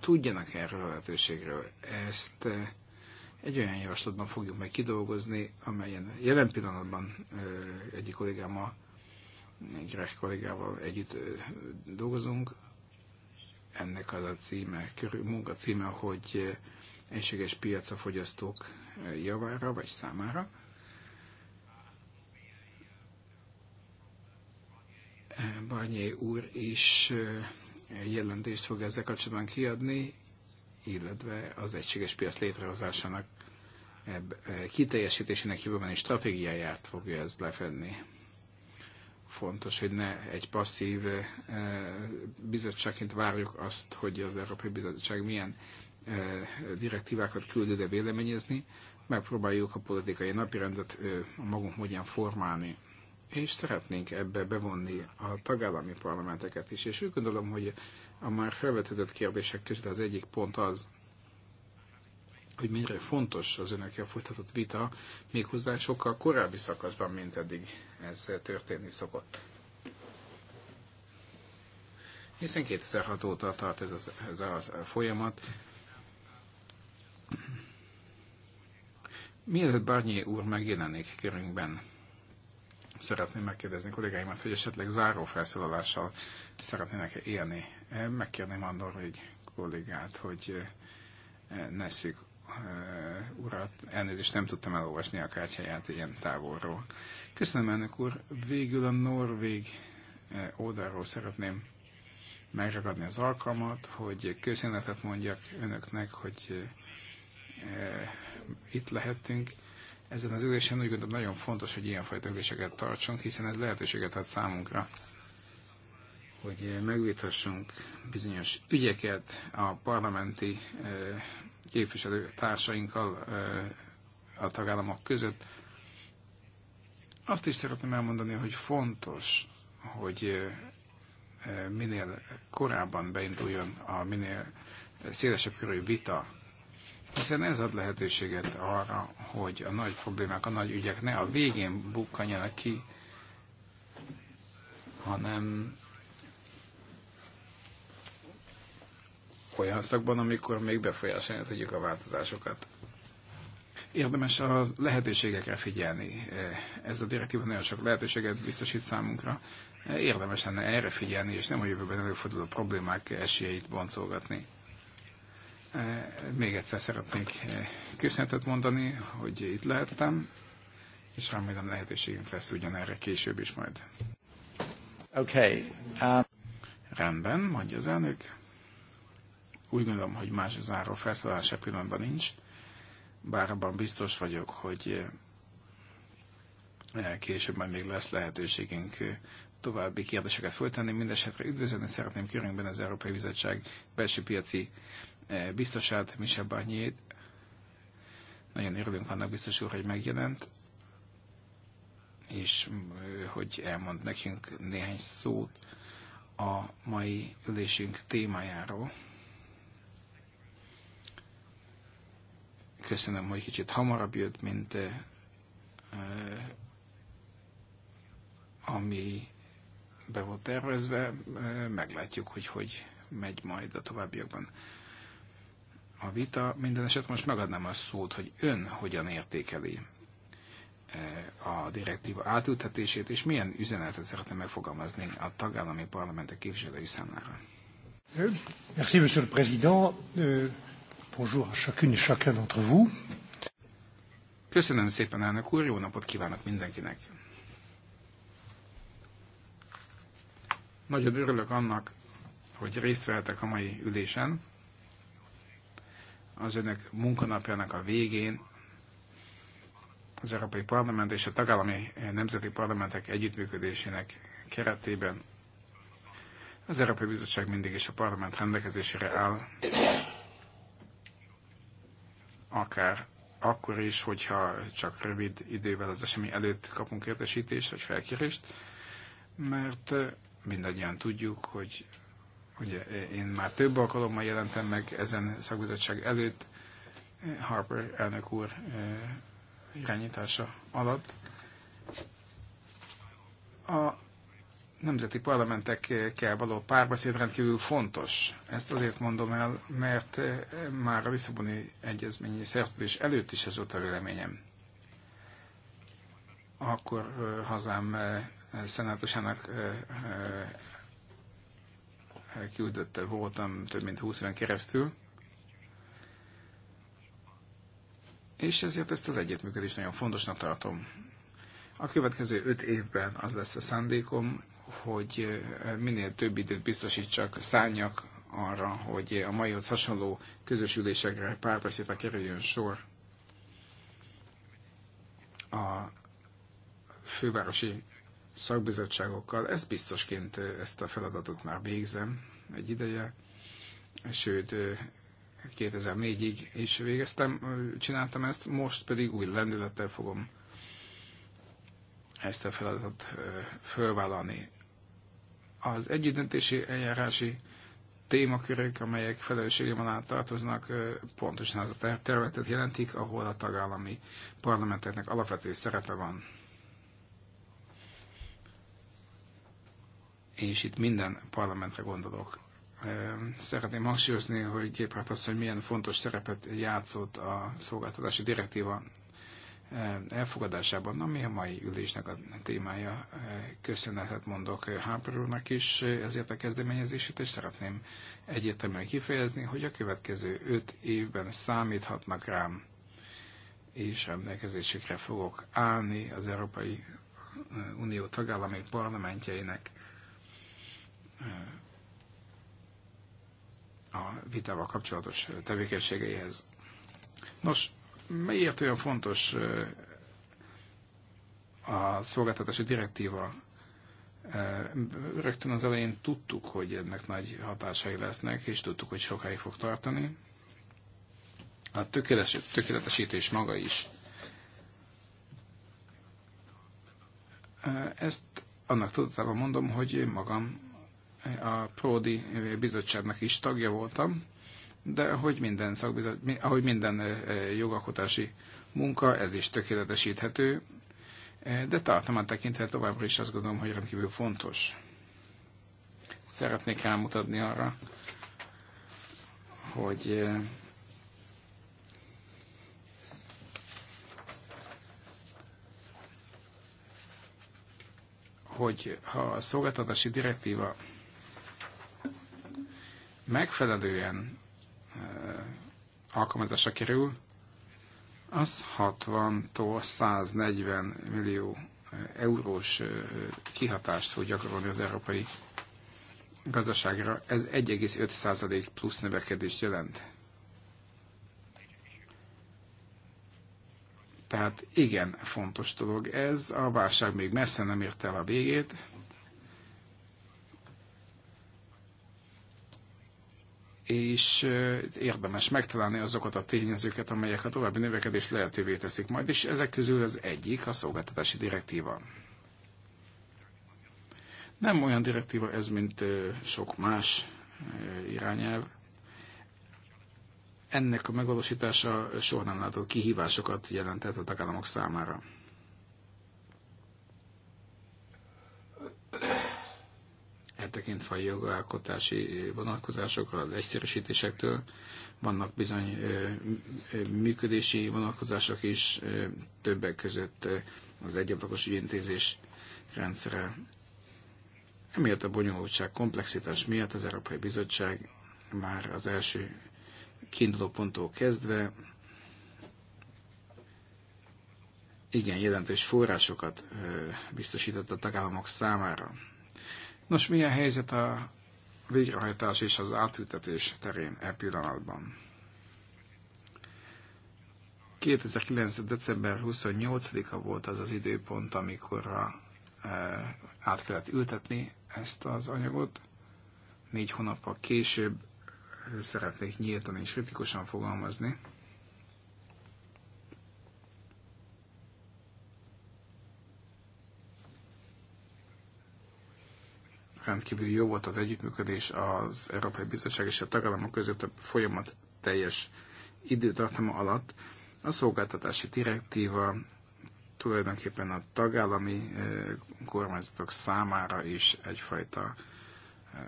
tudjanak erről a lehetőségről. Ezt egy olyan javaslatban fogjuk meg kidolgozni, amelyen jelen pillanatban egyik kollégámmal, egy Reich kollégával együtt dolgozunk. Ennek az a címe, körül, munka címe, hogy egységes piac a fogyasztók javára vagy számára. Barnyé úr is jelentést fog ezzel kapcsolatban kiadni, illetve az egységes piac létrehozásának e, kiteljesítésének hívóban is stratégiáját fogja ez lefedni. Fontos, hogy ne egy passzív e, bizottságként várjuk azt, hogy az Európai Bizottság milyen e, direktívákat küld ide véleményezni, megpróbáljuk a politikai napirendet a magunk módján formálni. És szeretnénk ebbe bevonni a tagállami parlamenteket is, és úgy gondolom, hogy a már felvetődött kérdések között az egyik pont az, hogy mennyire fontos az a folytatott vita, méghozzá sokkal korábbi szakaszban, mint eddig ez történni szokott. Hiszen 2006 óta tart ez a, ez a folyamat. Mielőtt Barnyé úr megjelenik körünkben, Szeretném megkérdezni kollégáimat, hogy esetleg záró felszólalással szeretnének-e élni. Eh, megkérném Andor egy kollégát, hogy eh, Nesfik eh, urat, elnézést nem tudtam elolvasni a kártyáját ilyen távolról. Köszönöm ennek úr. Végül a norvég oldalról szeretném megragadni az alkalmat, hogy köszönetet mondjak önöknek, hogy itt lehettünk ezen az ülésen úgy gondolom nagyon fontos, hogy ilyenfajta üléseket tartsunk, hiszen ez lehetőséget ad számunkra, hogy eh, megvitassunk bizonyos ügyeket a parlamenti eh, képviselő társainkkal eh, a tagállamok között. Azt is szeretném elmondani, hogy fontos, hogy minél korábban beinduljon a minél szélesebb körű vita hiszen ez ad lehetőséget arra, hogy a nagy problémák, a nagy ügyek ne a végén bukkanjanak ki, hanem olyan szakban, amikor még befolyásolni tudjuk a változásokat. Érdemes a lehetőségekre figyelni. Ez a direktíva nagyon sok lehetőséget biztosít számunkra. Érdemes lenne erre figyelni, és nem a jövőben előforduló problémák esélyeit boncolgatni. Eh, még egyszer szeretnék eh, köszönetet mondani, hogy itt lehettem, és remélem lehetőségünk lesz ugyanerre később is majd. Okay. Um... Rendben, mondja az elnök. Úgy gondolom, hogy más záró felszólalása pillanatban nincs, bár abban biztos vagyok, hogy eh, később majd még lesz lehetőségünk további kérdéseket föltenni. Mindenesetre üdvözölni szeretném körünkben az Európai Bizottság belső piaci Eh, biztosát, Michel Barnier-t. Nagyon örülünk annak biztos úr, hogy megjelent, és mm, eh, hogy elmond nekünk néhány szót a mai ülésünk témájáról. Köszönöm, hogy kicsit hamarabb jött, mint eh, ami be volt tervezve, meglátjuk, hogy hogy megy majd a továbbiakban a vita. Minden eset most megadnám a szót, hogy ön hogyan értékeli e, a direktíva átültetését, és milyen üzenetet szeretne megfogalmazni a tagállami parlamentek képviselői számára. Euh, merci, Monsieur le Président. Euh, bonjour à chacune et chacun d'entre vous. Köszönöm szépen, elnök úr, jó napot kívánok mindenkinek! Nagyon örülök annak, hogy részt vehetek a mai ülésen az önök munkanapjának a végén az Európai Parlament és a tagállami eh, nemzeti parlamentek együttműködésének keretében az Európai Bizottság mindig is a parlament rendelkezésére áll, akár akkor is, hogyha csak rövid idővel az esemény előtt kapunk értesítést vagy felkérést, mert eh, mindannyian tudjuk, hogy Ugye én már több alkalommal jelentem meg ezen szakbizottság előtt, eh, Harper elnök úr eh, irányítása alatt. A nemzeti parlamentekkel való párbeszéd rendkívül fontos. Ezt azért mondom el, mert eh, már a Lisszaboni Egyezményi Szerződés előtt is ez volt a véleményem. Akkor hazám szenátusának küldötte voltam több mint 20 éven keresztül, és ezért ezt az együttműködést nagyon fontosnak tartom. A következő öt évben az lesz a szándékom, hogy eh, minél több időt biztosítsak, szálljak arra, hogy a maihoz hasonló közös ülésekre, párbeszédre kerüljön sor a fővárosi szakbizottságokkal. Ezt biztosként ezt a feladatot már végzem egy ideje, sőt 2004-ig is végeztem, csináltam ezt, most pedig új lendülettel fogom ezt a feladatot fölvállalni. Az együttdöntési eljárási témakörök, amelyek felelősségem alá tartoznak, pontosan az a területet jelentik, ahol a tagállami parlamenteknek alapvető szerepe van és itt minden parlamentre gondolok. Szeretném hangsúlyozni, hogy Géphárt azt, hogy milyen fontos szerepet játszott a szolgáltatási direktíva elfogadásában, ami a mai ülésnek a témája. Köszönetet mondok Harper úrnak is ezért a kezdeményezését, és szeretném egyértelműen kifejezni, hogy a következő öt évben számíthatnak rám, és rendelkezésükre fogok állni az Európai Unió tagállami parlamentjeinek a vitával kapcsolatos tevékenységeihez. Nos, miért olyan fontos a szolgáltatási direktíva? Rögtön az elején tudtuk, hogy ennek nagy hatásai lesznek, és tudtuk, hogy sokáig fog tartani. A tökéletes, tökéletesítés maga is. Ezt annak tudatában mondom, hogy magam a Pródi bizottságnak is tagja voltam, de ahogy minden, ahogy minden e, e, jogalkotási munka, ez is tökéletesíthető, e, de a tekintet, továbbra is azt gondolom, hogy rendkívül fontos. Szeretnék elmutatni arra, hogy hogy ha a szolgáltatási direktíva megfelelően alkalmazásra kerül, az 60-tól 140 millió eurós kihatást fog gyakorolni az európai gazdaságra. Ez 1,5% plusz növekedést jelent. Tehát igen, fontos dolog ez. A válság még messze nem ért el a végét. és érdemes megtalálni azokat a tényezőket, amelyek a további növekedést lehetővé teszik majd, és ezek közül az egyik a szolgáltatási direktíva. Nem olyan direktíva ez, mint sok más irányelv. Ennek a megvalósítása soha nem látott kihívásokat jelentett a tagállamok számára. eltekintve a jogalkotási vonatkozásokra, az egyszerűsítésektől, vannak bizony működési vonatkozások is, többek között az egyablakos ügyintézés rendszere. Emiatt a bonyolultság, komplexitás miatt az Európai Bizottság már az első kiinduló ponttól kezdve igen jelentős forrásokat biztosított a tagállamok számára. Nos, milyen helyzet a végrehajtás és az átültetés terén e pillanatban? 2009. december 28-a volt az az időpont, amikor a, eh, e, át kellett ültetni ezt az anyagot. Négy hónappal később eh, szeretnék nyíltan és kritikusan fogalmazni. rendkívül jó volt az együttműködés az Európai Bizottság és a tagállamok között a folyamat teljes időtartama alatt. A szolgáltatási direktíva tulajdonképpen a tagállami eh, kormányzatok számára is egyfajta eh,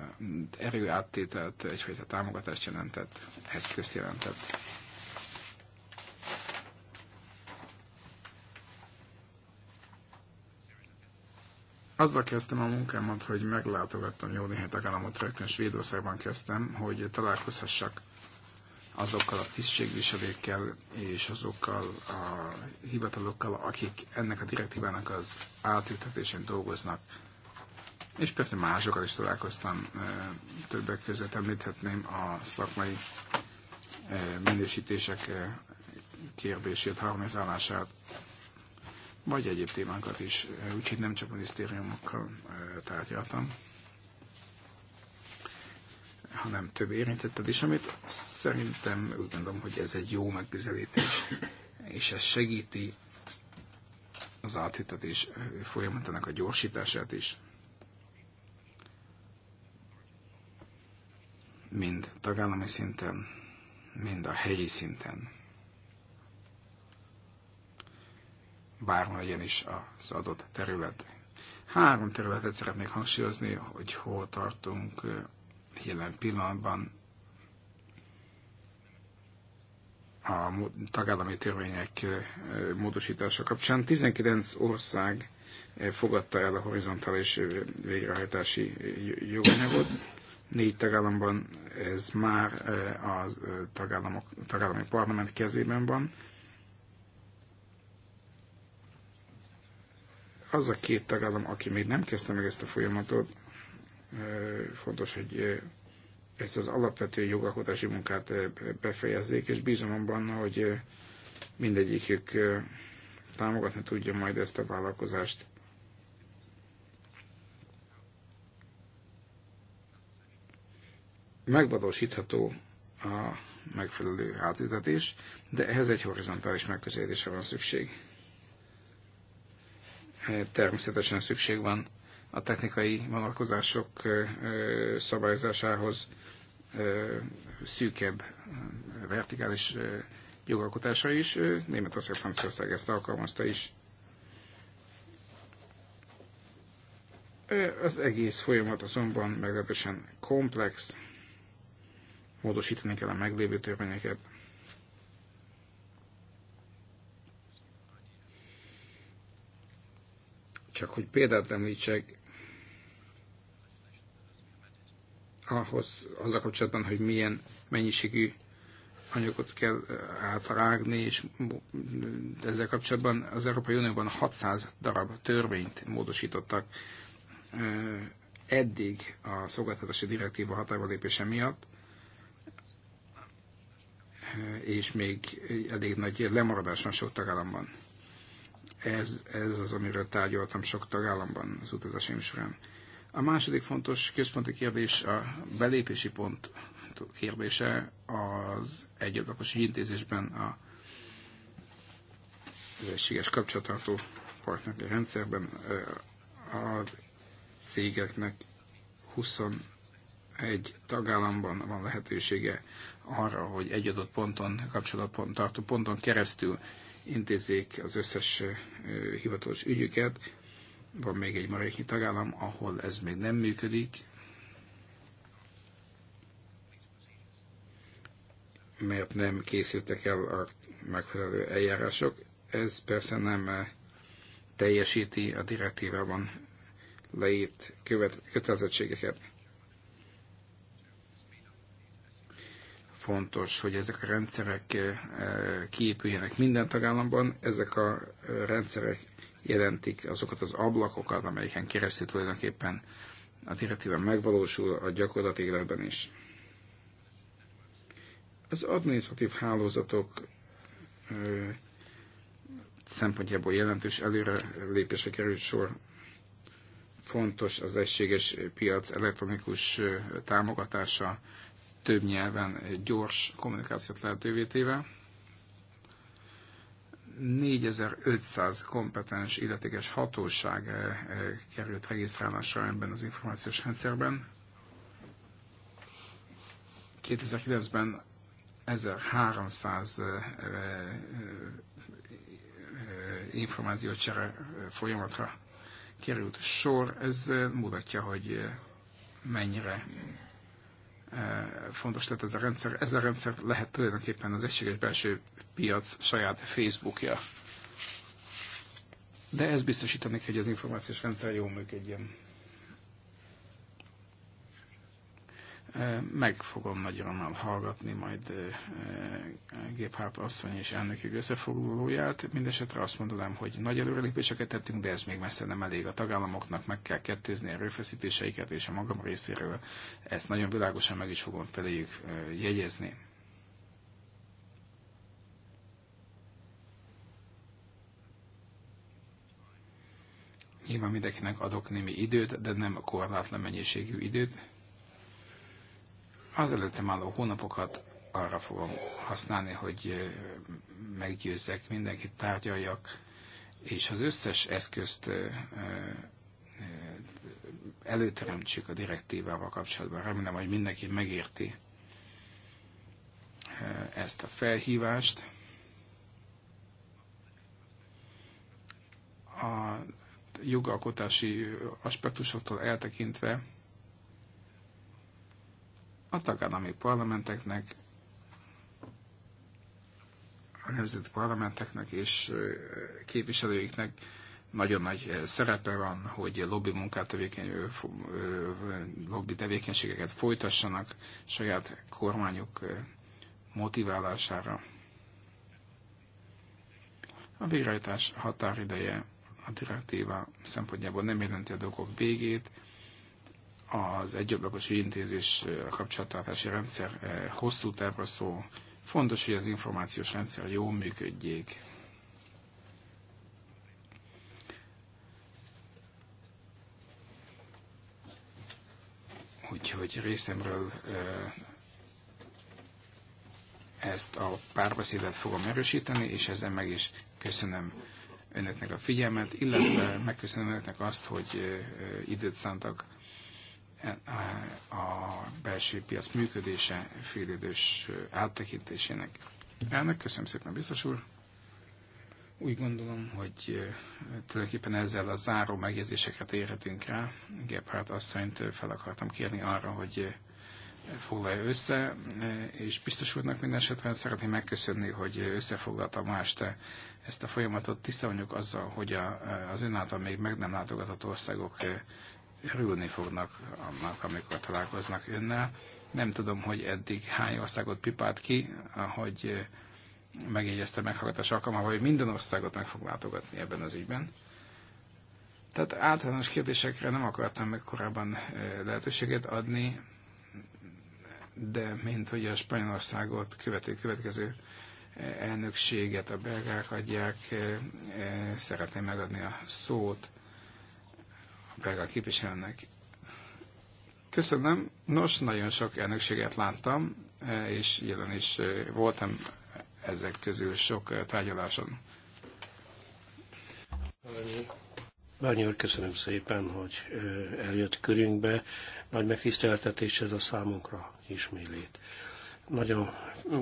erőáttételt, egyfajta támogatást jelentett, eszközt jelentett. azzal kezdtem a munkámat, hogy meglátogattam jó néhány tagállamot, rögtön Svédországban kezdtem, hogy találkozhassak azokkal a tisztségviselőkkel és azokkal a hivatalokkal, akik ennek a direktívának az átültetésén dolgoznak. És persze másokkal is találkoztam, többek között említhetném a szakmai minősítések kérdését, harmonizálását, vagy egyéb témákat is, eh, úgyhogy nem csak minisztériumokkal eh, tárgyaltam, hanem több érintetted is, amit szerintem úgy gondolom, hogy ez egy jó megközelítés, és ez segíti az áthitetés eh, folyamatának a gyorsítását is. Mind tagállami szinten, mind a helyi szinten. bárhol legyen is az adott terület. Három területet szeretnék hangsúlyozni, hogy hol tartunk jelen pillanatban a tagállami törvények módosítása kapcsán. 19 ország fogadta el a horizontális végrehajtási joganyagot. Négy tagállamban ez már a tagállamok, tagállami parlament kezében van, az a két tagállam, aki még nem kezdte meg ezt a folyamatot, fontos, hogy ezt az alapvető jogalkotási munkát befejezzék, és bízom abban, hogy mindegyikük támogatni tudja majd ezt a vállalkozást. Megvalósítható a megfelelő átültetés, de ehhez egy horizontális megközelítésre van szükség természetesen szükség van a technikai vonalkozások szabályozásához szűkebb vertikális jogalkotása is. Németország, Franciaország ezt alkalmazta is. Az egész folyamat azonban meglehetősen komplex, módosítani kell a meglévő törvényeket. Csak hogy példát említsek, ahhoz, az a kapcsolatban, hogy milyen mennyiségű anyagot kell eh, átrágni, és ezzel kapcsolatban az Európai Unióban 600 darab törvényt módosítottak eh, eddig a szolgáltatási direktíva hatályba lépése miatt, eh, és még elég nagy lemaradás van sok tagállamban. Ez, ez az, amiről tárgyaltam sok tagállamban az utazásaim során. A második fontos központi kérdés a belépési pont kérdése az egyablakos intézésben a egységes kapcsolatartó partneri rendszerben a cégeknek 21 tagállamban van lehetősége arra, hogy egy adott ponton, tartó ponton keresztül intézzék az összes hivatalos ügyüket. Van még egy maradéknyi tagállam, ahol ez még nem működik, mert nem készültek el a megfelelő eljárások. Ez persze nem teljesíti a direktívában leírt követ, kötelezettségeket. fontos, hogy ezek a rendszerek eh, kiépüljenek minden tagállamban. Ezek a eh, rendszerek jelentik azokat az ablakokat, amelyeken keresztül tulajdonképpen a direktíven megvalósul a gyakorlati életben is. Az administratív hálózatok eh, szempontjából jelentős előre lépése került sor. Fontos az egységes piac elektronikus támogatása, több nyelven gyors kommunikációt lehetővé téve. 4500 kompetens illetékes hatóság eh, eh, került regisztrálásra ebben az információs rendszerben. 2009-ben 1300 eh, információcsere folyamatra került sor. Ez mutatja, hogy mennyire Eh, fontos lett ez a rendszer. Ez a rendszer lehet tulajdonképpen az egységes belső piac saját Facebookja. De ez biztosítani hogy az információs rendszer jól működjön. Meg fogom nagy hallgatni majd Géphárt asszony és elnökük összefoglalóját. Mindenesetre azt mondanám, hogy nagy előrelépéseket tettünk, de ez még messze nem elég. A tagállamoknak meg kell kettőzni erőfeszítéseiket, és a magam részéről ezt nagyon világosan meg is fogom feléjük jegyezni. Nyilván mindenkinek adok némi időt, de nem korlátlan mennyiségű időt. Az előttem álló hónapokat arra fogom használni, hogy meggyőzzek mindenkit, tárgyaljak, és az összes eszközt előteremtsük a direktívával kapcsolatban. Remélem, hogy mindenki megérti ezt a felhívást. A jogalkotási aspektusoktól eltekintve a tagállami parlamenteknek, a nemzeti parlamenteknek és képviselőiknek nagyon nagy szerepe van, hogy lobby munkát, tevékeny, lobby tevékenységeket folytassanak saját kormányok motiválására. A végrehajtás határideje a direktíva szempontjából nem jelenti a dolgok végét, az egyablakos ügyintézés kapcsolattartási rendszer hosszú távra szó Fontos, hogy az információs rendszer jól működjék. Úgyhogy részemről ezt a párbeszédet fogom erősíteni, és ezen meg is köszönöm önöknek a figyelmet, illetve megköszönöm önöknek azt, hogy időt szántak a belső piac működése félidős áttekintésének. Elnök, köszönöm szépen, biztos úr. Úgy gondolom, hogy tulajdonképpen ezzel a záró megjegyzéseket érhetünk rá. Gebhardt asszonyt fel akartam kérni arra, hogy foglalja össze, és biztos úrnak minden esetre szeretném megköszönni, hogy összefoglalta ma este ezt a folyamatot. Tiszta vagyok azzal, hogy az ön által még meg nem látogatott országok örülni fognak annak, amikor találkoznak önnel. Nem tudom, hogy eddig hány országot pipált ki, hogy eh, megjegyezte meghallgatás alkalmával, hogy minden országot meg fog látogatni ebben az ügyben. Tehát általános kérdésekre nem akartam meg korábban eh, lehetőséget adni, de mint hogy a Spanyolországot követő következő eh, elnökséget a belgák adják, szeretném megadni a szót belga képviselőnek. Köszönöm. Nos, nagyon sok elnökséget láttam, eh, és jelen is eh, voltam ezek közül sok eh, tárgyaláson. Bányi úr, köszönöm szépen, hogy eljött körünkbe. Nagy megtiszteltetés ez a számunkra ismélét. Nagyon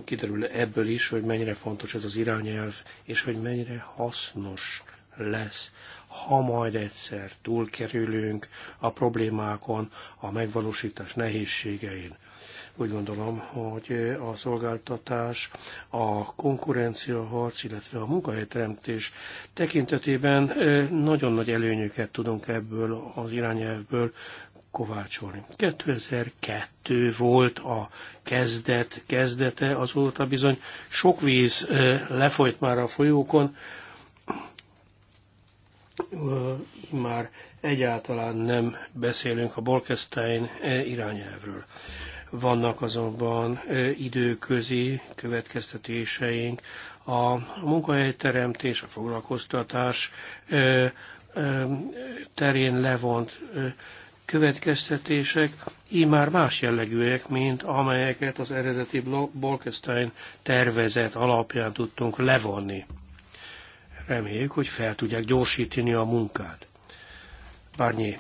kiderül ebből is, hogy mennyire fontos ez az irányelv, és hogy mennyire hasznos lesz ha majd egyszer túlkerülünk a problémákon, a megvalósítás nehézségein. Úgy gondolom, hogy a szolgáltatás, a konkurencia harc, illetve a munkahelyteremtés tekintetében nagyon nagy előnyöket tudunk ebből az irányelvből kovácsolni. 2002 volt a kezdet, kezdete, azóta bizony sok víz lefolyt már a folyókon, már egyáltalán nem beszélünk a Bolkestein e, irányelvről. Vannak azonban e, időközi következtetéseink, a munkahelyteremtés, a foglalkoztatás e, terén levont következtetések, így már más jellegűek, mint amelyeket az eredeti Bolkestein tervezet alapján tudtunk levonni. Reméljük, hogy fel tudják gyorsítani a munkát. Barnyé.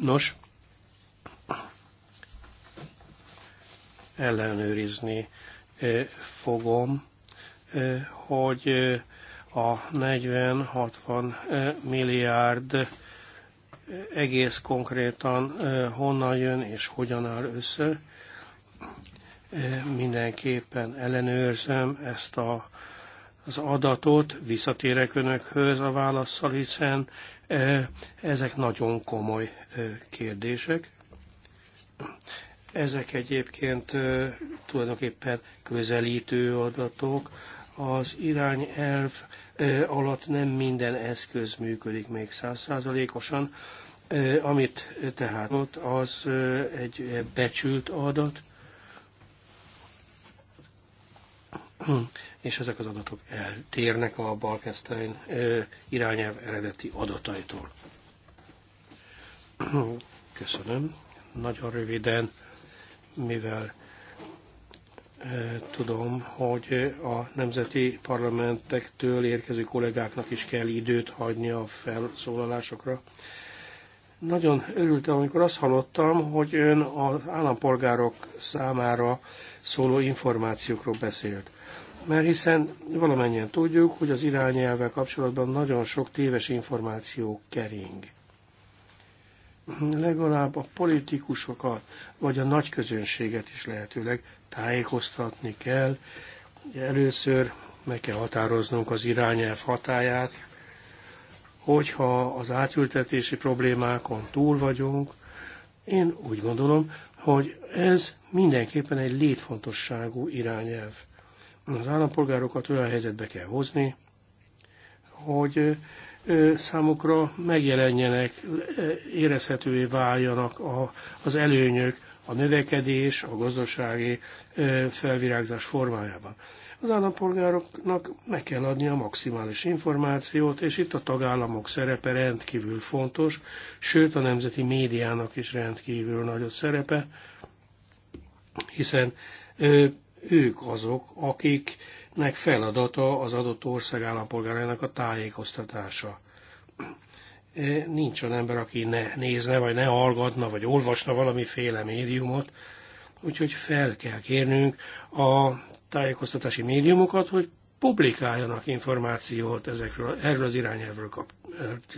Nos, ellenőrizni fogom, hogy a 40-60 milliárd egész konkrétan honnan jön és hogyan áll össze. Mindenképpen ellenőrzöm ezt a az adatot, visszatérek önökhöz a válaszsal, hiszen ezek nagyon komoly kérdések. Ezek egyébként tulajdonképpen közelítő adatok. Az irányelv alatt nem minden eszköz működik még százszázalékosan, amit tehát ott az egy becsült adat, és ezek az adatok eltérnek a Balkesztein irányelv eredeti adataitól. Köszönöm. Nagyon röviden, mivel tudom, hogy a nemzeti parlamentektől érkező kollégáknak is kell időt hagyni a felszólalásokra. Nagyon örültem, amikor azt hallottam, hogy ön az állampolgárok számára szóló információkról beszélt mert hiszen valamennyien tudjuk, hogy az irányelvvel kapcsolatban nagyon sok téves információ kering. Legalább a politikusokat, vagy a nagy közönséget is lehetőleg tájékoztatni kell. Először meg kell határoznunk az irányelv hatáját, hogyha az átültetési problémákon túl vagyunk, én úgy gondolom, hogy ez mindenképpen egy létfontosságú irányelv. Az állampolgárokat olyan helyzetbe kell hozni, hogy számukra megjelenjenek, érezhetővé váljanak az előnyök, a növekedés, a gazdasági felvirágzás formájában. Az állampolgároknak meg kell adni a maximális információt, és itt a tagállamok szerepe rendkívül fontos, sőt a nemzeti médiának is rendkívül nagy a szerepe, hiszen ők azok, akiknek feladata az adott ország állampolgárának a tájékoztatása. E, nincs olyan ember, aki ne nézne, vagy ne hallgatna, vagy olvasna valamiféle médiumot, úgyhogy fel kell kérnünk a tájékoztatási médiumokat, hogy publikáljanak információt ezekről, erről az irányelvről kap,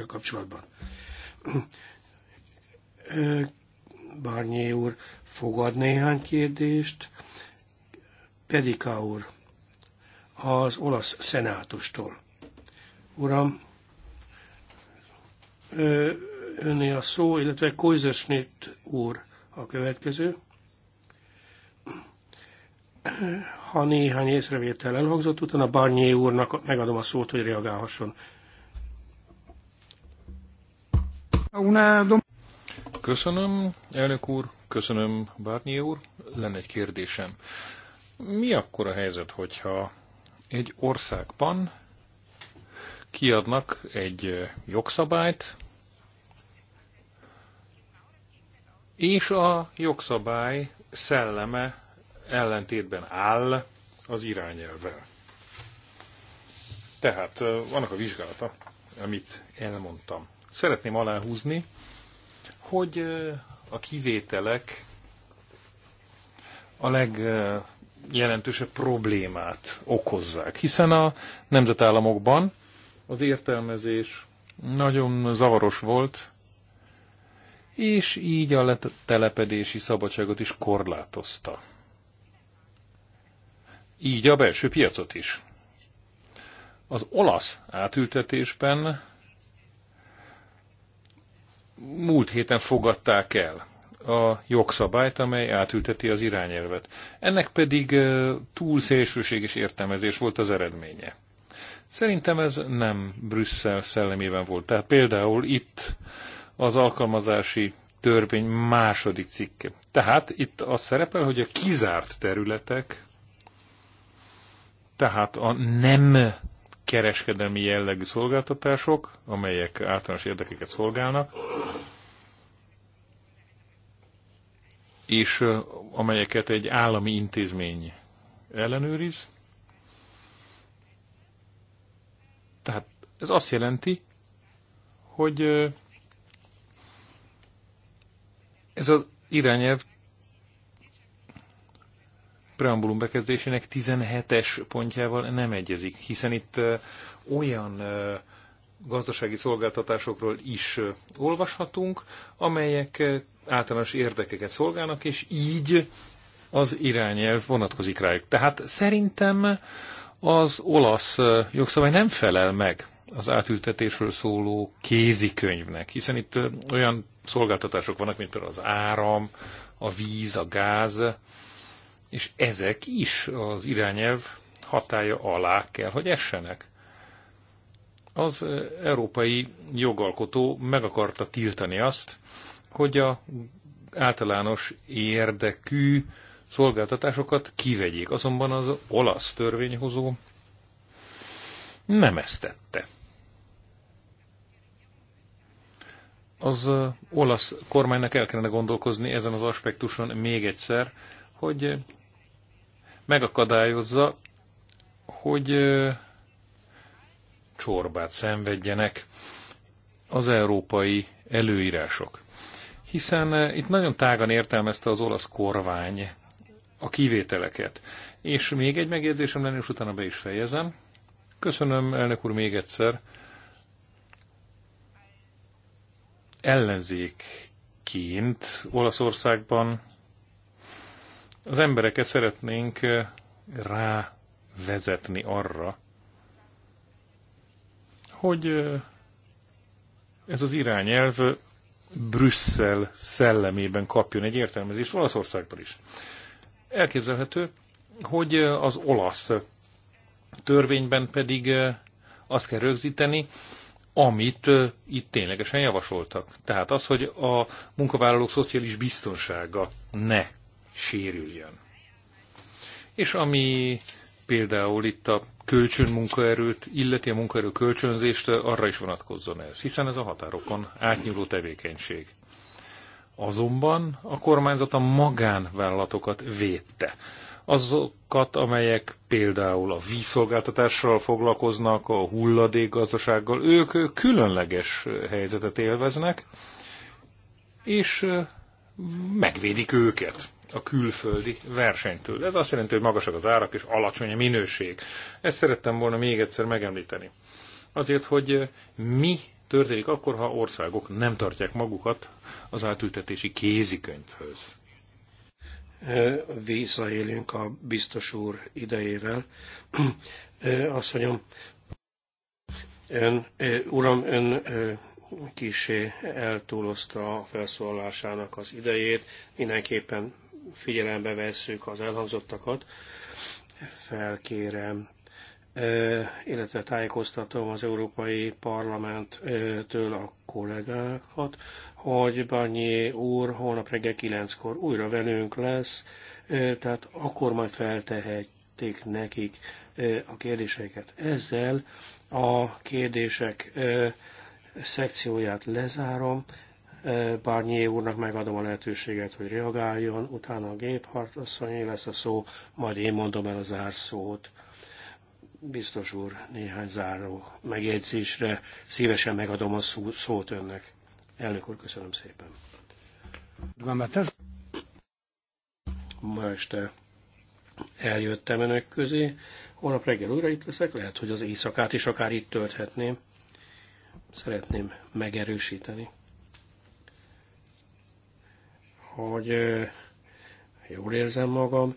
kapcsolatban. Barnyé úr fogad néhány kérdést, Pedika úr az olasz szenátustól. Uram, önné a szó, illetve Kojzersnit úr a következő. Ha néhány észrevétel elhangzott, utána Barnyé úrnak megadom a szót, hogy reagálhasson. Köszönöm, elnök úr, köszönöm, Barnyé úr. Lenne egy kérdésem. Mi akkor a helyzet, hogyha egy országban kiadnak egy jogszabályt, és a jogszabály szelleme ellentétben áll az irányelvvel. Tehát vannak a vizsgálata, amit elmondtam. Szeretném aláhúzni, hogy a kivételek a leg jelentősebb problémát okozzák, hiszen a nemzetállamokban az értelmezés nagyon zavaros volt, és így a letelepedési szabadságot is korlátozta. Így a belső piacot is. Az olasz átültetésben múlt héten fogadták el a jogszabályt, amely átülteti az irányelvet. Ennek pedig túl szélsőséges értelmezés volt az eredménye. Szerintem ez nem Brüsszel szellemében volt. Tehát például itt az alkalmazási törvény második cikke. Tehát itt az szerepel, hogy a kizárt területek, tehát a nem kereskedelmi jellegű szolgáltatások, amelyek általános érdekeket szolgálnak, és amelyeket egy állami intézmény ellenőriz. Tehát ez azt jelenti, hogy ez az irányelv preambulum bekezdésének 17-es pontjával nem egyezik, hiszen itt olyan gazdasági szolgáltatásokról is olvashatunk, amelyek általános érdekeket szolgálnak, és így az irányelv vonatkozik rájuk. Tehát szerintem az olasz jogszabály nem felel meg az átültetésről szóló kézikönyvnek, hiszen itt olyan szolgáltatások vannak, mint például az áram, a víz, a gáz, és ezek is az irányelv hatája alá kell, hogy essenek az európai jogalkotó meg akarta tiltani azt, hogy a általános érdekű szolgáltatásokat kivegyék. Azonban az olasz törvényhozó nem ezt tette. Az olasz kormánynak el kellene gondolkozni ezen az aspektuson még egyszer, hogy megakadályozza, hogy csorbát szenvedjenek az európai előírások. Hiszen eh, itt nagyon tágan értelmezte az olasz kormány a kivételeket. És még egy megjegyzésem lenne, és utána be is fejezem. Köszönöm, elnök úr, még egyszer. Ellenzékként Olaszországban az embereket szeretnénk eh, rávezetni arra, hogy ez az irányelv Brüsszel szellemében kapjon egy értelmezést Olaszországban is. Elképzelhető, hogy az olasz törvényben pedig azt kell rögzíteni, amit itt ténylegesen javasoltak. Tehát az, hogy a munkavállalók szociális biztonsága ne sérüljön. És ami például itt a kölcsönmunkaerőt, illeti a munkaerő kölcsönzést, arra is vonatkozzon ez, hiszen ez a határokon átnyúló tevékenység. Azonban a kormányzat a magánvállalatokat védte. Azokat, amelyek például a vízszolgáltatással foglalkoznak, a hulladékgazdasággal, ők különleges helyzetet élveznek, és megvédik őket a külföldi versenytől. Ez azt jelenti, hogy magasak az árak és alacsony a minőség. Ezt szerettem volna még egyszer megemlíteni. Azért, hogy eh, mi történik akkor, ha országok nem tartják magukat az átültetési kézikönyvhöz. Eh, Visszaélünk a biztos úr idejével. Azt mondjam, eh, ön, uram, ön kisé eltúlozta a felszólalásának az idejét, mindenképpen figyelembe vesszük az elhangzottakat, felkérem, illetve tájékoztatom az Európai Parlamenttől a kollégákat, hogy Banyi úr holnap reggel 9-kor újra velünk lesz, tehát akkor majd feltehették nekik a kérdéseket. Ezzel a kérdések szekcióját lezárom, Barnier úrnak megadom a lehetőséget, hogy reagáljon, utána a géphart, asszonyé lesz a szó, majd én mondom el a zárszót. Biztos úr, néhány záró megjegyzésre szívesen megadom a szó, szót önnek. Elnök úr, köszönöm szépen. Ma este eljöttem önök közé. Holnap reggel újra itt leszek, lehet, hogy az éjszakát is akár itt tölthetném. Szeretném megerősíteni hogy jól érzem magam.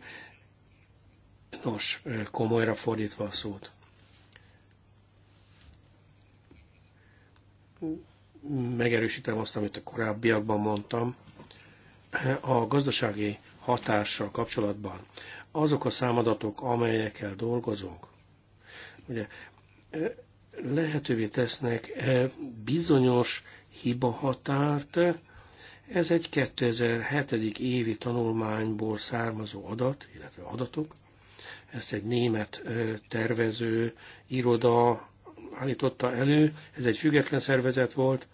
Nos, komolyra fordítva a szót. Megerősítem azt, amit a korábbiakban mondtam. A gazdasági hatással kapcsolatban azok a számadatok, amelyekkel dolgozunk, ugye lehetővé tesznek bizonyos hibahatárt, ez egy 2007. évi tanulmányból származó adat, illetve adatok. Ezt egy német tervező iroda állította elő, ez egy független szervezet volt,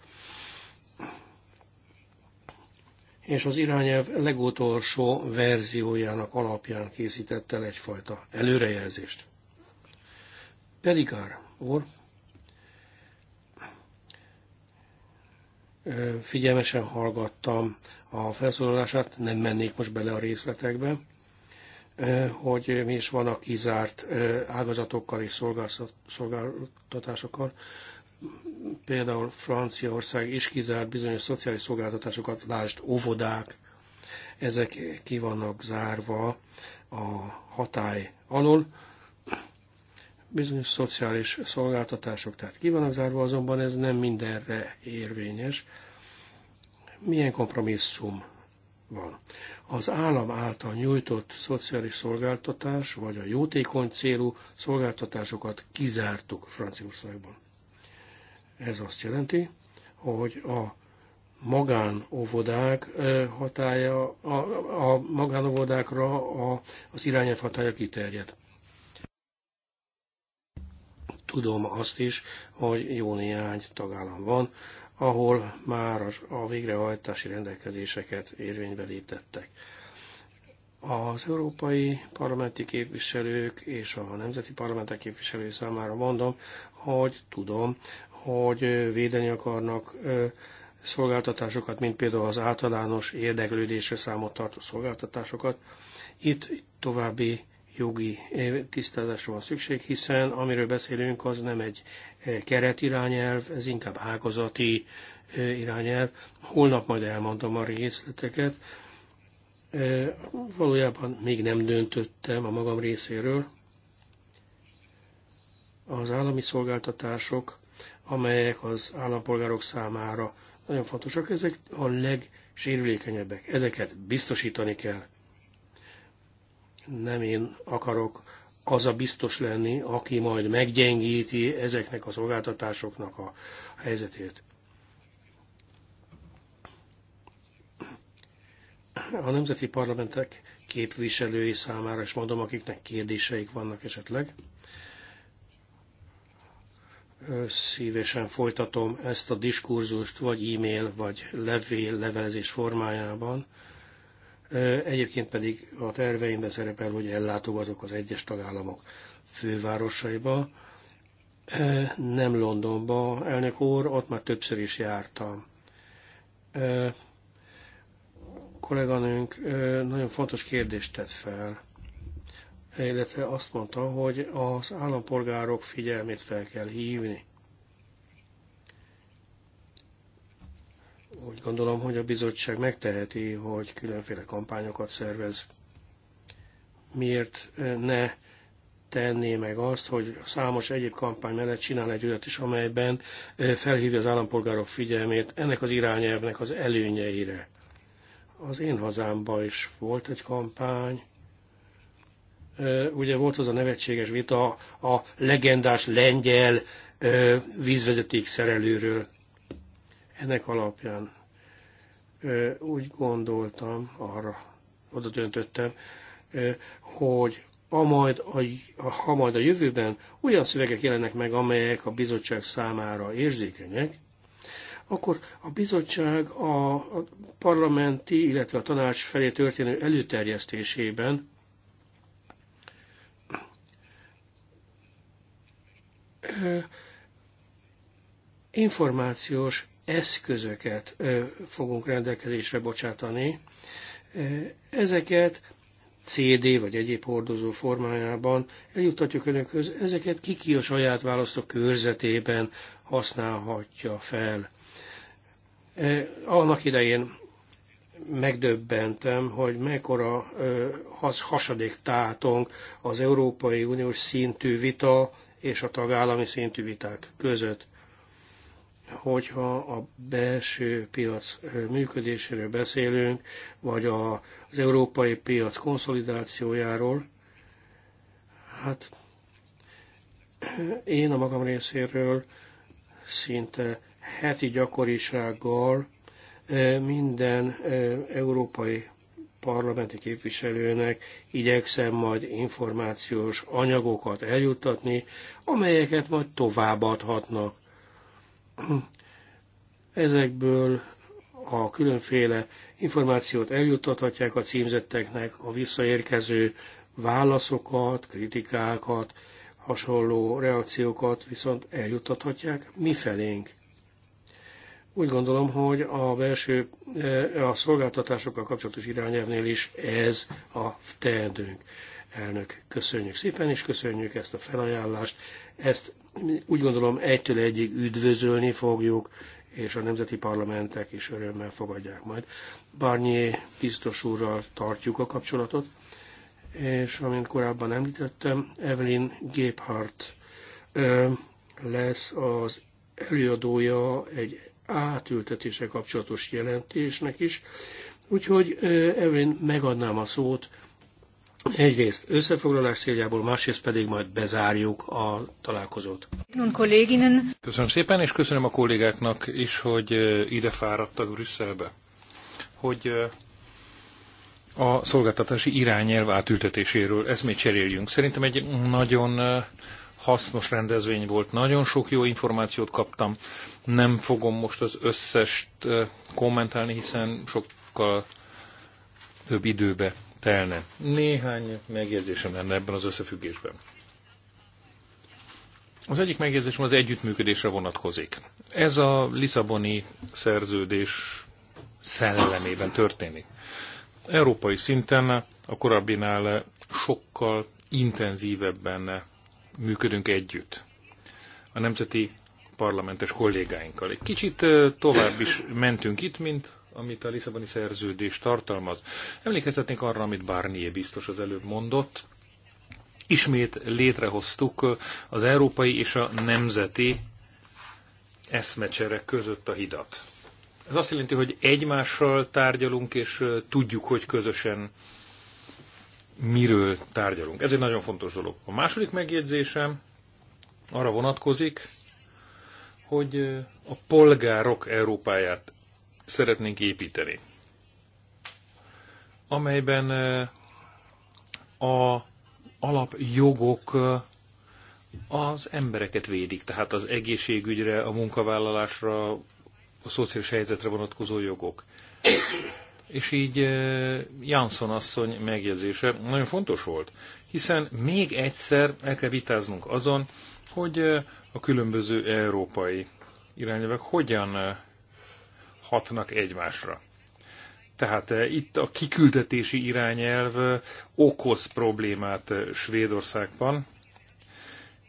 és az irányelv legutolsó verziójának alapján készített el egyfajta előrejelzést. Pedigár, or, Figyelmesen hallgattam a felszólalását, nem mennék most bele a részletekbe, hogy mi is van a kizárt ágazatokkal és szolgáltatásokkal. Például Franciaország is kizárt bizonyos szociális szolgáltatásokat, lásd óvodák, ezek ki vannak zárva a hatály alól bizonyos szociális szolgáltatások, tehát ki van zárva, azonban ez nem mindenre érvényes. Milyen kompromisszum van? Az állam által nyújtott szociális szolgáltatás, vagy a jótékony célú szolgáltatásokat kizártuk Franciaországban. Ez azt jelenti, hogy a magánóvodák hatája, a, a magánóvodákra a, az irányelv hatája kiterjed tudom azt is, hogy jó néhány tagállam van, ahol már a végrehajtási rendelkezéseket érvénybe léptettek. Az európai parlamenti képviselők és a nemzeti parlamentek képviselői számára mondom, hogy tudom, hogy védeni akarnak szolgáltatásokat, mint például az általános érdeklődésre számot tartó szolgáltatásokat. Itt további jogi eh, tisztázásra van szükség, hiszen amiről beszélünk, az nem egy eh, keretirányelv, ez inkább ágazati eh, irányelv. Holnap majd elmondom a részleteket. Valójában még nem döntöttem a magam részéről. Az állami szolgáltatások, amelyek az állampolgárok számára nagyon fontosak, ezek a legsérülékenyebbek. Ezeket biztosítani kell nem én akarok az a biztos lenni, aki majd meggyengíti ezeknek a szolgáltatásoknak a helyzetét. A nemzeti parlamentek képviselői számára is mondom, akiknek kérdéseik vannak esetleg. Szívesen folytatom ezt a diskurzust, vagy e-mail, vagy levél, levelezés formájában Egyébként pedig a terveimben szerepel, hogy ellátogatok az egyes tagállamok fővárosaiba, nem Londonba, elnök úr, ott már többször is jártam. Kolléganőnk nagyon fontos kérdést tett fel, illetve azt mondta, hogy az állampolgárok figyelmét fel kell hívni. úgy gondolom, hogy a bizottság megteheti, hogy különféle kampányokat szervez. Miért eh, ne tenné meg azt, hogy számos egyéb kampány mellett csinál egy olyat is, amelyben eh, felhívja az állampolgárok figyelmét ennek az irányelvnek az előnyeire. Az én hazámban is volt egy kampány, eh, ugye volt az a nevetséges vita a legendás lengyel vízvezeték szerelőről. Ennek alapján úgy gondoltam, arra oda döntöttem, hogy a majd a, a, ha majd a jövőben olyan szövegek jelennek meg, amelyek a bizottság számára érzékenyek, akkor a bizottság a, a parlamenti, illetve a tanács felé történő előterjesztésében információs eszközöket fogunk rendelkezésre bocsátani. Ezeket CD vagy egyéb hordozó formájában eljuttatjuk önökhöz, ezeket ki ki a saját választó körzetében használhatja fel. Annak idején megdöbbentem, hogy mekkora has, hasadéktátunk az Európai Uniós szintű vita és a tagállami szintű viták között hogyha a belső piac működéséről beszélünk, vagy az európai piac konszolidációjáról, hát én a magam részéről szinte heti gyakorisággal minden európai parlamenti képviselőnek igyekszem majd információs anyagokat eljuttatni, amelyeket majd továbbadhatnak Ezekből a különféle információt eljuttathatják a címzetteknek, a visszaérkező válaszokat, kritikákat, hasonló reakciókat viszont eljuttathatják mi felénk. Úgy gondolom, hogy a belső eh, a szolgáltatásokkal kapcsolatos irányelvnél is ez a teendőnk. Elnök, köszönjük szépen, és köszönjük ezt a felajánlást. Ezt úgy gondolom egytől egyig üdvözölni fogjuk, és a nemzeti parlamentek is örömmel fogadják majd. Barnier biztos úrral tartjuk a kapcsolatot, és amint korábban említettem, Evelyn Gephardt lesz az előadója egy átültetése kapcsolatos jelentésnek is, úgyhogy Evelyn megadnám a szót, Egyrészt összefoglalás céljából, másrészt pedig majd bezárjuk a találkozót. Köszönöm szépen, és köszönöm a kollégáknak is, hogy eh, ide fáradtak Brüsszelbe, hogy eh, a szolgáltatási irányelv átültetéséről még cseréljünk. Szerintem egy nagyon eh, hasznos rendezvény volt, nagyon sok jó információt kaptam. Nem fogom most az összest kommentálni, hiszen sokkal több időbe telne. Néhány megjegyzésem lenne ebben az összefüggésben. Az egyik megjegyzésem az együttműködésre vonatkozik. Ez a Lisszaboni szerződés szellemében történik. Európai szinten a korábbinál sokkal intenzívebben működünk együtt a nemzeti parlamentes kollégáinkkal. Egy kicsit tovább is mentünk itt, mint amit a Lisszaboni szerződés tartalmaz. Emlékezhetnénk arra, amit Barnier biztos az előbb mondott. Ismét létrehoztuk az európai és a nemzeti eszmecsere között a hidat. Ez azt jelenti, hogy egymással tárgyalunk, és tudjuk, hogy közösen miről tárgyalunk. Ez egy nagyon fontos dolog. A második megjegyzésem arra vonatkozik, hogy a polgárok Európáját szeretnénk építeni, amelyben eh, a alapjogok eh, az embereket védik, tehát az egészségügyre, a munkavállalásra, a szociális helyzetre vonatkozó jogok. És így eh, Jansson asszony megjegyzése nagyon fontos volt, hiszen még egyszer el kell vitáznunk azon, hogy a különböző európai irányelvek hogyan hatnak egymásra. Tehát eh, itt a kiküldetési irányelv eh, okoz problémát eh, Svédországban,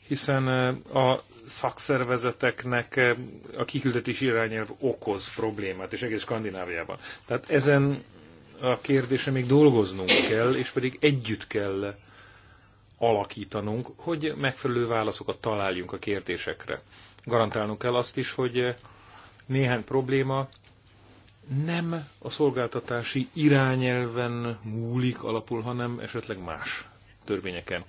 hiszen a szakszervezeteknek a kiküldetési irányelv okoz problémát, és egész Skandináviában. Tehát ezen a kérdése még dolgoznunk kell, és pedig együtt kell alakítanunk, hogy megfelelő válaszokat találjunk a kérdésekre. Garantálnunk kell azt is, hogy néhány probléma nem a szolgáltatási irányelven múlik alapul, hanem esetleg más törvényeken.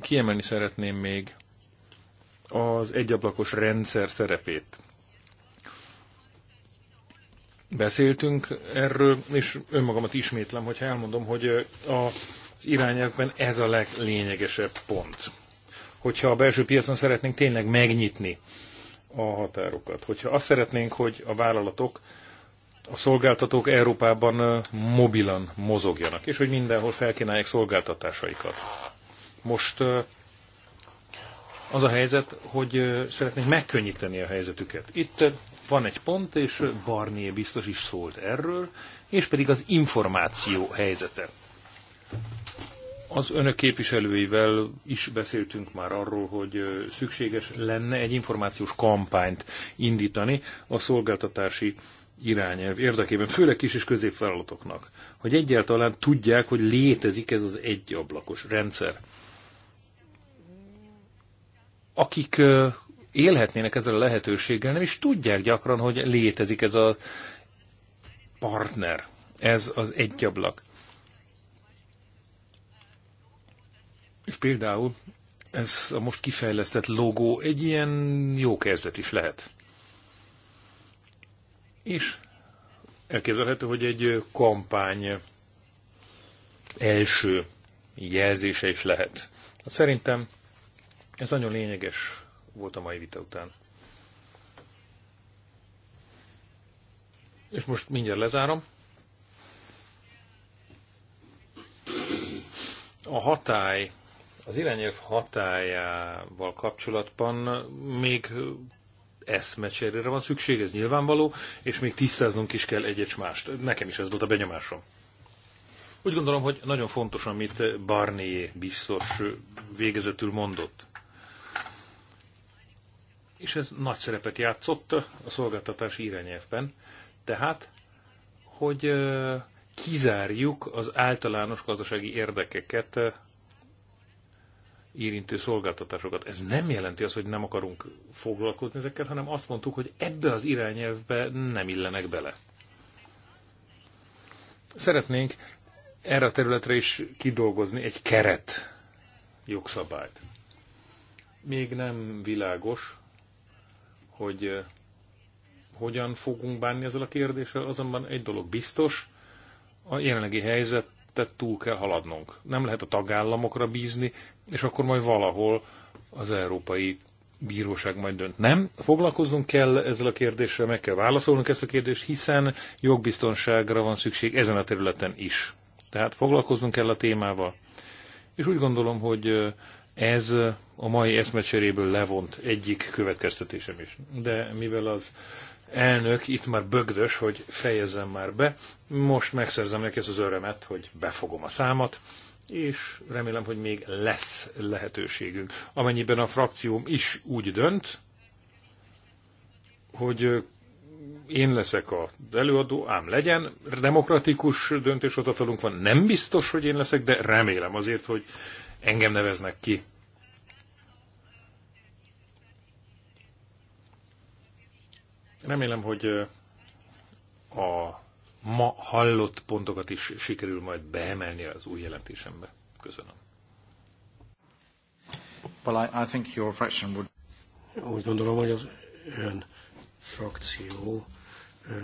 Kiemelni szeretném még az egyablakos rendszer szerepét. Beszéltünk erről, és önmagamat ismétlem, hogy elmondom, hogy az irányelvben ez a leglényegesebb pont. Hogyha a belső piacon szeretnénk tényleg megnyitni a határokat. Hogyha azt szeretnénk, hogy a vállalatok, a szolgáltatók Európában mobilan mozogjanak, és hogy mindenhol felkínálják szolgáltatásaikat. Most az a helyzet, hogy szeretnénk megkönnyíteni a helyzetüket. Itt van egy pont, és Barnier biztos is szólt erről, és pedig az információ helyzete. Az önök képviselőivel is beszéltünk már arról, hogy szükséges lenne egy információs kampányt indítani a szolgáltatási irányelv érdekében, főleg kis és középvállalatoknak, hogy egyáltalán tudják, hogy létezik ez az egyablakos rendszer. Akik élhetnének ezzel a lehetőséggel, nem is tudják gyakran, hogy létezik ez a partner, ez az egyablak. És például ez a most kifejlesztett logó egy ilyen jó kezdet is lehet. És elképzelhető, hogy egy kampány első jelzése is lehet. Hát szerintem ez nagyon lényeges volt a mai vita után. És most mindjárt lezárom. A hatály az irányelv hatájával kapcsolatban még eszmecserére van szükség, ez nyilvánvaló, és még tisztáznunk is kell egy mást. Nekem is ez volt a benyomásom. Úgy gondolom, hogy nagyon fontos, amit Barney biztos végezetül mondott. És ez nagy szerepet játszott a szolgáltatási irányelvben. Tehát, hogy kizárjuk az általános gazdasági érdekeket érintő szolgáltatásokat. Ez nem jelenti azt, hogy nem akarunk foglalkozni ezekkel, hanem azt mondtuk, hogy ebbe az irányelvbe nem illenek bele. Szeretnénk erre a területre is kidolgozni egy keret jogszabályt. Még nem világos, hogy eh, hogyan fogunk bánni ezzel a kérdéssel, azonban egy dolog biztos, a jelenlegi helyzet tehát túl kell haladnunk. Nem lehet a tagállamokra bízni, és akkor majd valahol az Európai Bíróság majd dönt. Nem, foglalkoznunk kell ezzel a kérdéssel, meg kell válaszolnunk ezt a kérdést, hiszen jogbiztonságra van szükség ezen a területen is. Tehát foglalkoznunk kell a témával. És úgy gondolom, hogy ez a mai eszmecseréből levont egyik következtetésem is. De mivel az elnök itt már bögdös, hogy fejezzem már be. Most megszerzem neki ezt az örömet, hogy befogom a számat, és remélem, hogy még lesz lehetőségünk. Amennyiben a frakcióm is úgy dönt, hogy én leszek az előadó, ám legyen, demokratikus döntéshozatalunk van, nem biztos, hogy én leszek, de remélem azért, hogy engem neveznek ki Remélem, hogy a ma hallott pontokat is sikerül majd beemelni az új jelentésembe. Köszönöm. Well, I, I think your fraction would... Úgy gondolom, hogy az ön frakció ö,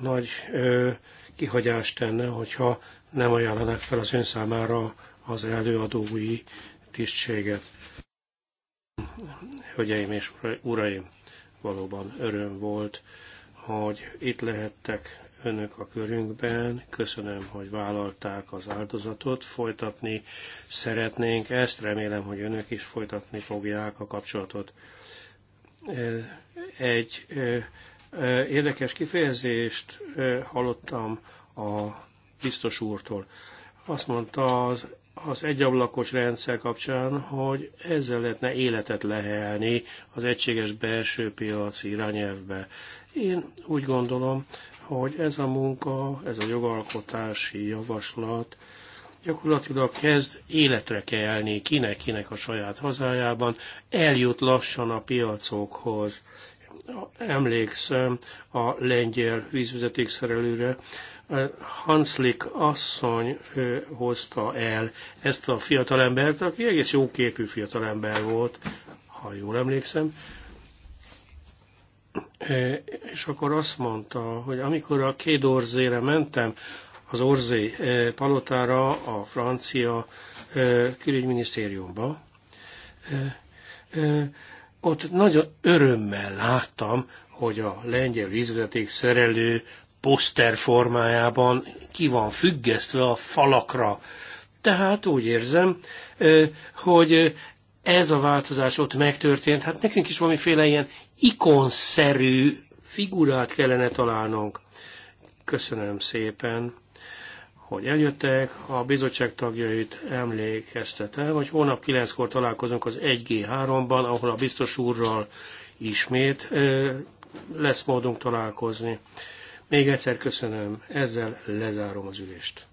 nagy ö, kihagyást tenne, hogyha nem ajánlanak fel az ön számára az előadói tisztséget. Hölgyeim és uraim! valóban öröm volt, hogy itt lehettek önök a körünkben. Köszönöm, hogy vállalták az áldozatot. Folytatni szeretnénk ezt, remélem, hogy önök is folytatni fogják a kapcsolatot. Egy érdekes kifejezést hallottam a biztos úrtól. Azt mondta az az egyablakos rendszer kapcsán, hogy ezzel lehetne életet lehelni az egységes belső piac irányelvbe. Én úgy gondolom, hogy ez a munka, ez a jogalkotási javaslat gyakorlatilag kezd életre kelni kinek-kinek a saját hazájában, eljut lassan a piacokhoz. Emlékszem a lengyel vízvezetékszerelőre, Hanslik asszony hozta el ezt a fiatalembert, aki egész jó képű fiatalember volt, ha jól emlékszem. És akkor azt mondta, hogy amikor a két orzére mentem, az Orzé palotára a francia külügyminisztériumba, ott nagyon örömmel láttam, hogy a lengyel vízvezeték szerelő poszter formájában ki van függesztve a falakra. Tehát úgy érzem, hogy ez a változás ott megtörtént, hát nekünk is valamiféle ilyen ikonszerű figurát kellene találnunk. Köszönöm szépen, hogy eljöttek. A bizottság tagjait emlékeztete, hogy hónap 9-kor találkozunk az 1G3-ban, ahol a biztos úrral ismét lesz módunk találkozni. Még egyszer köszönöm, ezzel lezárom az ülést.